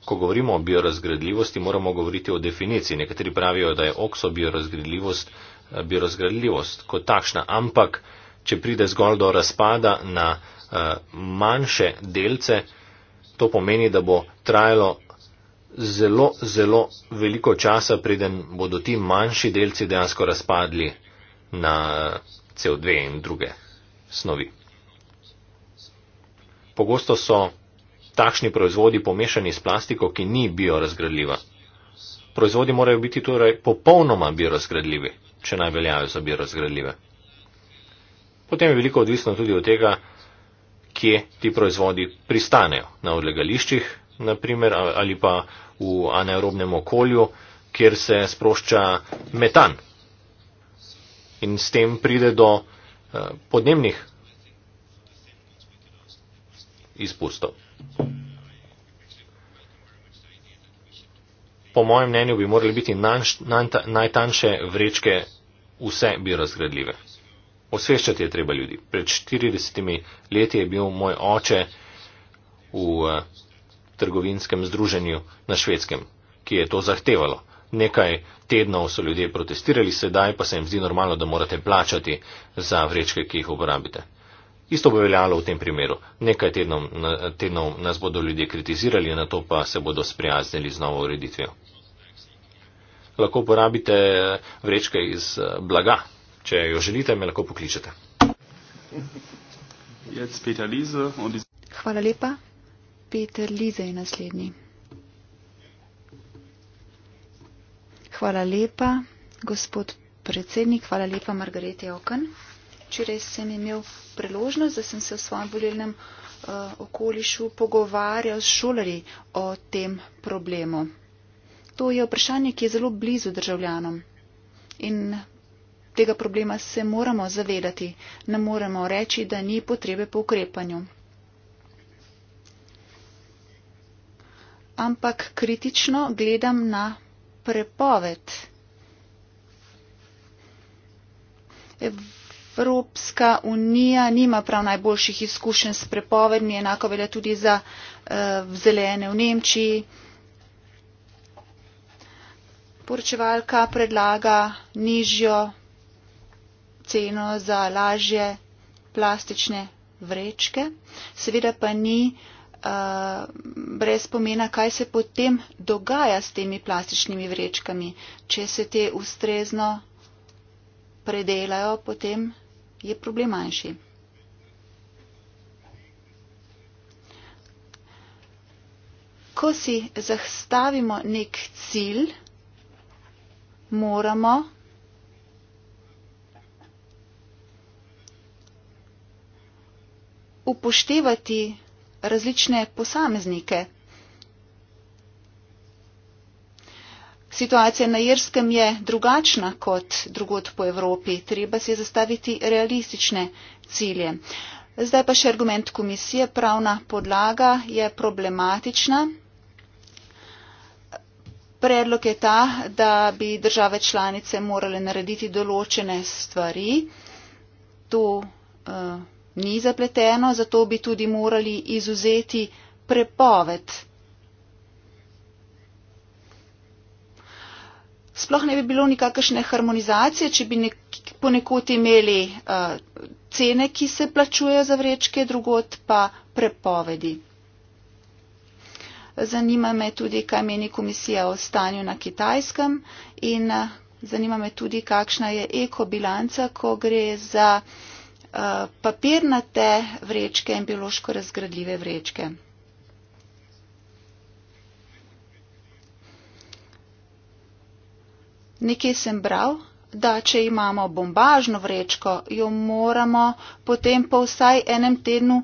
Ko govorimo o biorazgradljivosti, moramo govoriti o definiciji. Nekateri pravijo, da je okso biorazgradljivost, eh, biorazgradljivost kot takšna, ampak če pride zgolj do razpada na eh, manjše delce, to pomeni, da bo trajalo zelo, zelo veliko časa, preden bodo ti manjši delci dejansko razpadli na eh, CO2 in druge snovi. Pogosto so takšni proizvodi pomešani s plastiko, ki ni biorazgradljiva. Proizvodi morajo biti torej popolnoma biorazgradljivi, če naj veljajo za biorazgradljive. Potem je veliko odvisno tudi od tega, kje ti proizvodi pristanejo. Na odlegališčih, na primer, ali pa v anaerobnem okolju, kjer se sprošča metan. In s tem pride do eh, podnebnih izpustov. Po mojem mnenju bi morali biti nanš, nan, ta, najtanjše vrečke vse biorazgradljive. Osveščati je treba ljudi. Pred 40 leti je bil moj oče v uh, trgovinskem združenju na švedskem, ki je to zahtevalo. Nekaj tednov so ljudje protestirali, sedaj pa se jim zdi normalno, da morate plačati za vrečke, ki jih uporabite. Isto bo veljalo v tem primeru. Nekaj tednov, tednov nas bodo ljudje kritizirali, na to pa se bodo sprijaznili z novo ureditvijo. Lahko uporabite eh, vrečke iz eh, blaga. Če jo želite, me lahko pokličete. Hvala lepa. Peter Lize je naslednji. Hvala lepa, gospod predsednik. Hvala lepa, Margareta Okan včeraj sem imel priložnost, da sem se v svojem volilnem uh, okolišu pogovarjal s šolarji o tem problemu. To je vprašanje, ki je zelo blizu državljanom in tega problema se moramo zavedati. Ne moremo reči, da ni potrebe po ukrepanju. Ampak kritično gledam na prepoved. Evropska unija nima prav najboljših izkušenj s prepovedmi, enako velja tudi za uh, zelene v Nemčiji. Poročevalka predlaga nižjo ceno za lažje plastične vrečke. Seveda pa ni uh, brez pomena, kaj se potem dogaja s temi plastičnimi vrečkami, če se te ustrezno predelajo potem je problem manjši. Ko si zastavimo nek cilj, moramo upoštevati različne posameznike. Situacija na Jerskem je drugačna kot drugot po Evropi. Treba si je zastaviti realistične cilje. Zdaj pa še argument komisije. Pravna podlaga je problematična. Predlog je ta, da bi države članice morale narediti določene stvari. To uh, ni zapleteno, zato bi tudi morali izuzeti prepoved sploh ne bi bilo nikakršne harmonizacije, če bi nek, ponekud imeli uh, cene, ki se plačujejo za vrečke, drugot pa prepovedi. Zanima me tudi, kaj meni komisija o stanju na kitajskem in eh, zanima me tudi, kakšna je ekobilanca, ko gre za uh, papirnate vrečke in biološko razgradljive vrečke. Nekje sem bral, da če imamo bombažno vrečko, jo moramo potem po vsaj enem tednu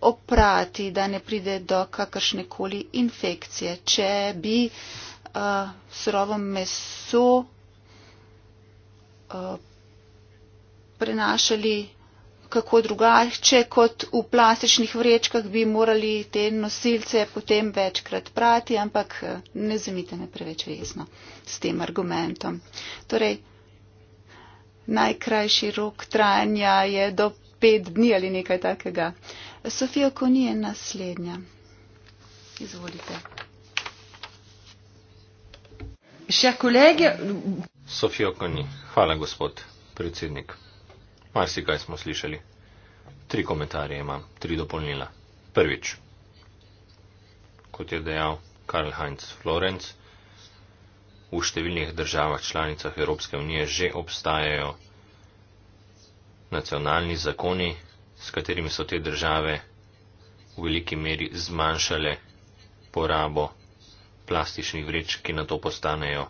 oprati, da ne pride do kakršnekoli infekcije. Če bi uh, surovo meso uh, prenašali kako drugače kot v plastičnih vrečkah bi morali te nosilce potem večkrat prati, ampak eh, ne zamite me preveč resno s tem argumentom. Torej, najkrajši rok trajanja je do pet dni ali nekaj takega. Sofijo Koni je naslednja. Izvolite. Še kolege. Sofijo Koni, hvala gospod predsednik. Marsikaj smo slišali. Tri komentarje imam, tri dopolnila. Prvič, kot je dejal Karl Heinz Florenc, v številnih državah članicah Evropske unije že obstajajo nacionalni zakoni, s katerimi so te države v veliki meri zmanjšale porabo plastičnih vreč, ki na to postanejo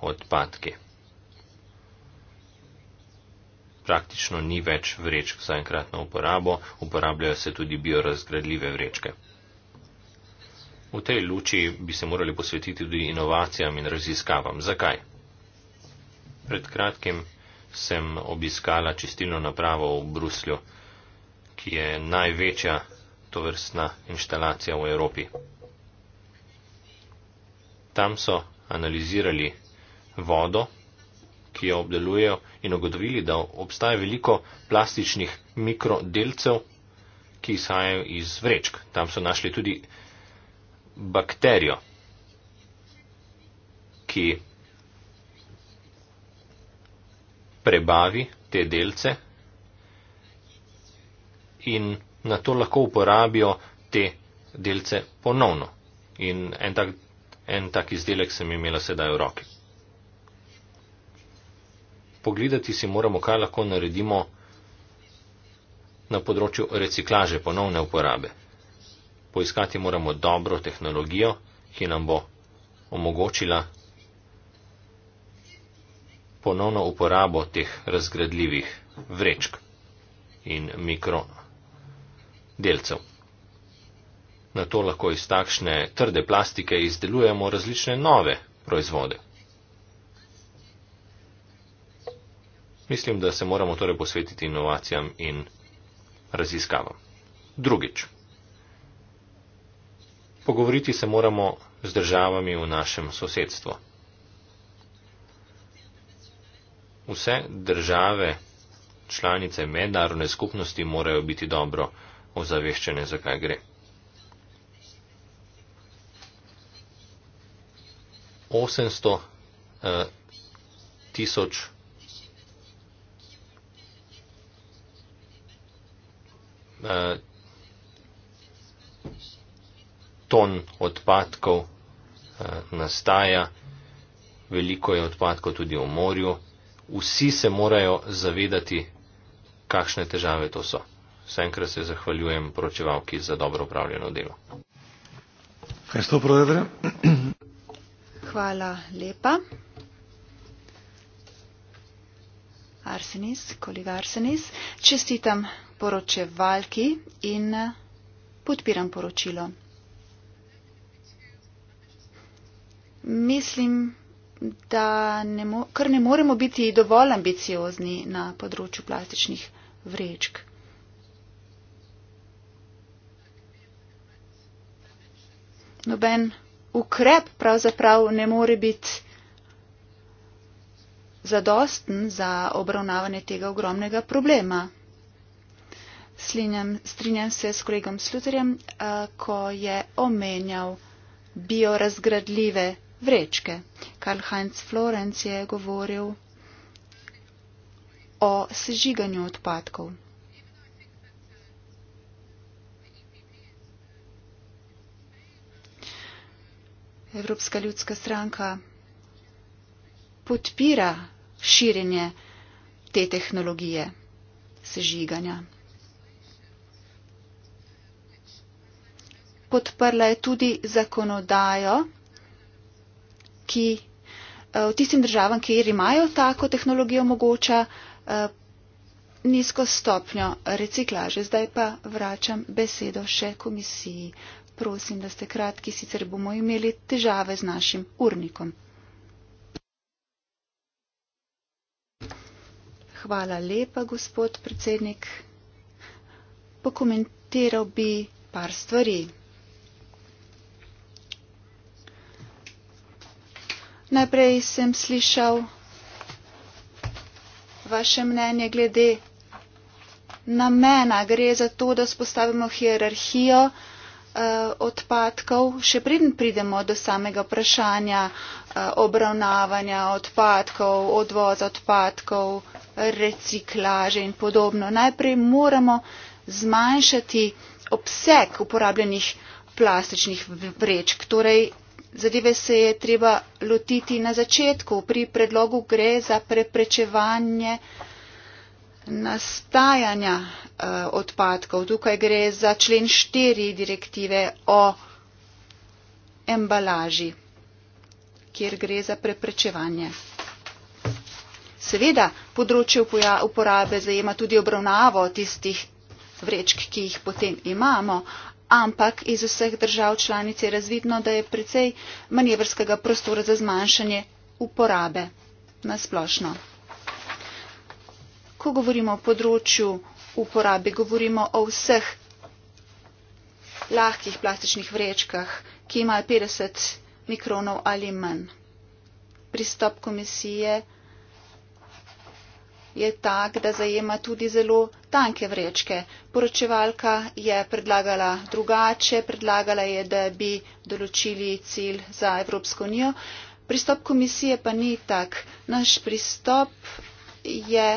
odpadke praktično ni več vrečk za enkratno uporabo, uporabljajo se tudi biorazgradljive vrečke. V tej luči bi se morali posvetiti tudi inovacijam in raziskavam. Zakaj? Pred kratkim sem obiskala čistilno napravo v Bruslju, ki je največja tovrstna inštalacija v Evropi. Tam so analizirali vodo, ki jo obdelujejo in ugotovili, da obstaja veliko plastičnih mikrodelcev, ki izhajajo iz vrečk. Tam so našli tudi bakterijo, ki prebavi te delce in na to lahko uporabijo te delce ponovno. In en tak, en tak izdelek sem imela sedaj v roki pogledati si moramo, kaj lahko naredimo na področju reciklaže, ponovne uporabe. Poiskati moramo dobro tehnologijo, ki nam bo omogočila ponovno uporabo teh razgradljivih vrečk in mikrodelcev. Na to lahko iz takšne trde plastike izdelujemo različne nove proizvode. Mislim, da se moramo torej posvetiti inovacijam in raziskavam. Drugič. Pogovoriti se moramo z državami v našem sosedstvu. Vse države, članice mednarodne skupnosti morajo biti dobro ozaveščene, zakaj gre. Osemsto eh, tisoč Eh, ton odpadkov eh, nastaja, veliko je odpadkov tudi v morju. Vsi se morajo zavedati, kakšne težave to so. Vsenkrat se zahvaljujem pročevalki za dobro upravljeno delo. Kaj sto, Hvala lepa. Arsenis, kolega Arsenis, čestitam poročevalki in eh, podpiram poročilo. Mislim, da ne mo kar ne moremo biti dovolj ambiciozni na področju plastičnih vrečk. Noben ukrep pravzaprav ne more biti zadosten za obravnavanje tega ogromnega problema. Slinjam, strinjam se s kolegom Sluterjem, eh, ko je omenjal biorazgradljive vrečke. Karl Heinz Florenc je govoril o sežiganju odpadkov. Evropska ljudska stranka podpira širjenje te tehnologije sežiganja. Podprla je tudi zakonodajo, ki eh, v tistim državam, kjer imajo tako tehnologijo, omogoča eh, nizko stopnjo reciklaže. Zdaj pa vračam besedo še komisiji. Prosim, da ste kratki, sicer bomo imeli težave z našim urnikom. Hvala lepa, gospod predsednik. Pokomentiral bi par stvari. Najprej sem slišal vaše mnenje glede namena. Gre za to, da spostavimo hierarhijo eh, odpadkov, še preden pridemo do samega vprašanja eh, obravnavanja odpadkov, odvoza odpadkov, reciklaže in podobno. Najprej moramo zmanjšati obseg uporabljenih plastičnih vrečk. Torej, zadeve se je treba lotiti na začetku. Pri predlogu gre za preprečevanje nastajanja uh, odpadkov. Tukaj gre za člen 4 direktive o embalaži, kjer gre za preprečevanje. Seveda, področje uporabe zajema tudi obravnavo tistih vrečk, ki jih potem imamo, ampak iz vseh držav članic je razvidno, da je precej manevrskega prostora za zmanjšanje uporabe na splošno. Ko govorimo o področju uporabe, govorimo o vseh lahkih plastičnih vrečkah, ki imajo 50 mikronov ali manj. Pristop komisije je tak, da zajema tudi zelo tanke vrečke. Poročevalka je predlagala drugače, predlagala je, da bi določili cilj za Evropsko unijo. Pristop komisije pa ni tak. Naš pristop je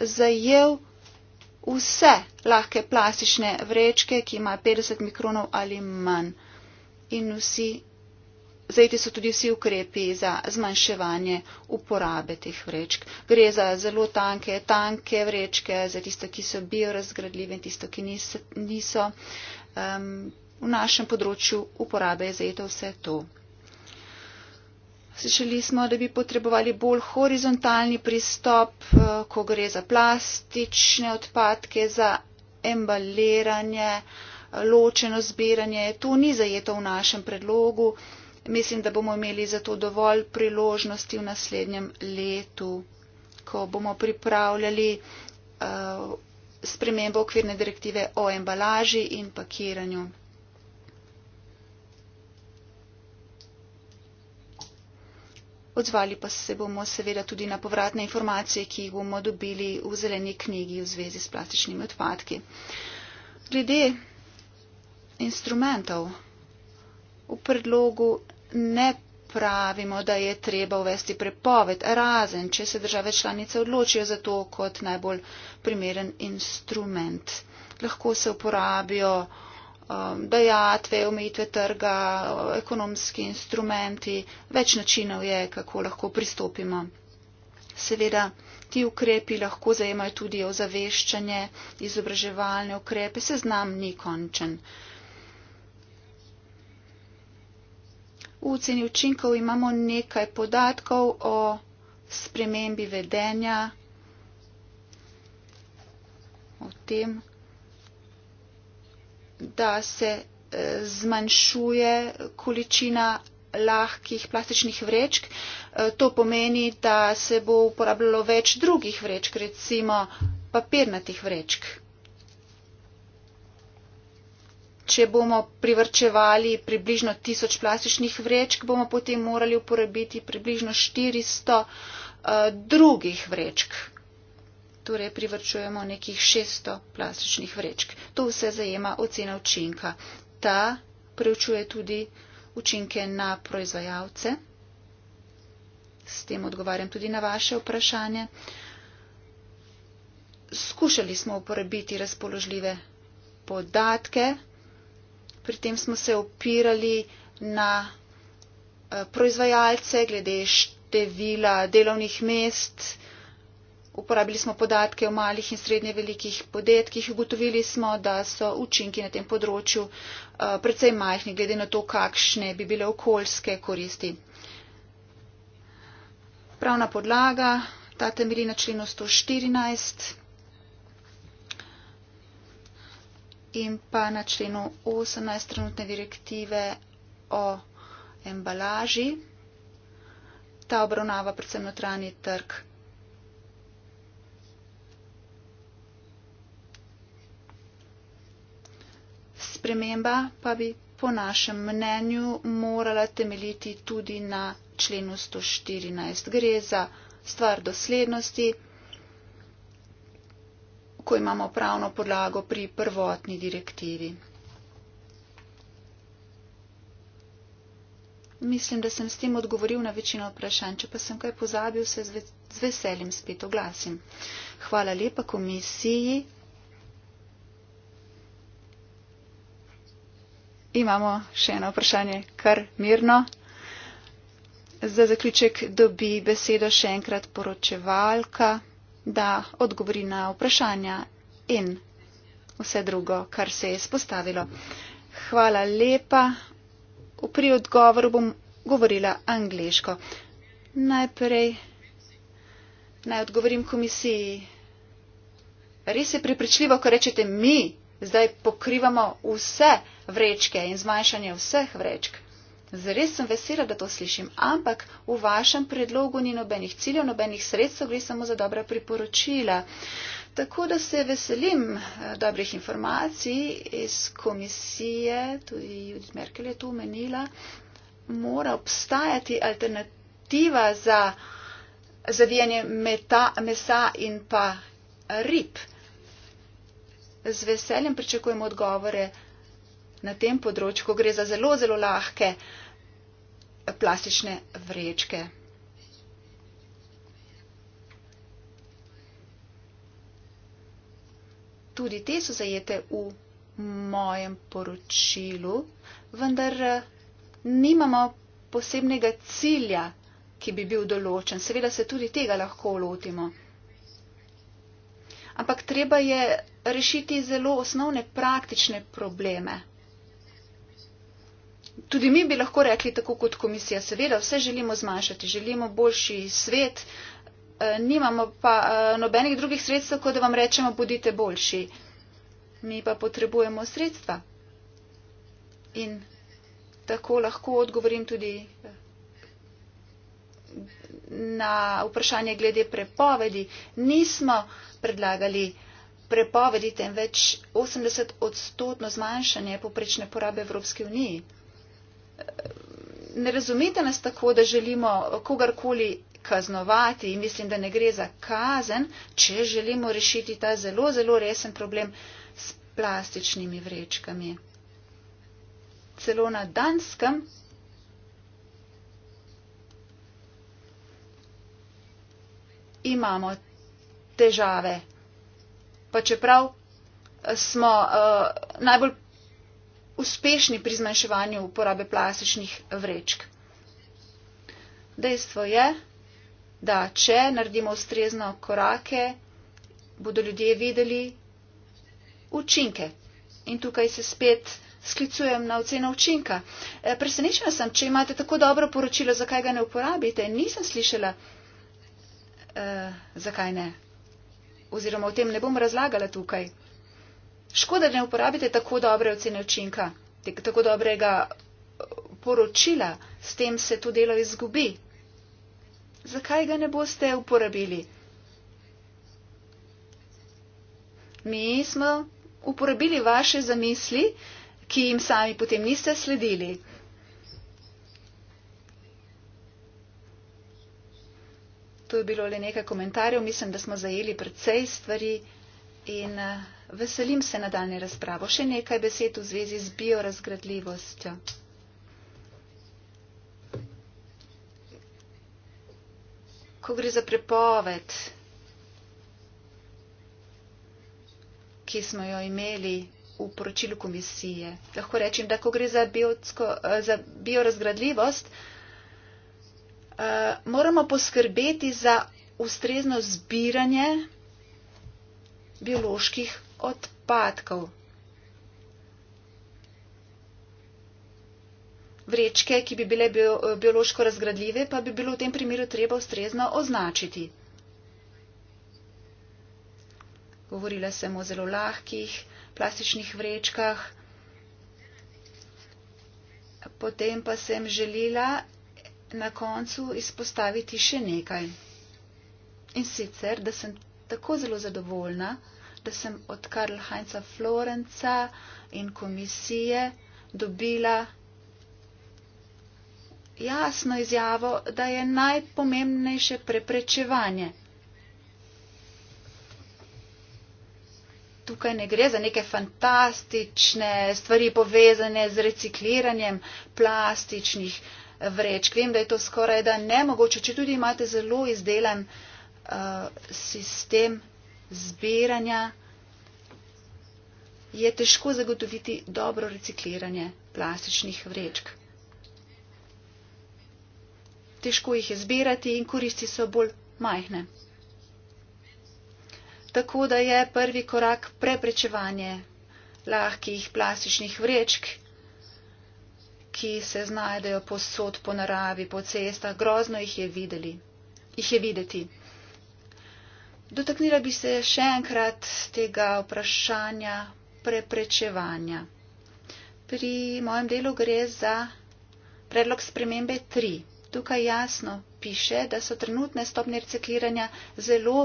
zajel vse lahke plastične vrečke, ki imajo 50 mikronov ali manj. In vsi zajeti so tudi vsi ukrepi za zmanjševanje uporabe teh vrečk. Gre za zelo tanke, tanke vrečke, za tiste, ki so biorazgradljive in tiste, ki niso. niso. Um, v našem področju uporabe je zajeto vse to. Slišali smo, da bi potrebovali bolj horizontalni pristop, eh, ko gre za plastične odpadke, za embaliranje, ločeno zbiranje. To ni zajeto v našem predlogu mislim, da bomo imeli za to dovolj priložnosti v naslednjem letu, ko bomo pripravljali uh, spremembo okvirne direktive o embalaži in pakiranju. Odzvali pa se bomo seveda tudi na povratne informacije, ki jih bomo dobili v zeleni knjigi v zvezi s plastičnimi odpadki. Glede instrumentov v predlogu ne pravimo, da je treba uvesti prepoved, razen če se države članice odločijo za to kot najbolj primeren instrument. Lahko se uporabijo um, dajatve, omejitve trga, ekonomski instrumenti, več načinov je, kako lahko pristopimo. Seveda, ti ukrepi lahko zajemajo tudi ozaveščanje, izobraževalne ukrepe, seznam ni končen. V oceni učinkov imamo nekaj podatkov o spremembi vedenja, o tem, da se eh, zmanjšuje količina lahkih plastičnih vrečk. Eh, to pomeni, da se bo uporabljalo več drugih vrečk, recimo papirnatih vrečk če bomo privrčevali približno tisoč plastičnih vrečk, bomo potem morali uporabiti približno 400 uh, eh, drugih vrečk. Torej privrčujemo nekih 600 plastičnih vrečk. To vse zajema ocena učinka. Ta preučuje tudi učinke na proizvajalce. S tem odgovarjam tudi na vaše vprašanje. Skušali smo uporabiti razpoložljive podatke, Pri tem smo se opirali na eh, proizvajalce, glede števila delovnih mest. Uporabili smo podatke o malih in srednje velikih podjetkih. Ugotovili smo, da so učinki na tem področju eh, predvsej majhni, glede na to, kakšne bi bile okoljske koristi. Pravna podlaga, ta temelji na členu 114. in pa na členu 18 trenutne direktive o embalaži. Ta obravnava predvsem notranji trg. Sprememba pa bi po našem mnenju morala temeljiti tudi na členu 114. Gre za stvar doslednosti ko imamo pravno podlago pri prvotni direktivi. Mislim, da sem s tem odgovoril na večino vprašanj. Če pa sem kaj pozabil, se z veseljem spet oglasim. Hvala lepa komisiji. Imamo še eno vprašanje, kar mirno. Za zaključek dobi besedo še enkrat poročevalka da odgovori na vprašanja in vse drugo, kar se je spostavilo. Hvala lepa. Pri odgovoru bom govorila angliško. Najprej naj odgovorim komisiji. Res je prepričljivo, ko rečete mi zdaj pokrivamo vse vrečke in zmanjšanje vseh vrečk. Zares sem vesela, da to slišim, ampak v vašem predlogu ni nobenih ciljev, nobenih sredstev, gre samo za dobra priporočila. Tako da se veselim eh, dobrih informacij iz komisije, tudi Judith Merkel je to omenila, mora obstajati alternativa za zavijanje meta, mesa in pa rib. Z veseljem pričakujem odgovore na tem področju, ko gre za zelo, zelo lahke uh, plastične vrečke. Tudi te so zajete v mojem poročilu, vendar nimamo posebnega cilja, ki bi bil določen. Seveda se tudi tega lahko lotimo. Ampak treba je rešiti zelo osnovne praktične probleme. Tudi mi bi lahko rekli tako kot komisija, seveda vse želimo zmanjšati, želimo boljši svet, eh, nimamo pa eh, nobenih drugih sredstev, kot da vam rečemo, bodite boljši. Mi pa potrebujemo sredstva. In tako lahko odgovorim tudi eh, na vprašanje glede prepovedi. Nismo predlagali prepovedi, temveč 80 odstotno zmanjšanje poprečne porabe Evropske unije ne razumete nas tako, da želimo kogarkoli kaznovati in mislim, da ne gre za kazen, če želimo rešiti ta zelo, zelo resen problem s plastičnimi vrečkami. Celo na Danskem imamo težave, pa čeprav smo uh, najbolj uspešni pri zmanjševanju uporabe plastičnih vrečk. Dejstvo je, da če naredimo ustrezno korake, bodo ljudje videli učinke. In tukaj se spet sklicujem na oceno učinka. E, presenečena sem, če imate tako dobro poročilo, zakaj ga ne uporabite. Nisem slišala, eh, zakaj ne. Oziroma o tem ne bom razlagala tukaj. Škoda, da ne uporabite tako dobre ocene učinka, tako dobrega eh, poročila, s tem se to delo izgubi. Zakaj ga ne boste uporabili? Mi smo uporabili vaše zamisli, ki jim sami potem niste sledili. To je bilo le nekaj komentarjev, mislim, da smo zajeli predvsej stvari in. Uh, Veselim se nadaljne razpravo. Še nekaj besed v zvezi z biorazgradljivostjo. Ko gre za prepoved, ki smo jo imeli v poročilu komisije, lahko rečem, da ko gre za, biotsko, za biorazgradljivost, eh, moramo poskrbeti za ustrezno zbiranje bioloških odpadkov. Vrečke, ki bi bile biološko razgradljive, pa bi bilo v tem primeru treba ustrezno označiti. Govorila sem o zelo lahkih plastičnih vrečkah. Potem pa sem želela na koncu izpostaviti še nekaj. In sicer, da sem tako zelo zadovoljna, da sem od Karl Heinza Florenca in komisije dobila jasno izjavo, da je najpomembnejše preprečevanje. Tukaj ne gre za neke fantastične stvari povezane z recikliranjem plastičnih vrečk. Vem, da je to skoraj da nemogoče, če tudi imate zelo izdelan uh, sistem zbiranja, je težko zagotoviti dobro recikliranje plastičnih vrečk. Težko jih je zbirati in koristi so bolj majhne. Tako da je prvi korak preprečevanje lahkih plastičnih vrečk, ki se znajdejo posod po naravi, po cestah, grozno jih je videli. Jih je videti. Dotaknila bi se še enkrat tega vprašanja preprečevanja. Pri mojem delu gre za predlog spremembe 3. Tukaj jasno piše, da so trenutne stopnje recikliranja zelo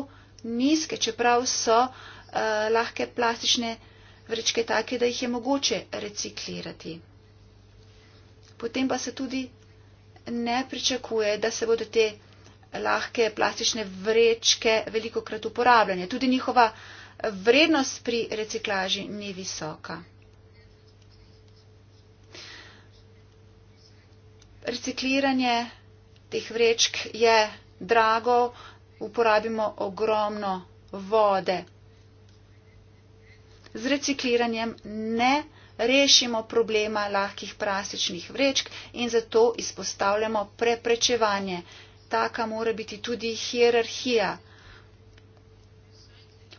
nizke, čeprav so uh, lahke plastične vrečke take, da jih je mogoče reciklirati. Potem pa se tudi ne pričakuje, da se bodo te lahke plastične vrečke veliko krat uporabljanje. Tudi njihova vrednost pri reciklaži ni visoka. Recikliranje teh vrečk je drago, uporabimo ogromno vode. Z recikliranjem ne rešimo problema lahkih plastičnih vrečk in zato izpostavljamo preprečevanje taka mora biti tudi hierarhija.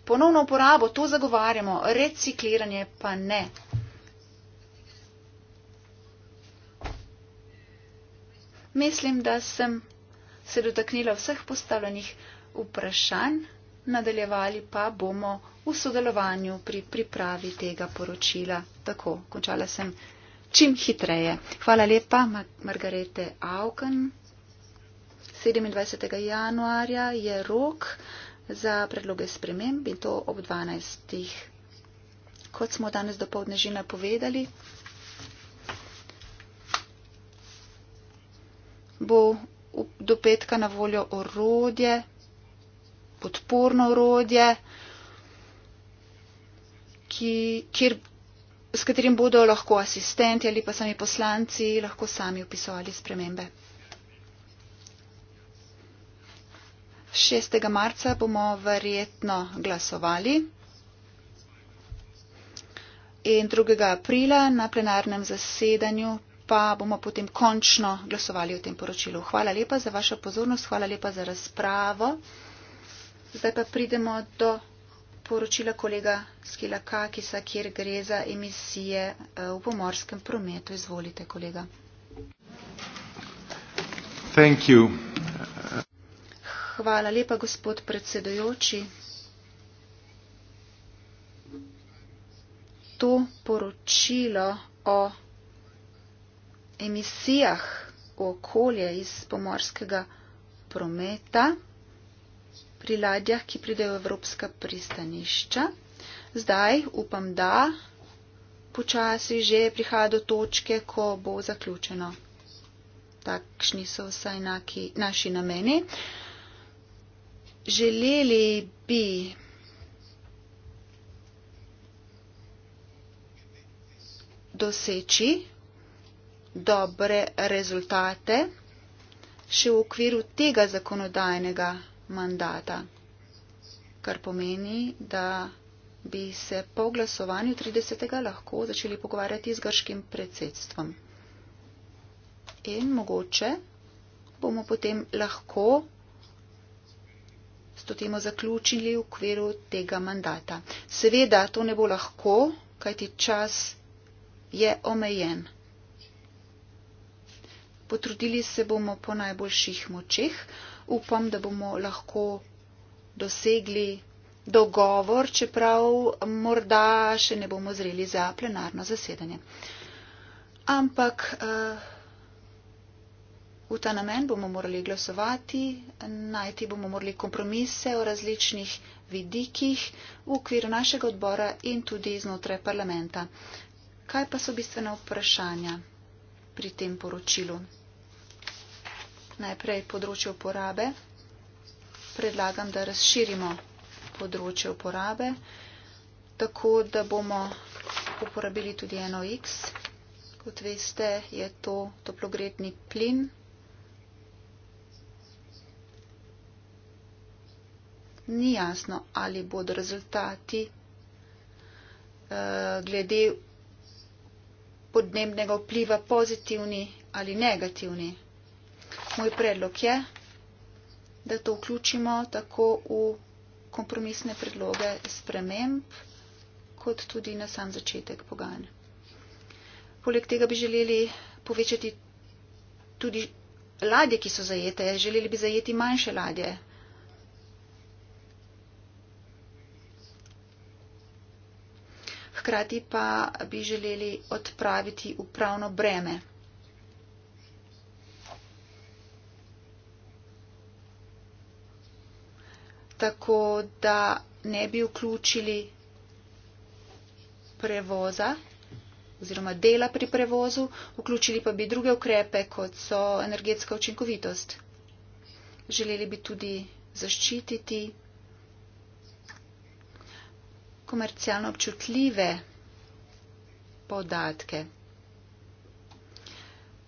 Ponovno uporabo, to zagovarjamo, recikliranje pa ne. Mislim, da sem se dotaknila vseh postavljenih vprašanj, nadaljevali pa bomo v sodelovanju pri pripravi tega poročila. Tako, končala sem čim hitreje. Hvala lepa, Margarete Auken. 27. januarja je rok za predloge sprememb in to ob 12. Kot smo danes dopovdne že napovedali, bo do petka na voljo orodje, podporno orodje, ki, kjer, s katerim bodo lahko asistenti ali pa sami poslanci lahko sami upisovali spremembe. 6. marca bomo verjetno glasovali in 2. aprila na plenarnem zasedanju pa bomo potem končno glasovali o tem poročilu. Hvala lepa za vašo pozornost, hvala lepa za razpravo. Zdaj pa pridemo do poročila kolega Skila Kakisa, kjer gre za emisije eh, v pomorskem prometu. Izvolite, kolega. Thank you. Hvala lepa, gospod predsedojoči. To poročilo o emisijah v okolje iz pomorskega prometa pri ladjah, ki pridejo v Evropska pristanišča. Zdaj upam, da počasi že prihaja do točke, ko bo zaključeno. Takšni so vsaj naki, naši nameni. Uh, Želeli bi doseči dobre rezultate še v okviru tega zakonodajnega mandata, kar pomeni, da bi se po glasovanju 30. lahko začeli pogovarjati z grškim predsedstvom. In mogoče bomo potem lahko s to temo zaključili v okviru tega mandata. Seveda to ne bo lahko, kajti čas je omejen. Potrudili se bomo po najboljših močeh. Upam, da bomo lahko dosegli dogovor, čeprav morda še ne bomo zreli za plenarno zasedanje. Ampak. Uh, V ta namen bomo morali glasovati, najti bomo morali kompromise o različnih vidikih v okviru našega odbora in tudi iznotraj parlamenta. Kaj pa so bistvene vprašanja pri tem poročilu? Najprej področje uporabe. Predlagam, da razširimo področje uporabe, tako da bomo uporabili tudi NOx. Kot veste, je to toplogredni plin ni jasno, ali bodo rezultati eh, glede podnebnega vpliva pozitivni ali negativni. Moj predlog je, da to vključimo tako v kompromisne predloge sprememb, kot tudi na sam začetek pogajanj. Poleg tega bi želeli povečati tudi ladje, ki so zajete. Želeli bi zajeti manjše ladje, hkrati pa bi želeli odpraviti upravno breme. Tako da ne bi vključili prevoza oziroma dela pri prevozu, vključili pa bi druge ukrepe, kot so energetska učinkovitost. Želeli bi tudi zaščititi komercialno občutljive podatke.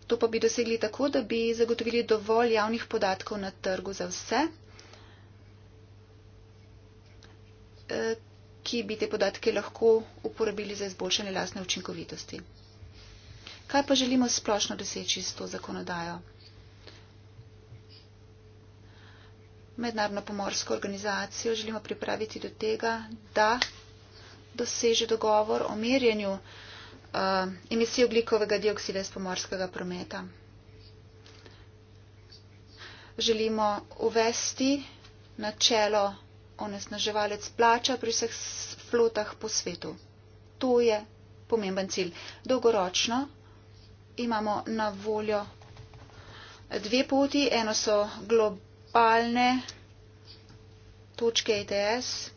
To pa bi dosegli tako, da bi zagotovili dovolj javnih podatkov na trgu za vse, eh, ki bi te podatke lahko uporabili za izboljšanje lastne učinkovitosti. Kaj pa želimo splošno doseči s to zakonodajo? Mednarodno pomorsko organizacijo želimo pripraviti do tega, da doseže dogovor o merjenju uh, emisij oglikovega dioksida iz pomorskega prometa. Želimo uvesti načelo onesnaževalec plača pri vseh flotah po svetu. To je pomemben cilj. Dolgoročno imamo na voljo dve poti. Eno so globalne točke ETS,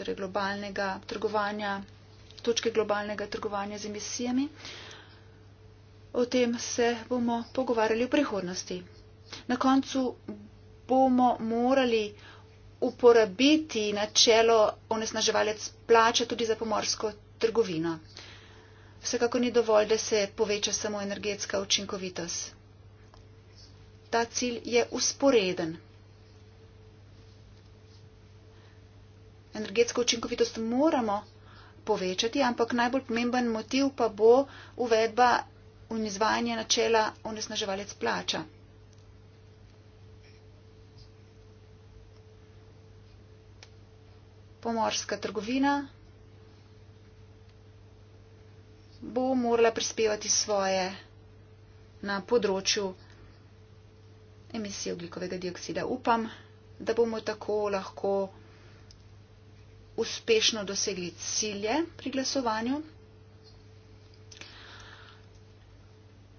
torej globalnega trgovanja, točke globalnega trgovanja z emisijami. O tem se bomo pogovarjali v prihodnosti. Na koncu bomo morali uporabiti načelo onesnaževalec plače tudi za pomorsko trgovino. Vsekakor ni dovolj, da se poveča samo energetska učinkovitost. Ta cilj je usporeden. energetsko učinkovitost moramo povečati, ampak najbolj pomemben motiv pa bo uvedba in izvajanje načela onesnaževalec plača. Pomorska trgovina bo morala prispevati svoje na področju emisije oglikovega dioksida. Upam, da bomo tako lahko uspešno dosegli cilje pri glasovanju.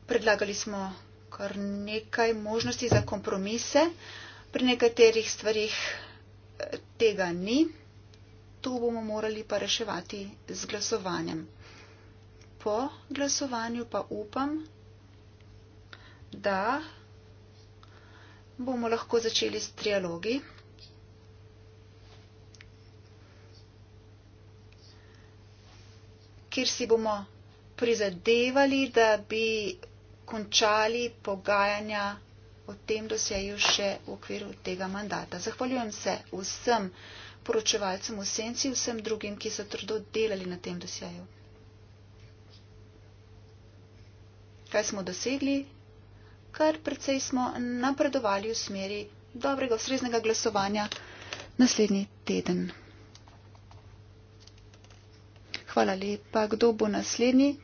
Predlagali smo kar nekaj možnosti za kompromise, pri nekaterih stvarih eh, tega ni, to bomo morali pa reševati z glasovanjem. Po glasovanju pa upam, da bomo lahko začeli s trialogi. kjer si bomo prizadevali, da bi končali pogajanja o tem dosjeju še v okviru tega mandata. Zahvaljujem se vsem poročevalcem v senci, vsem drugim, ki so trdo delali na tem dosjeju. Kaj smo dosegli? Kar precej smo napredovali v smeri dobrega, sreznega glasovanja naslednji teden. Hvala lepa. Kdo bo naslednji?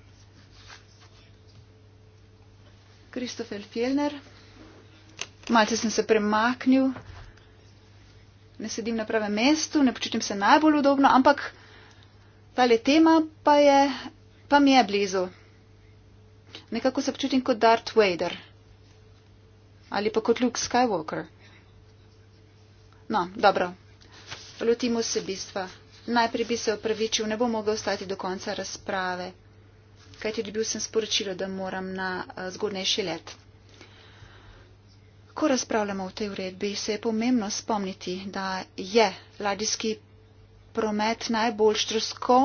Kristofel Fjellner. Malce sem se premaknil. Ne sedim na pravem mestu, ne počutim se najbolj udobno, ampak tale tema pa, je, pa mi je blizu. Nekako se počutim kot Darth Vader ali pa kot Luke Skywalker. No, dobro. Lotimo se bistva. Najprej bi se opravičil, ne bom mogel ostati do konca razprave, kajti dobil sem sporočilo, da moram na eh, zgodnejši let. Ko razpravljamo o tej uredbi, se je pomembno spomniti, da je ladijski promet najbolj štrosko,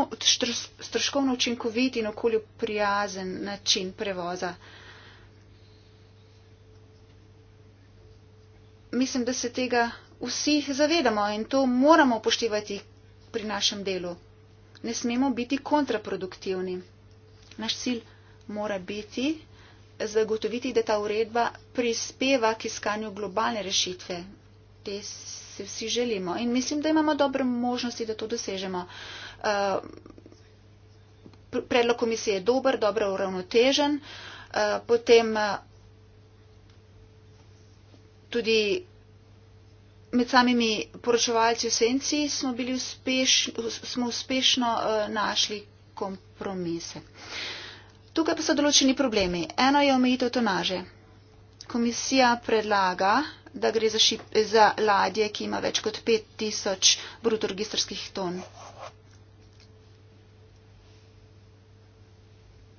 stroškovno učinkovit in okolju prijazen način prevoza. Mislim, da se tega vsi zavedamo in to moramo upoštevati, pri našem delu. Ne smemo biti kontraproduktivni. Naš cilj mora biti zagotoviti, da ta uredba prispeva k iskanju globalne rešitve. Te se vsi želimo in mislim, da imamo dobre možnosti, da to dosežemo. Uh, predlog komisije je dober, dobro uravnotežen. Uh, potem uh, tudi med samimi poročevalci v senci smo, bili uspeš, smo uspešno eh, našli kompromise. Tukaj pa so določeni problemi. Eno je omejitev tonaže. Komisija predlaga, da gre za, šip, za ladje, ki ima več kot 5000 bruto registrskih ton.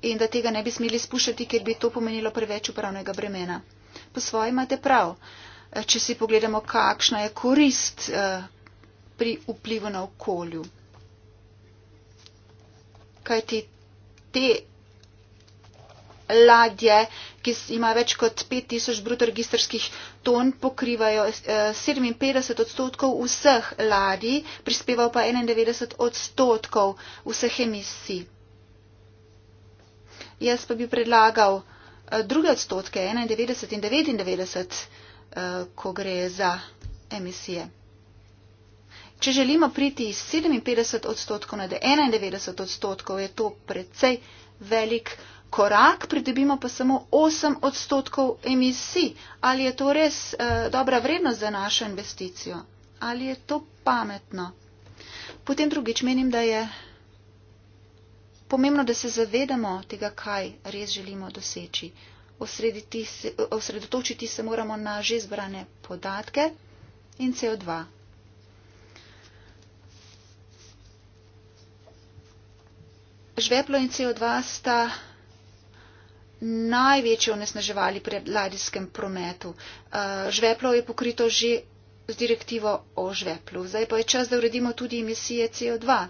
In da tega ne bi smeli spuščati, ker bi to pomenilo preveč upravnega bremena. Po svoji imate prav. Uh, če si pogledamo, kakšna je korist eh, pri vplivu na okolju. Kaj ti te ladje, ki ima več kot 5000 bruto registrskih ton, pokrivajo 57 eh, odstotkov vseh ladij, prispevajo pa 91 odstotkov vseh emisij. Jaz pa bi predlagal eh, druge odstotke, 91 in 99, Eh, ko gre za emisije. Če želimo priti iz 57 odstotkov na 91 odstotkov, je to precej velik korak, pridobimo pa samo 8 odstotkov emisij. Ali je to res uh, dobra vrednost za našo investicijo? Ali je to pametno? Potem drugič menim, da je pomembno, da se zavedamo tega, kaj res želimo doseči. Uh, osredotočiti se moramo na že zbrane podatke in CO2. Žveplo in CO2 sta največji onesnaževali pri ladijskem prometu. Eh, žveplo je pokrito že z direktivo o žveplu. Zdaj pa je čas, da uredimo tudi emisije CO2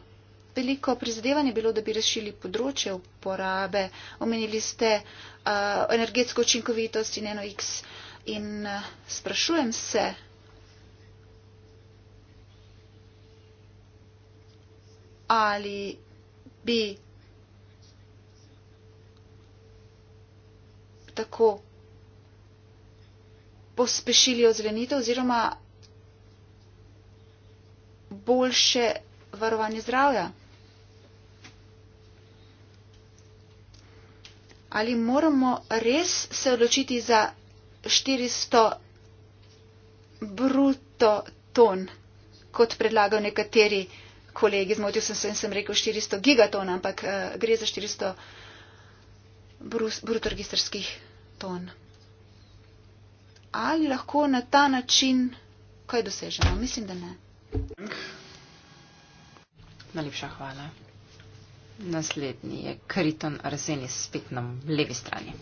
veliko prizadevanje bilo, da bi rešili področje uporabe. Omenili ste uh, energetsko učinkovitost in eno X in uh, sprašujem se. Ali bi tako pospešili ozelenitev oziroma boljše varovanje zdravja? ali moramo res se odločiti za 400 bruto ton, kot predlagajo nekateri kolegi. Zmotil sem se in sem rekel 400 gigaton, ampak uh, gre za 400 bruto registrskih ton. Ali lahko na ta način kaj dosežemo? Mislim, da ne. Najlepša hvala. Naslednji je Kriton Arzenis, spet na levi strani.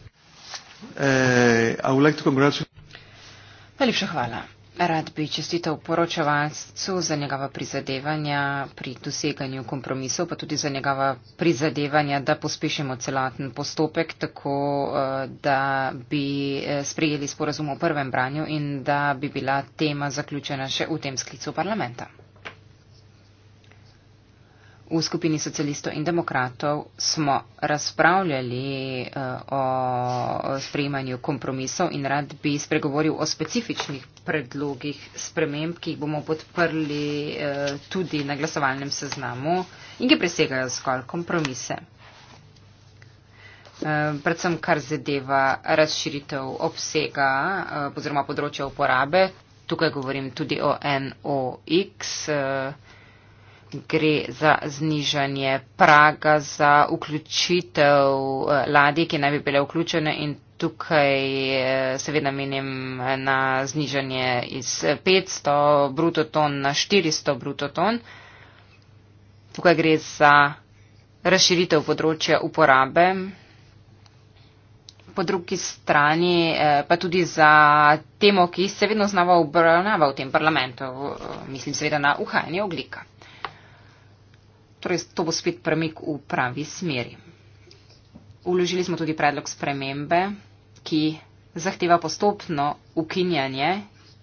Uh, like Najlepša hvala. Rad bi čestital poročevalcu za njegova prizadevanja pri doseganju kompromisov, pa tudi za njegova prizadevanja, da pospešimo celoten postopek, tako eh, da bi eh, sprejeli sporazum v prvem branju in da bi bila tema zaključena še v tem sklicu parlamenta. V skupini socialistov in demokratov smo razpravljali eh, o sprejemanju kompromisov in rad bi spregovoril o specifičnih predlogih sprememb, ki jih bomo podprli eh, tudi na glasovalnem seznamu in ki presegajo zgolj kompromise. Eh, predvsem kar zadeva razširitev obsega oziroma področja uporabe. Tukaj govorim tudi o NOX gre za znižanje praga za vključitev eh, ladij, ki naj bi bile vključene in tukaj eh, seveda menim na znižanje iz 500 eh, brutoton na 400 brutoton. Tukaj gre za razširitev področja uporabe. Po drugi strani pa tudi za temo, ki se vedno znova obravnava v tem parlamentu, mislim seveda na uhajanje oglika. Torej, to bo spet premik v pravi smeri. Uložili smo tudi predlog spremembe, ki zahteva postopno ukinjanje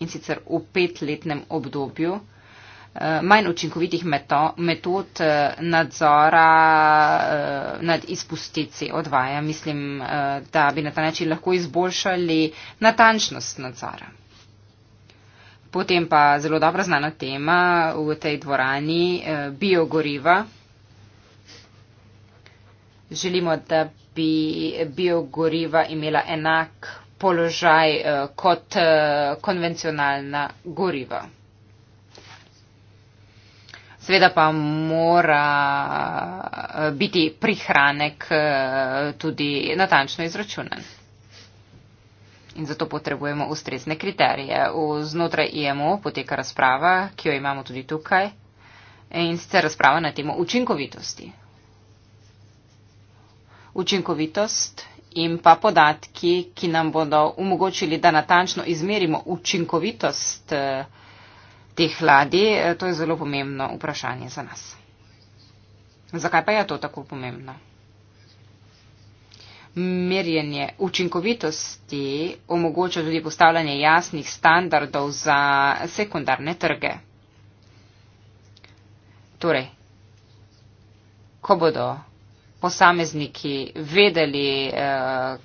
in sicer v petletnem obdobju eh, manj učinkovitih meto, metod eh, nadzora eh, nad izpusti CO2. Ja mislim, da bi na ta način lahko izboljšali natančnost nadzora. Potem pa zelo dobro znana tema v tej dvorani eh, biogoriva. Želimo, da bi biogoriva imela enak položaj eh, kot eh, konvencionalna goriva. Sveda pa mora eh, biti prihranek eh, tudi natančno izračunan in zato potrebujemo ustrezne kriterije. V znotraj IMO poteka razprava, ki jo imamo tudi tukaj, in sicer razprava na temo učinkovitosti. Učinkovitost in pa podatki, ki nam bodo omogočili, da natančno izmerimo učinkovitost eh, teh ladij, eh, to je zelo pomembno vprašanje za nas. Zakaj pa je to tako pomembno? merjenje učinkovitosti omogoča tudi postavljanje jasnih standardov za sekundarne trge. Torej, ko bodo posamezniki vedeli, eh,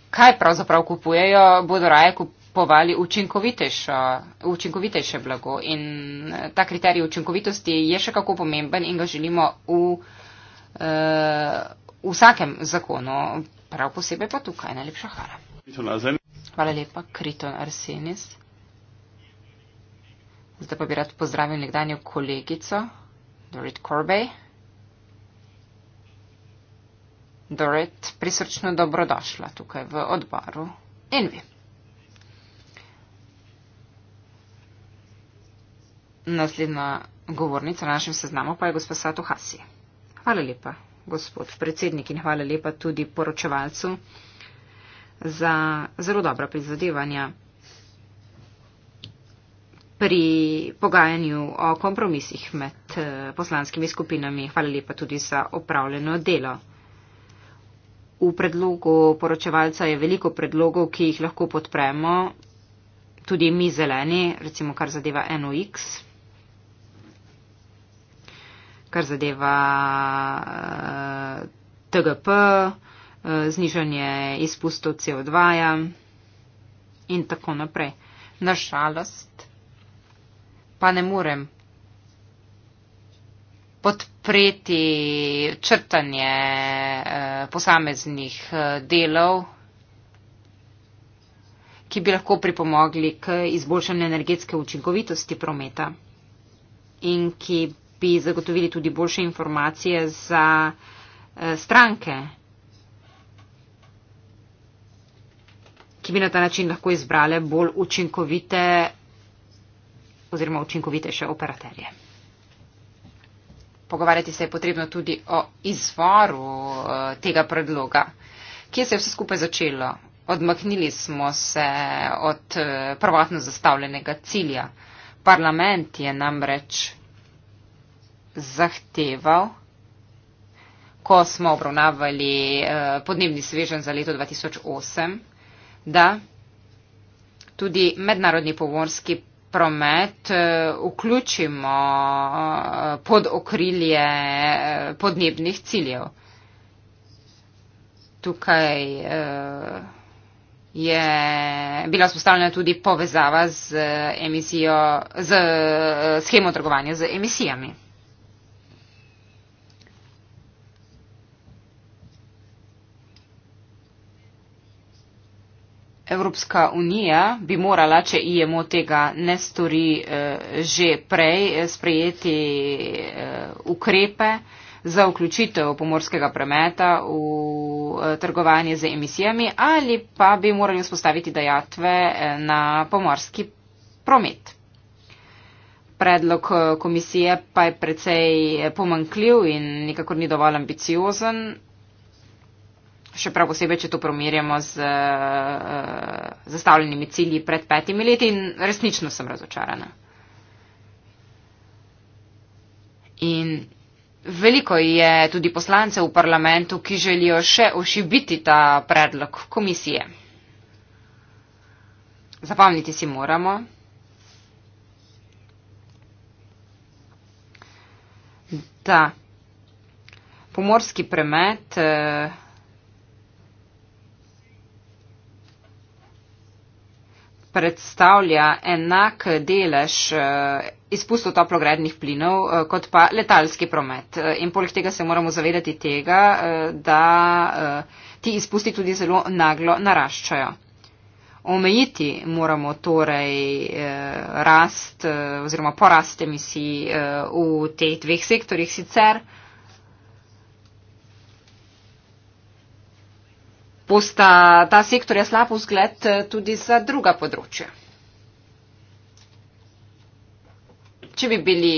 kaj pravzaprav kupujejo, bodo raje kupovali učinkovitejše blago. In eh, ta kriterij učinkovitosti je še kako pomemben in ga želimo v, eh, v vsakem zakonu prav posebej pa tukaj. Najlepša hvala. Hvala lepa, Kriton Arsenis. Zdaj pa bi rad pozdravil nekdanjo kolegico, Dorit Corbej. Dorit, prisrčno dobrodošla tukaj v odboru Envi. Naslednja govornica na našem seznamu pa je gospod Sato Hasi. Hvala lepa gospod predsednik in hvala lepa tudi poročevalcu za zelo dobra prizadevanja pri pogajanju o kompromisih med eh, poslanskimi skupinami. Hvala lepa tudi za opravljeno delo. V predlogu poročevalca je veliko predlogov, ki jih lahko podpremo, tudi mi zeleni, recimo kar zadeva NOX kar zadeva uh, eh, TGP, uh, eh, znižanje izpustov CO2 -ja in tako naprej. Našalost pa ne morem podpreti črtanje uh, posameznih uh, delov ki bi lahko pripomogli k izboljšanju energetske učinkovitosti prometa in ki bi zagotovili tudi boljše informacije za eh, stranke, ki bi na ta način lahko izbrale bolj učinkovite oziroma učinkovitejše operaterje. Pogovarjati se je potrebno tudi o izvoru eh, tega predloga. Kje se je vse skupaj začelo? Odmaknili smo se od eh, prvotno zastavljenega cilja. Parlament je namreč zahteval, ko smo obravnavali eh, podnebni svežen za leto 2008, da tudi mednarodni pomorski promet eh, vključimo eh, pod okrilje podnebnih ciljev. Tukaj je bila vzpostavljena tudi povezava z, emisijo, z schemo trgovanja z emisijami. Evropska unija bi morala, če IMO tega ne stori eh, že prej, eh, sprejeti eh, ukrepe za vključitev pomorskega premeta v trgovanje z emisijami ali pa bi morali vzpostaviti dajatve na pomorski promet. Predlog komisije pa je precej pomankljiv in nikakor ni dovolj ambiciozen še prav posebej, če to primerjamo z uh, zastavljenimi cilji pred petimi leti in resnično sem razočarana. In veliko je tudi poslancev v parlamentu, ki želijo še ošibiti ta predlog komisije. Zapomniti si moramo. Da. Pomorski premet. Uh, eh, predstavlja enak delež eh, izpustov toplogrednih plinov eh, kot pa letalski promet. Eh, in poleg tega se moramo zavedati tega, da ti izpusti tudi zelo naglo naraščajo. Omejiti moramo torej rast oziroma porast emisij v teh dveh sektorjih sicer. posta ta sektorja slab vzgled eh, tudi za druga področja. Če bi bili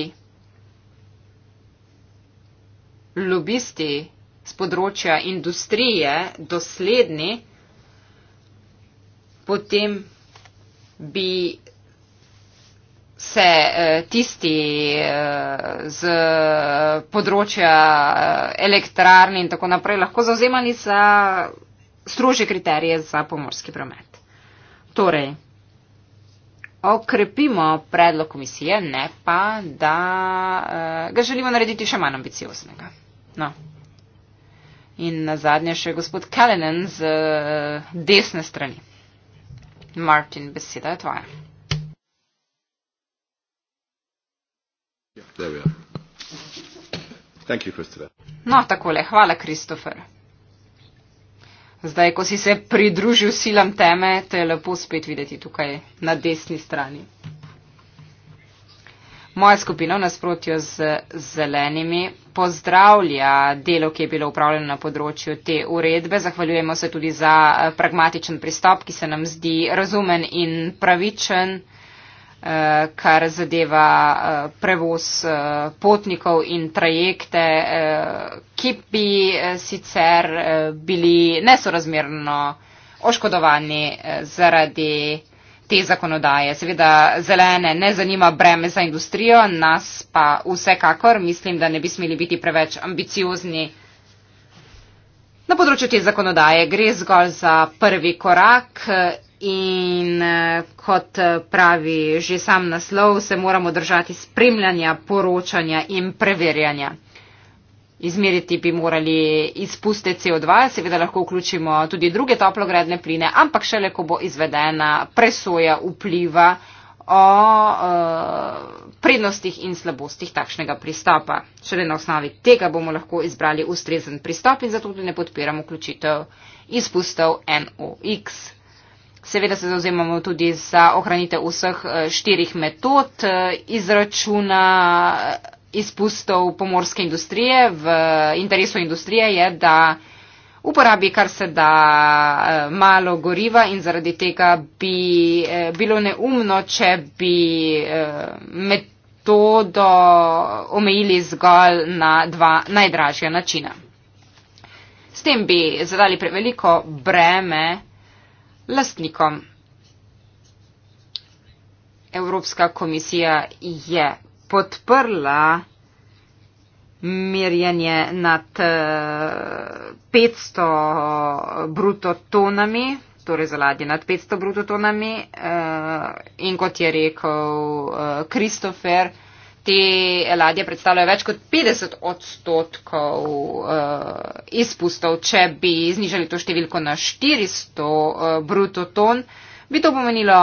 lobisti z področja industrije dosledni, potem bi se eh, tisti eh, z področja elektrarni in tako naprej lahko zauzemali za strože kriterije za pomorski promet. Torej, okrepimo predlog komisije, ne pa, da eh, ga želimo narediti še manj ambicioznega. No. In na zadnje še gospod Kellenen z eh, desne strani. Martin, beseda je tvoja. No, takole, hvala, Kristofer zdaj, ko si se pridružil silam teme, te je lepo spet videti tukaj na desni strani. Moja skupina v nasprotju z zelenimi pozdravlja delo, ki je bilo upravljeno na področju te uredbe. Zahvaljujemo se tudi za pragmatičen pristop, ki se nam zdi razumen in pravičen. Eh, kar zadeva eh, prevoz eh, potnikov in trajekte, ki bi sicer bili nesorazmerno oškodovani zaradi te zakonodaje. Seveda zelene ne zanima breme za industrijo, nas pa vsekakor mislim, da ne bi smeli biti preveč ambiciozni. Na področju te zakonodaje gre zgolj za prvi korak in eh, kot eh, pravi že sam naslov, se moramo držati spremljanja, poročanja in preverjanja. Izmeriti bi morali izpuste CO2, seveda lahko vključimo tudi druge toplogredne pline, ampak šele, ko bo izvedena presoja vpliva o e, prednostih in slabostih takšnega pristopa. Šele na osnovi tega bomo lahko izbrali ustrezen pristop in zato tudi ne podpiramo vključitev izpustov NOx. Seveda se zauzemamo tudi za ohranitev vseh eh, štirih metod eh, izračuna eh, izpustov pomorske industrije. V interesu industrije je, da uporabi kar se da malo goriva in zaradi tega bi bilo neumno, če bi metodo omejili zgolj na dva najdražja načina. S tem bi zadali preveliko breme lastnikom. Evropska komisija je podprla merjenje nad 500 eh, brutotonami, torej za ladje nad 500 brutotonami eh, in kot je rekel Kristofer, eh, uh, te ladje predstavljajo več kot 50 odstotkov uh, izpustov. Če bi znižali to številko na 400 uh, eh, bruto ton, bi to pomenilo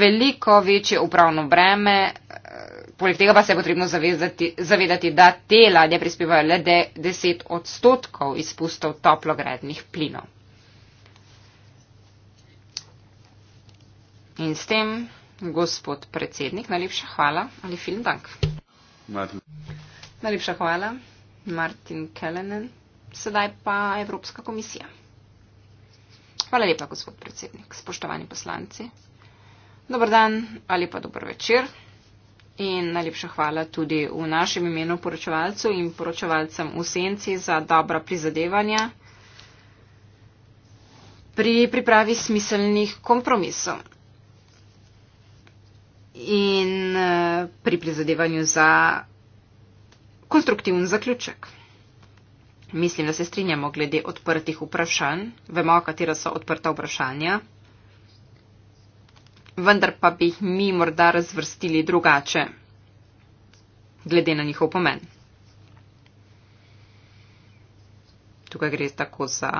veliko večje upravno breme. Eh, poleg tega pa se je potrebno zavezati, zavedati, da te ladje prispevajo le de, 10 odstotkov izpustov toplogrednih plinov. In s tem. Gospod predsednik, najlepša hvala. Ali film dank? Martin. Najlepša hvala, Martin Kellenen. Sedaj pa Evropska komisija. Hvala lepa, gospod predsednik. Spoštovani poslanci. Dobar dan ali pa dober večer. In najlepša hvala tudi v našem imenu poročevalcu in poročevalcem v senci za dobra prizadevanja pri pripravi smiselnih kompromisov in eh, pri prizadevanju za konstruktiven zaključek. Mislim, da se strinjamo glede odprtih vprašanj, vemo, katera so odprta vprašanja, vendar pa bi jih mi morda razvrstili drugače, glede na njihov pomen. Tukaj gre tako za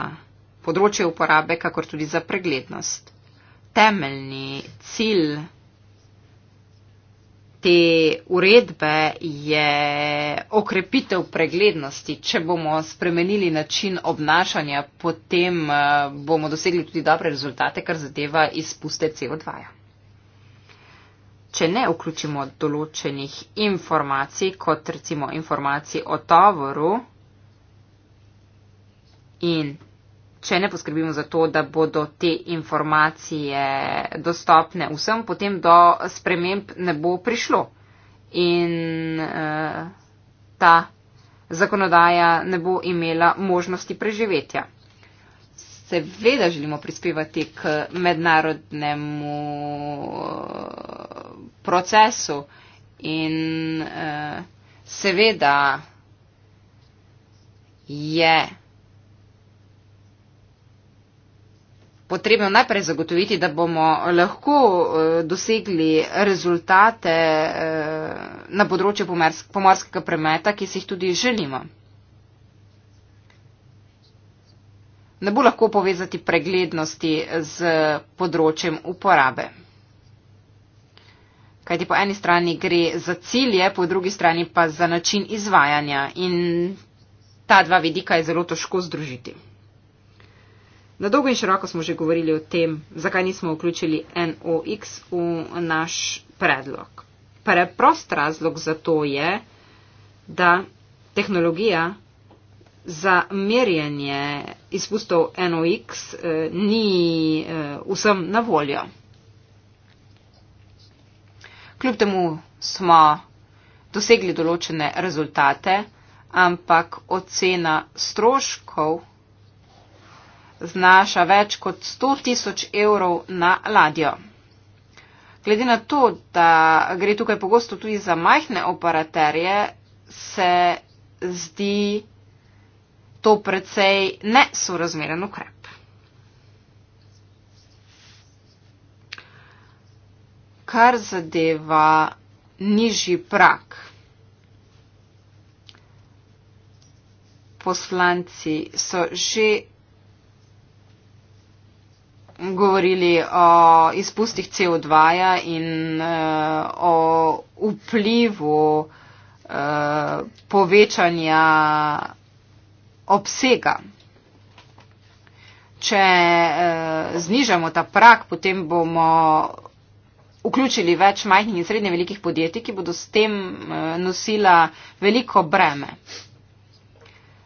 področje uporabe, kakor tudi za preglednost. Temeljni cilj te uredbe je okrepitev preglednosti. Če bomo spremenili način obnašanja, potem eh, bomo dosegli tudi dobre rezultate, kar zadeva izpuste CO2. -ja. Če ne vključimo določenih informacij, kot recimo informacij o tovoru in če ne poskrbimo za to, da bodo te informacije dostopne vsem, potem do sprememb ne bo prišlo. In uh, ta zakonodaja ne bo imela možnosti preživetja. Seveda želimo prispevati k mednarodnemu eh, procesu in uh, seveda je. Yeah. potrebno najprej zagotoviti, da bomo lahko eh, dosegli rezultate eh, na področju pomorskega premeta, ki si jih tudi želimo. Ne bo lahko povezati preglednosti z področjem uporabe. Kajti po eni strani gre za cilje, po drugi strani pa za način izvajanja in ta dva vidika je zelo težko združiti. Na dolgo in široko smo že govorili o tem, zakaj nismo vključili NOx v naš predlog. Preprost razlog za to je, da tehnologija za merjenje izpustov NOx eh, ni eh, vsem na voljo. Kljub temu smo dosegli določene rezultate, ampak ocena stroškov znaša več kot 100 tisoč evrov na ladjo. Glede na to, da gre tukaj pogosto tudi za majhne operaterje, se zdi to precej nesorazmeren ukrep. Kar zadeva nižji prak, poslanci so že govorili o izpustih CO2 -ja in uh, o vplivu uh, povečanja obsega. Če uh, znižamo ta prak, potem bomo vključili več majhnih in srednje velikih podjetij, ki bodo s tem uh, nosila veliko breme.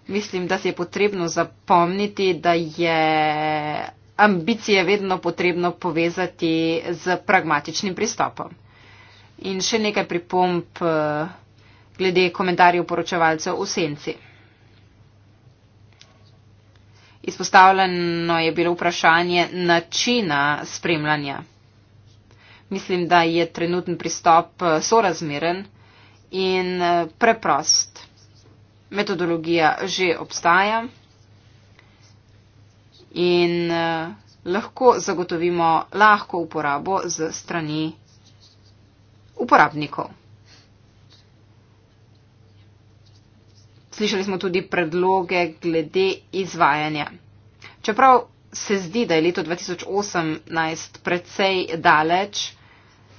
Mislim, da se je potrebno zapomniti, da je ambicije vedno potrebno povezati z pragmatičnim pristopom. In še nekaj pripomp eh, glede komentarjev poročevalcev v senci. Izpostavljeno je bilo vprašanje načina spremljanja. Mislim, da je trenutni pristop eh, sorazmeren in eh, preprost. Metodologija že obstaja in eh, lahko zagotovimo lahko uporabo z strani uporabnikov. Slišali smo tudi predloge glede izvajanja. Čeprav se zdi, da je leto 2018 precej daleč,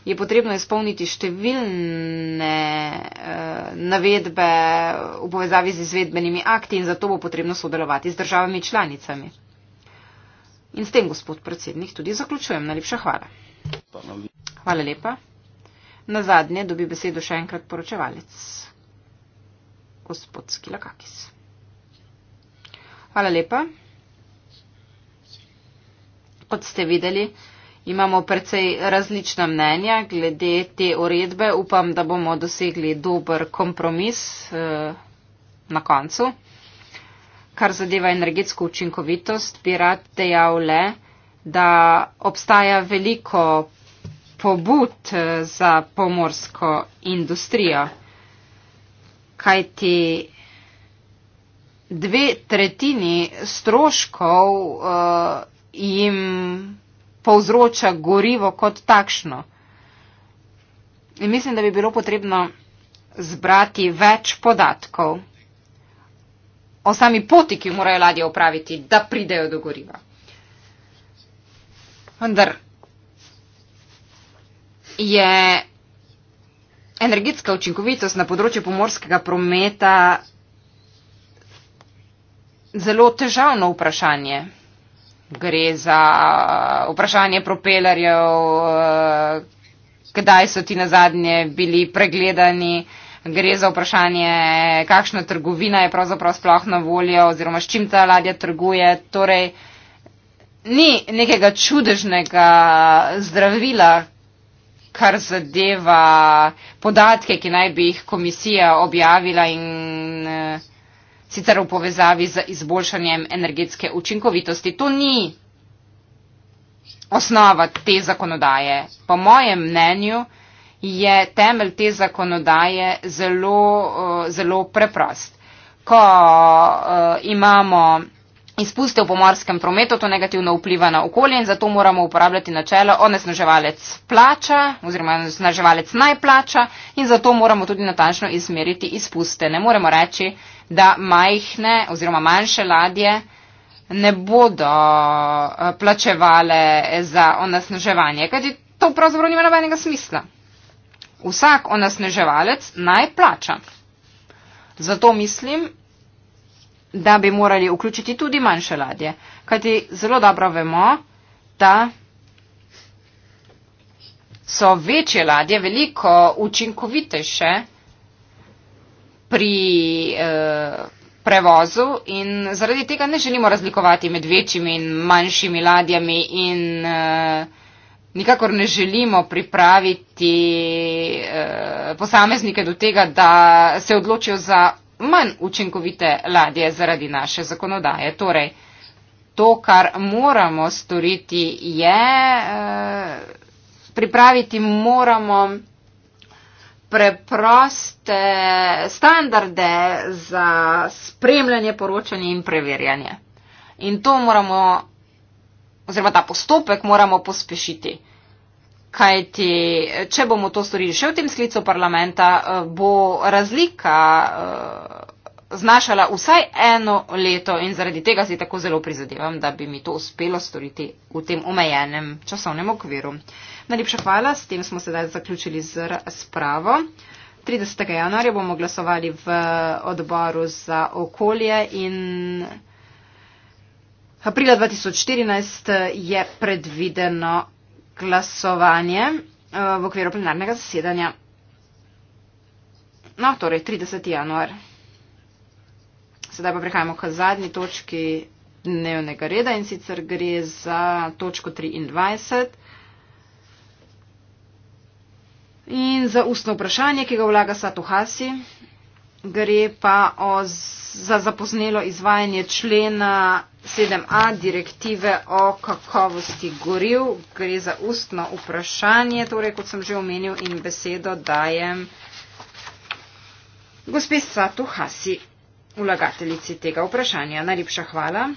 je potrebno izpolniti številne eh, navedbe v povezavi z izvedbenimi akti in zato bo potrebno sodelovati z državami članicami. In s tem, gospod predsednik, tudi zaključujem. Najlepša hvala. Hvala lepa. Na zadnje dobi besedo še enkrat poročevalec, gospod Skilakakis. Hvala lepa. Kot ste videli, imamo precej različna mnenja glede te uredbe. Upam, da bomo dosegli dober kompromis eh, na koncu kar zadeva energetsko učinkovitost, bi rad dejal le, da obstaja veliko pobud eh, za pomorsko industrijo, kajti dve tretjini stroškov uh, jim povzroča gorivo kot takšno. In mislim, da bi bilo potrebno zbrati več podatkov o sami poti, ki jo morajo ladje opraviti, da pridejo do goriva. Vendar je energetska učinkovitost na področju pomorskega prometa zelo težavno vprašanje. Gre za vprašanje propelerjev, eh, kdaj so ti na zadnje bili pregledani, gre za vprašanje, kakšna trgovina je pravzaprav sploh na voljo oziroma s čim ta ladja trguje. Torej, ni nekega čudežnega zdravila, kar zadeva podatke, ki naj bi jih komisija objavila in e, sicer v povezavi z izboljšanjem energetske učinkovitosti. To ni osnova te zakonodaje. Po mojem mnenju, je temelj te zakonodaje zelo, eh, zelo preprost. Ko eh, imamo izpuste v pomorskem prometu, to negativno vpliva na okolje in zato moramo uporabljati načelo onesnaževalec plača oziroma onesnaževalec najplača in zato moramo tudi natančno izmeriti izpuste. Ne moremo reči, da majhne oziroma manjše ladje ne bodo eh, plačevale za onesnaževanje, kajti to pravzaprav nima nobenega smisla. Vsak onesneževalec naj plača. Zato mislim, da bi morali vključiti tudi manjše ladje, kajti zelo dobro vemo, da so večje ladje veliko učinkovitejše pri eh, prevozu in zaradi tega ne želimo razlikovati med večjimi in manjšimi ladjami in eh, nikakor ne želimo pripraviti eh, posameznike do tega, da se odločijo za manj učinkovite ladje zaradi naše zakonodaje. Torej, to, kar moramo storiti, je eh, pripraviti moramo preproste standarde za spremljanje, poročanje in preverjanje. In to moramo oziroma ta postopek moramo pospešiti. Kajti, če bomo to storili še v tem sklicu parlamenta, eh, bo razlika eh, znašala vsaj eno leto in zaradi tega si tako zelo prizadevam, da bi mi to uspelo storiti v tem omejenem časovnem okviru. Najlepša hvala, s tem smo sedaj zaključili z razpravo. 30. januarja bomo glasovali v odboru za okolje in. Aprila 2014 eh, je predvideno glasovanje eh, v okviru plenarnega zasedanja. No, torej 30. januar. Sedaj pa prehajamo k zadnji točki dnevnega reda in sicer gre za točko 23. In za ustno vprašanje, ki ga vlaga Satuhasi, gre pa o, za zapoznelo izvajanje člena 7a direktive o kakovosti goriv. Gre za ustno vprašanje, torej kot sem že omenil in besedo dajem gospe Satu Hasi, ulagateljici tega vprašanja. Najlepša hvala.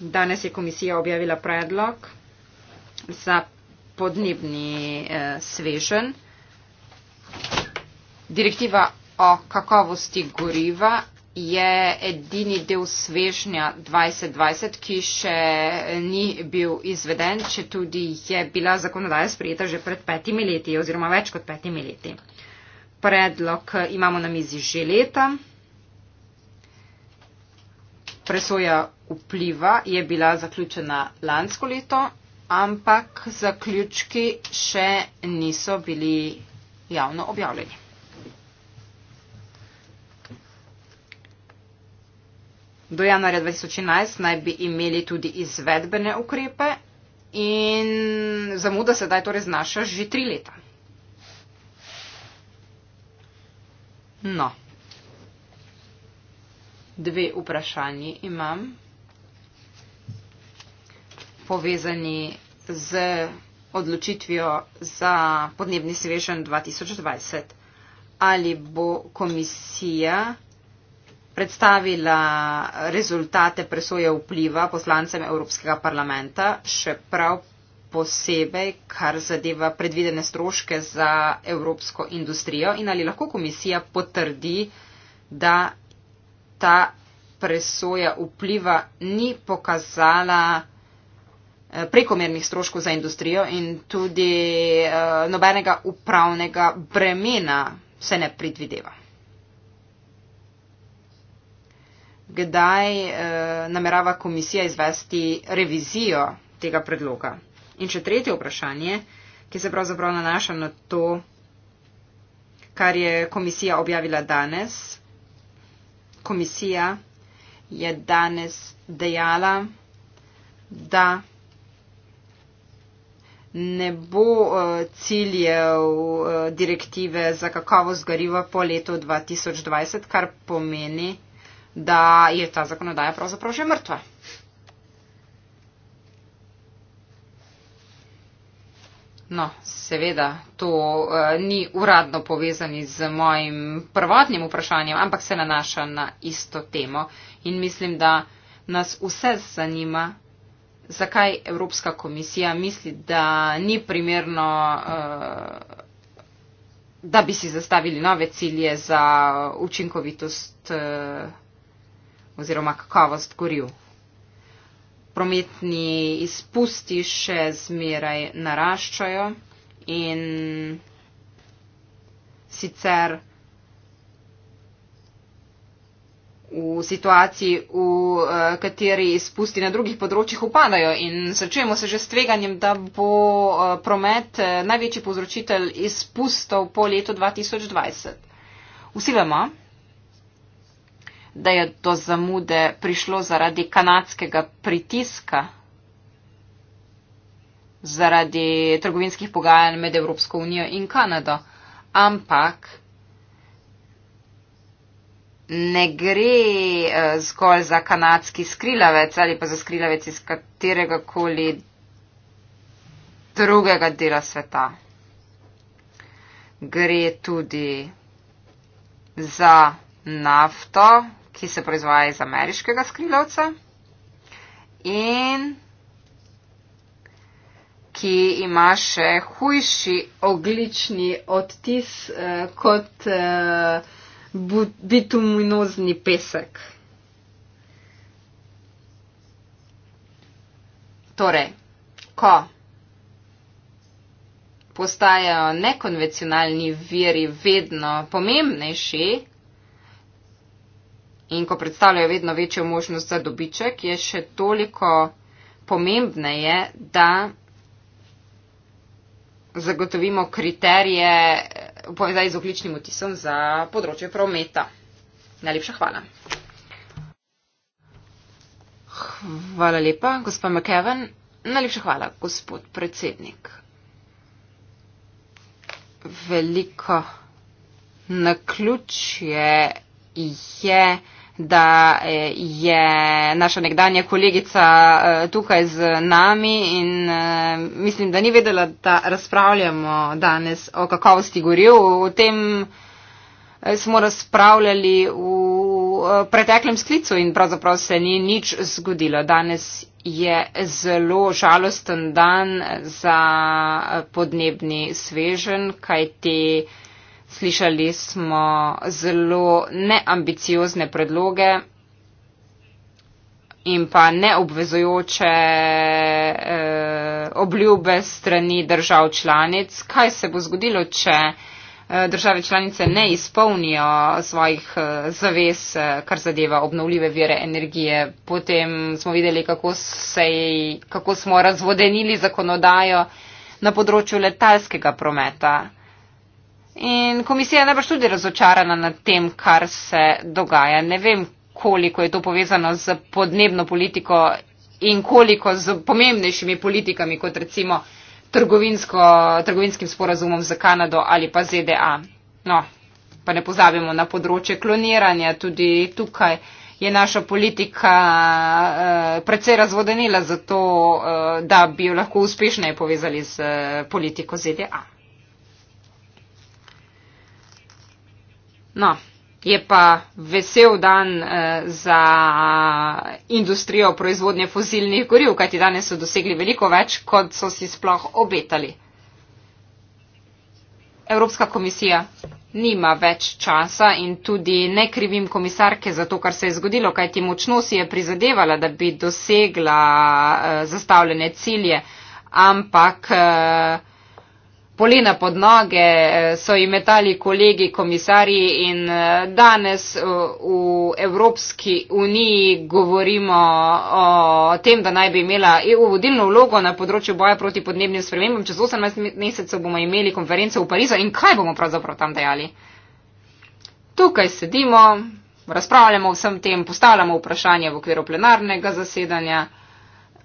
Danes je komisija objavila predlog za podnebni eh, svežen. Direktiva o kakovosti goriva je edini del svežnja 2020, ki še ni bil izveden, če tudi je bila zakonodaja sprejeta že pred petimi leti oziroma več kot petimi leti. Predlog eh, imamo na mizi že leta. Presoja vpliva je bila zaključena lansko leto, ampak zaključki še niso bili javno objavljeni. Do januarja 2011 naj bi imeli tudi izvedbene ukrepe in zamuda sedaj torej znaša že tri leta. No, dve vprašanji imam povezani z odločitvijo za podnebni svežen 2020. Ali bo komisija predstavila rezultate presoje vpliva poslancem Evropskega parlamenta, še prav posebej, kar zadeva predvidene stroške za evropsko industrijo in ali lahko komisija potrdi, da ta presoja vpliva ni pokazala eh, prekomernih stroškov za industrijo in tudi eh, nobenega upravnega bremena se ne predvideva. kdaj eh, namerava komisija izvesti revizijo tega predloga. In še tretje vprašanje, ki se pravzaprav nanaša na to, kar je komisija objavila danes. Komisija je danes dejala, da ne bo eh, ciljev eh, direktive za kakovost goriva po letu 2020, kar pomeni, da je ta zakonodaja pravzaprav že mrtva. No, seveda, to uh, ni uradno povezani z mojim prvotnim vprašanjem, ampak se nanaša na isto temo in mislim, da nas vse zanima, zakaj Evropska komisija misli, da ni primerno, uh, da bi si zastavili nove cilje za učinkovitost. Uh, oziroma kakovost goril. Prometni izpusti še zmeraj naraščajo in sicer v situaciji, v eh, kateri izpusti na drugih področjih upadajo in srečujemo se že s tveganjem, da bo eh, promet eh, največji povzročitelj izpustov po letu 2020. Vsi vemo, da je do zamude prišlo zaradi kanadskega pritiska, zaradi trgovinskih pogajanj med Evropsko unijo in Kanado. Ampak ne gre eh, zgolj za kanadski skrilavec ali pa za skrilavec iz katerega koli drugega dela sveta. Gre tudi za nafto, ki se proizvaja iz ameriškega skrilovca in ki ima še hujši oglični odtis eh, kot eh, bituminozni pesek. Torej, ko postajajo nekonvencionalni viri vedno pomembnejši, in ko predstavljajo vedno večjo možnost za dobiček, je še toliko pomembneje, da zagotovimo kriterije v povezavi z okličnim otisom za področje prometa. Najlepša hvala. Hvala lepa, gospod McKeven. Najlepša hvala, gospod predsednik. Veliko naključje je da eh, je naša nekdanja kolegica eh, tukaj z nami in eh, mislim, da ni vedela, da razpravljamo danes o kakovosti goril. O tem smo razpravljali v preteklem sklicu in pravzaprav se ni nič zgodilo. Danes je zelo žalosten dan za podnebni svežen, kaj te. Slišali smo zelo neambiciozne predloge in pa neobvezojoče eh, obljube strani držav članic. Kaj se bo zgodilo, če eh, države članice ne izpolnijo svojih eh, zavez, eh, kar zadeva obnovljive vire energije? Potem smo videli, kako, se, kako smo razvodenili zakonodajo na področju letalskega prometa. In komisija je najbrž tudi razočarana nad tem, kar se dogaja. Ne vem, koliko je to povezano z podnebno politiko in koliko z pomembnejšimi politikami, kot recimo trgovinskim sporazumom z Kanado ali pa ZDA. No, pa ne pozabimo na področje kloniranja, tudi tukaj je naša politika eh, precej razvodenila za to, eh, da bi jo lahko uspešno povezali z eh, politiko ZDA. No, je pa vesel dan eh, za industrijo proizvodnje fosilnih goriv, kajti danes so dosegli veliko več, kot so si sploh obetali. Evropska komisija nima več časa in tudi ne krivim komisarke za to, kar se je zgodilo, kajti močno si je prizadevala, da bi dosegla eh, zastavljene cilje, ampak. Eh, polena pod noge, eh, so jim metali kolegi komisarji in eh, danes eh, v Evropski uniji govorimo o tem, da naj bi imela EU vodilno vlogo na področju boja proti podnebnim spremembam. Čez 18 mesecev bomo imeli konferenco v Parizu in kaj bomo pravzaprav tam dejali? Tukaj sedimo, razpravljamo o vsem tem, postavljamo vprašanje v okviru plenarnega zasedanja.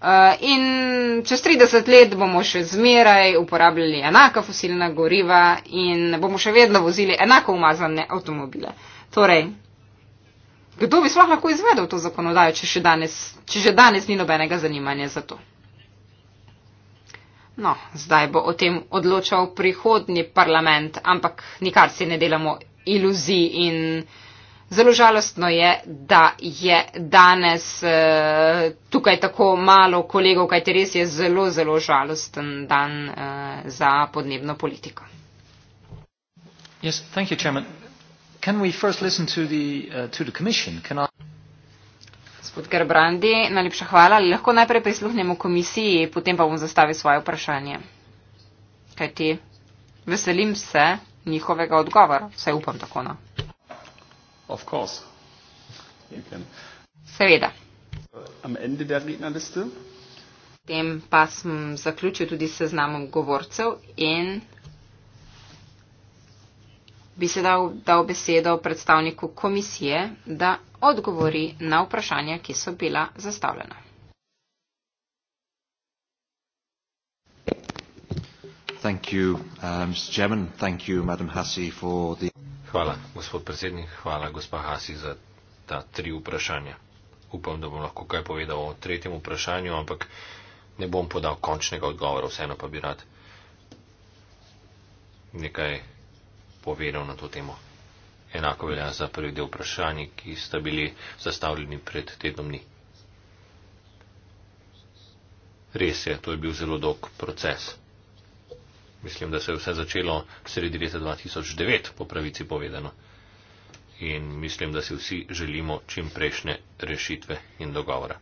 Eh, in čez 30 let bomo še zmeraj uporabljali enaka fosilna goriva in bomo še vedno vozili enako umazane avtomobile. Torej, kdo bi sploh lahko izvedel to zakonodajo, če, danes, če že danes ni nobenega zanimanja za to? No, zdaj bo o tem odločal prihodni parlament, ampak nikar si ne delamo iluzij in. Zelo žalostno je, da je danes uh, tukaj tako malo kolegov, kajti res je zelo, zelo žalosten dan uh, za podnebno politiko. Yes, thank you, Chairman. Can we first listen to the, uh, to the Commission? Can I... Gospod Gerbrandi, najlepša hvala. Lahko najprej prisluhnemo komisiji, potem pa bom zastavil svoje vprašanje. Kajti, veselim se njihovega odgovora, saj upam tako na. No. Of course. You can. Seveda. Am Ende der Rednerliste. Tem pa sem zaključil tudi seznamom govorcev in bi se dal, dal besedo predstavniku komisije, da odgovori na vprašanja, ki so bila zastavljena. Thank you, um, Mr. Chairman. Thank you, Madam Hassi, for the. Hvala, gospod predsednik, hvala, gospa Hasi, za ta tri vprašanja. Upam, da bom lahko kaj povedal o tretjem vprašanju, ampak ne bom podal končnega odgovora, vseeno pa bi rad nekaj povedal na to temo. Enako velja za prvi del vprašanja, ki sta bili zastavljeni pred tednom dni. Res je, to je bil zelo dolg proces. Mislim, da se je vse začelo sredi leta 2009, po pravici povedano. In mislim, da si vsi želimo čim prejšnje rešitve in dogovora.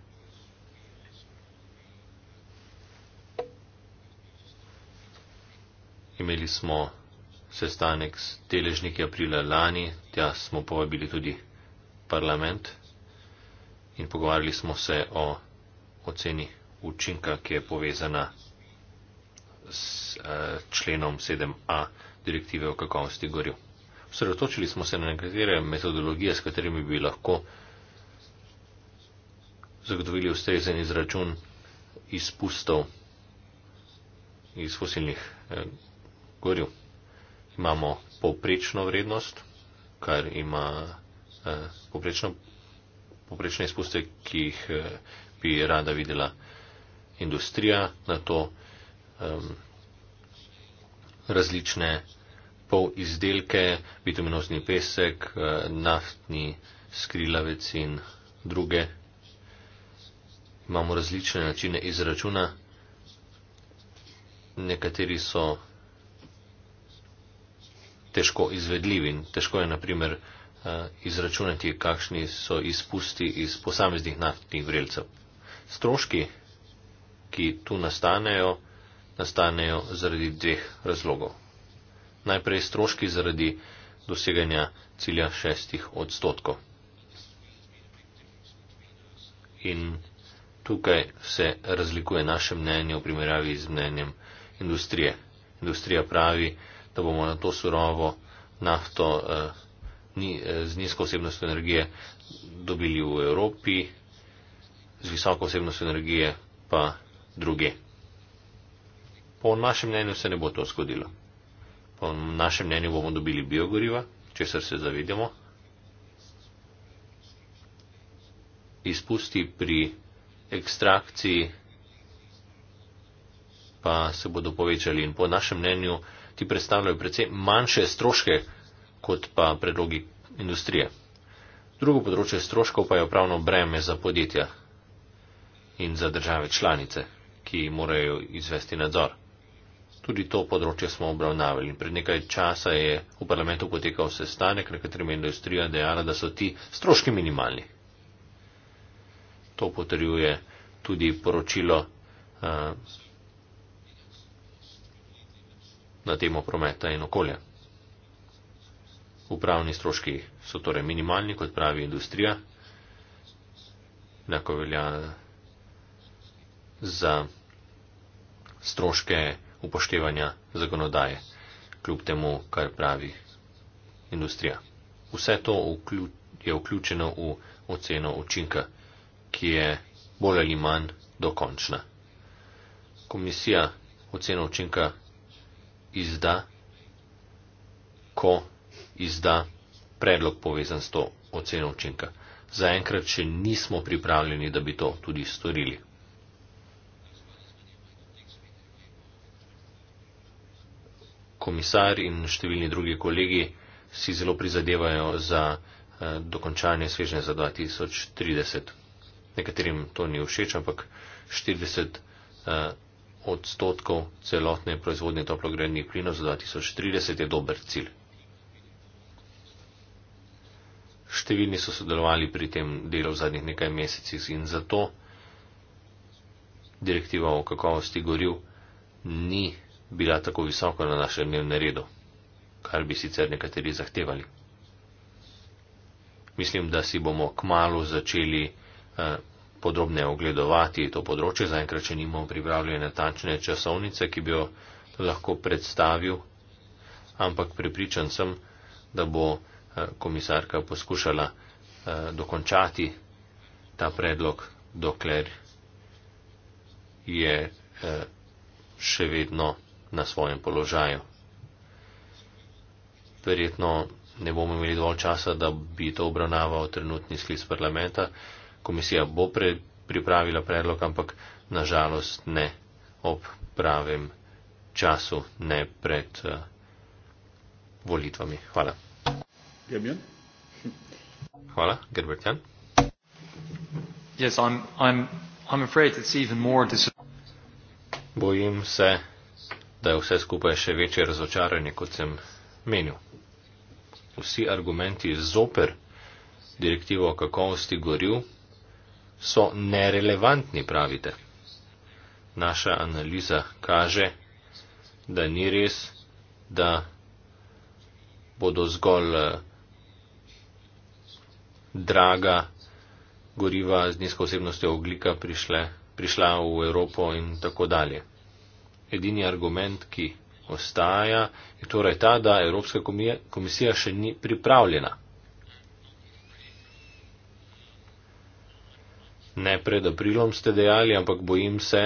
Imeli smo sestanek s deležniki aprila lani, tja smo povabili tudi parlament in pogovarjali smo se o oceni učinka, ki je povezana s s eh, členom 7a direktive o kakovosti goril. Sredotočili smo se na nekatere metodologije, s katerimi bi lahko zagotovili ustrezen izračun izpustov iz fosilnih eh, goril. Imamo povprečno vrednost, kar ima eh, poprečno, poprečne izpuste, ki jih bi rada videla industrija, na to um, različne polizdelke, bituminozni pesek, uh, naftni skrilavec in druge. Imamo različne načine izračuna. Nekateri so težko izvedljivi in težko je, naprimer, uh, izračunati, kakšni so izpusti iz posameznih naftnih vrelcev. Stroški, ki tu nastanejo, nastanejo zaradi dveh razlogov. Najprej stroški zaradi doseganja cilja šestih odstotkov. In tukaj se razlikuje naše mnenje v primerjavi z mnenjem industrije. Industrija pravi, da bomo na to surovo nafto eh, ni, eh, z nizko osebnostjo energije dobili v Evropi, z visoko osebnostjo energije pa druge. Po našem mnenju se ne bo to zgodilo. Po našem mnenju bomo dobili biogoriva, česar se zavedamo. Izpusti pri ekstrakciji pa se bodo povečali in po našem mnenju ti predstavljajo predvsem manjše stroške kot pa predlogi industrije. Drugo področje stroškov pa je upravno breme za podjetja in za države članice, ki morajo izvesti nadzor. Tudi to področje smo obravnavali. Pred nekaj časa je v parlamentu potekal sestanek, na katerem je industrija dejala, da so ti stroški minimalni. To potrjuje tudi poročilo uh, na temo prometa in okolja. Upravni stroški so torej minimalni, kot pravi industrija. Enako velja za stroške upoštevanja zakonodaje, kljub temu, kar pravi industrija. Vse to je vključeno v oceno učinka, ki je bolj ali manj dokončna. Komisija oceno učinka izda, ko izda predlog povezan s to oceno učinka. Zaenkrat še nismo pripravljeni, da bi to tudi storili. komisar in številni drugi kolegi si zelo prizadevajo za eh, dokončanje svežnja za 2030. Nekaterim to ni všeč, ampak 40 eh, odstotkov celotne proizvodnje toplogrednih plinov za 2030 je dober cilj. Številni so sodelovali pri tem delu v zadnjih nekaj mesecih in zato direktiva o kakovosti goril ni bila tako visoko na našem dnevnem redu, kar bi sicer nekateri zahtevali. Mislim, da si bomo kmalo začeli eh, podrobne ogledovati to področje, zaenkrat še nimamo pripravljene tačne časovnice, ki bi jo lahko predstavil, ampak prepričan sem, da bo eh, komisarka poskušala eh, dokončati ta predlog, dokler je še vedno na svojem položaju. Verjetno ne bomo imeli dovolj časa, da bi to obravnaval trenutni sklic parlamenta. Komisija bo pre pripravila predlog, ampak nažalost ne ob pravem času, ne pred uh, volitvami. Hvala. Gabriel? Hvala, Gerbert Jan. Yes, I'm, I'm, I'm afraid it's even more disappointing. Bojim se, da je vse skupaj še večje razočaranje, kot sem menil. Vsi argumenti zoper direktivo o kakovosti goril so nerelevantni, pravite. Naša analiza kaže, da ni res, da bodo zgolj eh, draga goriva z nizko vsebnostjo oglika prišle, prišla v Evropo in tako dalje edini argument, ki ostaja, je torej ta, da Evropska komisija še ni pripravljena. Ne pred aprilom ste dejali, ampak bojim se,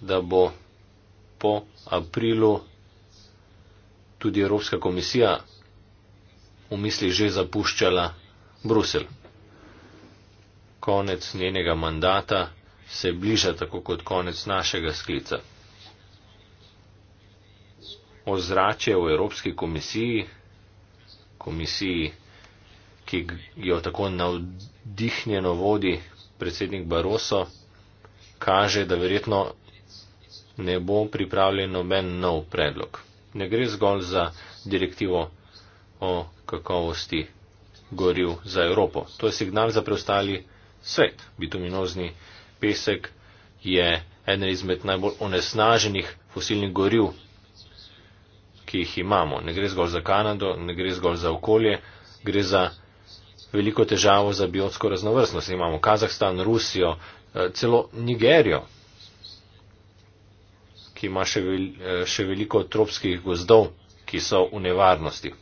da bo po aprilu tudi Evropska komisija v misli že zapuščala Brusel. Konec njenega mandata se bliža tako kot konec našega sklica. Ozračje v Evropski komisiji, komisiji, ki jo tako navdihnjeno vodi predsednik Baroso, kaže, da verjetno ne bo pripravljen noben nov predlog. Ne gre zgolj za direktivo o kakovosti goril za Evropo. To je signal za preostali svet, bituminozni svet pesek je eden izmed najbolj onesnaženih fosilnih goriv, ki jih imamo. Ne gre zgolj za Kanado, ne gre zgolj za okolje, gre za veliko težavo za biotsko raznovrstnost. Imamo Kazahstan, Rusijo, eh, celo Nigerijo, ki ima eh, še veliko tropskih gozdov, ki so v nevarnosti.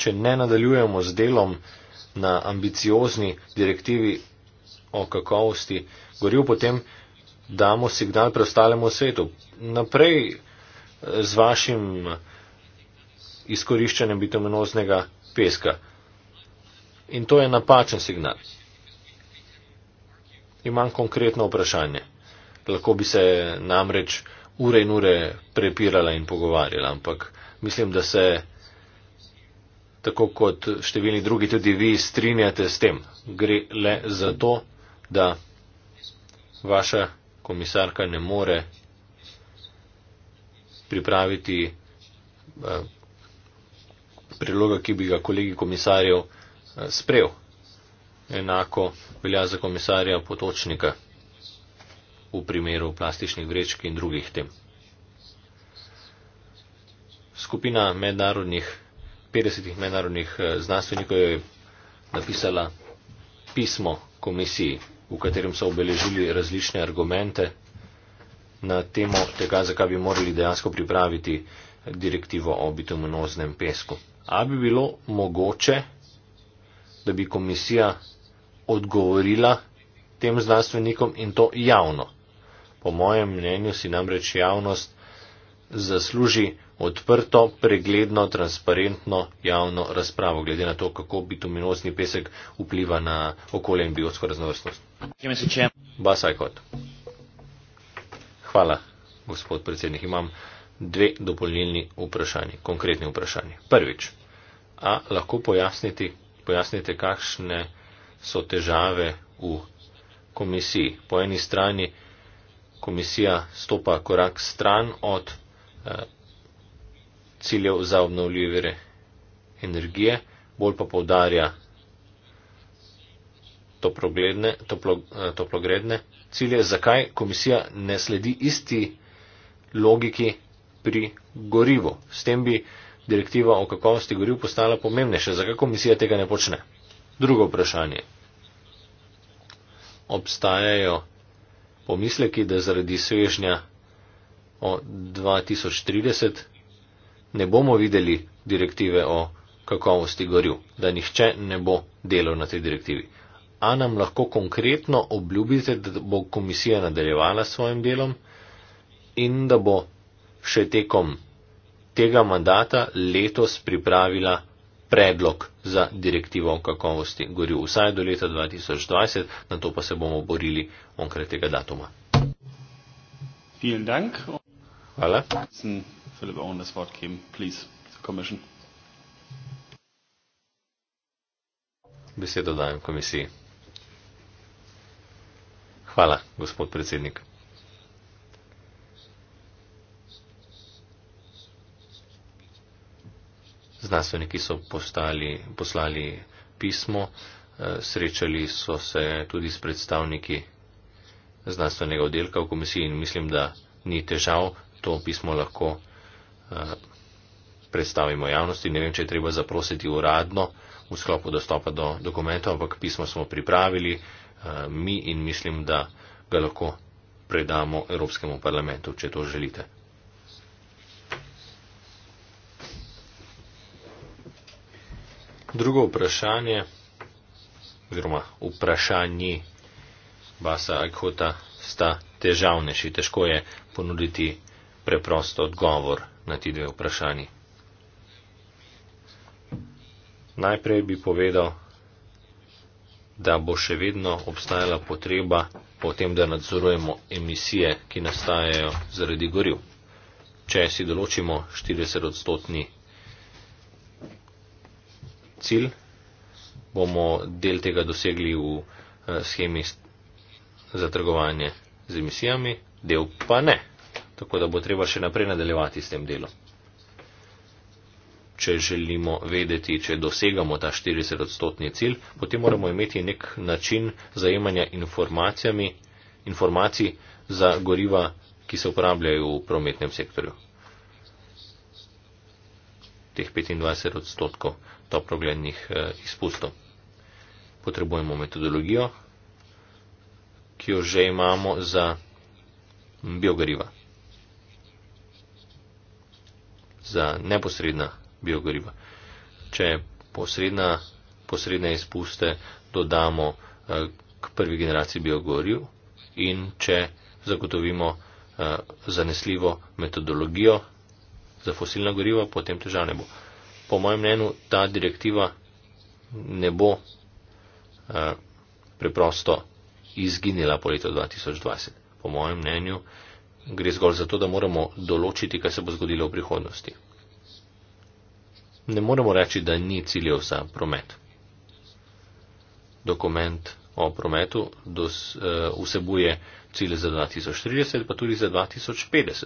Če ne nadaljujemo z delom na ambiciozni direktivi o kakovosti, goril potem damo signal preostalemu svetu. Naprej eh, z vašim izkoriščanjem bitumenoznega peska. In to je napačen signal. Imam konkretno vprašanje. Lahko bi se namreč ure in ure prepirala in pogovarjala, ampak mislim, da se tako kot številni drugi tudi vi strinjate s tem. Gre le za to, da vaša komisarka ne more pripraviti eh, priloga, ki bi ga kolegi komisarjev eh, sprejel. Enako velja za komisarja potočnika v primeru plastičnih vrečk in drugih tem. Skupina mednarodnih, 50 mednarodnih eh, znanstvenikov je napisala pismo komisiji v katerem so obeležili različne argumente na temo tega, zakaj bi morali dejansko pripraviti direktivo o bituminoznem pesku. A bi bilo mogoče, da bi komisija odgovorila tem znanstvenikom in to javno? Po mojem mnenju si namreč javnost zasluži odprto, pregledno, transparentno javno razpravo, glede na to, kako bituminozni pesek vpliva na okolje in biotsko raznovrstnost. Basajkot. Hvala, gospod predsednik. Imam dve dopolnilni vprašanje, konkretni vprašanje. Prvič, a lahko pojasniti, pojasnite, kakšne so težave v komisiji. Po eni strani komisija stopa korak stran od eh, ciljev za obnovljive energije, bolj pa povdarja toplo, eh, toplogredne cilje, zakaj komisija ne sledi isti logiki pri gorivu. S tem bi direktiva o kakovosti goriv postala pomembnejša. Zakaj komisija tega ne počne? Drugo vprašanje. Obstajajo pomisleki, da zaradi svežnja o 2030 ne bomo videli direktive o kakovosti goriv, da nihče ne bo delal na tej direktivi. A nam lahko konkretno obljubite, da bo komisija nadaljevala s svojim delom in da bo še tekom tega mandata letos pripravila predlog za direktivo o kakovosti goril vsaj do leta 2020, na to pa se bomo borili onkraj tega datuma. Hvala. Besedo dajem komisiji. Hvala, gospod predsednik. Znanstveniki so postali, poslali pismo, eh, srečali so se tudi s predstavniki znanstvenega oddelka v komisiji in mislim, da ni težav, to pismo lahko eh, predstavimo javnosti. Ne vem, če je treba zaprositi uradno v sklopu dostopa do dokumentov, ampak pismo smo pripravili. Eh, mi in mislim, da ga lahko predamo Evropskemu parlamentu, če to želite. Drugo vprašanje, oziroma vprašanji Basa Akhota sta težavnejši. Težko je ponuditi preprost odgovor na ti dve vprašanji. Najprej bi povedal, da bo še vedno obstajala potreba po tem, da nadzorujemo emisije, ki nastajajo zaradi goriv. Če si določimo 40 odstotni cilj, bomo del tega dosegli v eh, schemi za trgovanje z emisijami, del pa ne. Tako da bo treba še naprej nadaljevati s tem delom če želimo vedeti, če dosegamo ta 40 odstotni cilj, potem moramo imeti nek način zajemanja informacij za goriva, ki se uporabljajo v prometnem sektorju. Teh 25 odstotkov toproglednih eh, izpustov. Potrebujemo metodologijo, ki jo že imamo za biogoriva. Za neposredna biogoriva. Če posredna, posredne izpuste dodamo eh, k prvi generaciji biogoriv in če zagotovimo eh, zanesljivo metodologijo za fosilna goriva, potem težav ne bo. Po mojem mnenju ta direktiva ne bo eh, preprosto izginila po letu 2020. Po mojem mnenju gre zgolj za to, da moramo določiti, kaj se bo zgodilo v prihodnosti ne moremo reči, da ni ciljev za promet. Dokument o prometu dos, uh, vsebuje cilje za 2030, pa tudi za 2050.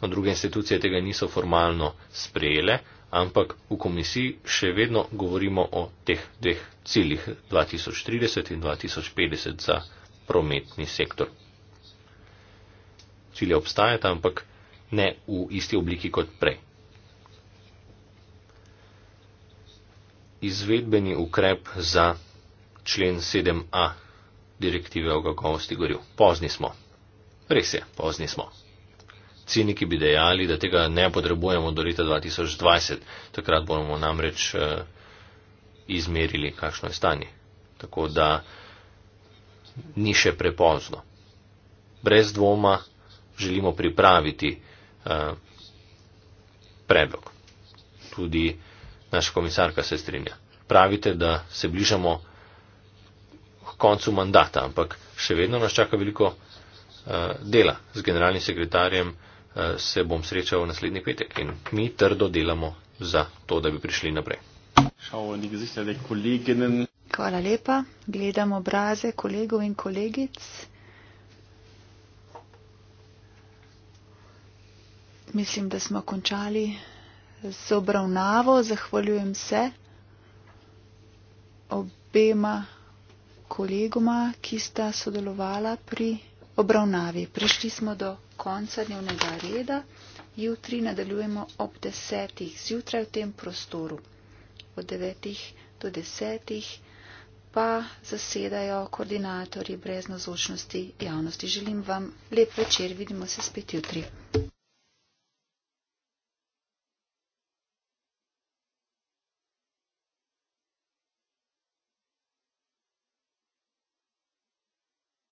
No, druge institucije tega niso formalno sprejele, ampak v komisiji še vedno govorimo o teh dveh ciljih 2030 in 2050 za prometni sektor. Cilje obstajata, ampak ne v isti obliki kot prej. izvedbeni ukrep za člen 7a direktive o kakovosti goril. Pozni smo. Res je, pozni smo. Ciniki bi dejali, da tega ne potrebujemo do leta 2020. Takrat bomo namreč eh, izmerili, kakšno je stanje. Tako da ni še prepozno. Brez dvoma želimo pripraviti eh, predlog. Tudi naša komisarka se strinja. Pravite, da se bližamo k koncu mandata, ampak še vedno nas čaka veliko uh, dela. Z generalnim sekretarjem uh, se bom srečal naslednji petek in mi trdo delamo za to, da bi prišli naprej. Hvala lepa. Gledam obraze kolegov in kolegic. Mislim, da smo končali z obravnavo, zahvaljujem se obema kolegoma, ki sta sodelovala pri obravnavi. Prišli smo do konca dnevnega reda. Jutri nadaljujemo ob desetih zjutraj v tem prostoru. Od devetih do desetih pa zasedajo koordinatorji brez nazočnosti javnosti. Želim vam lep večer, vidimo se spet jutri.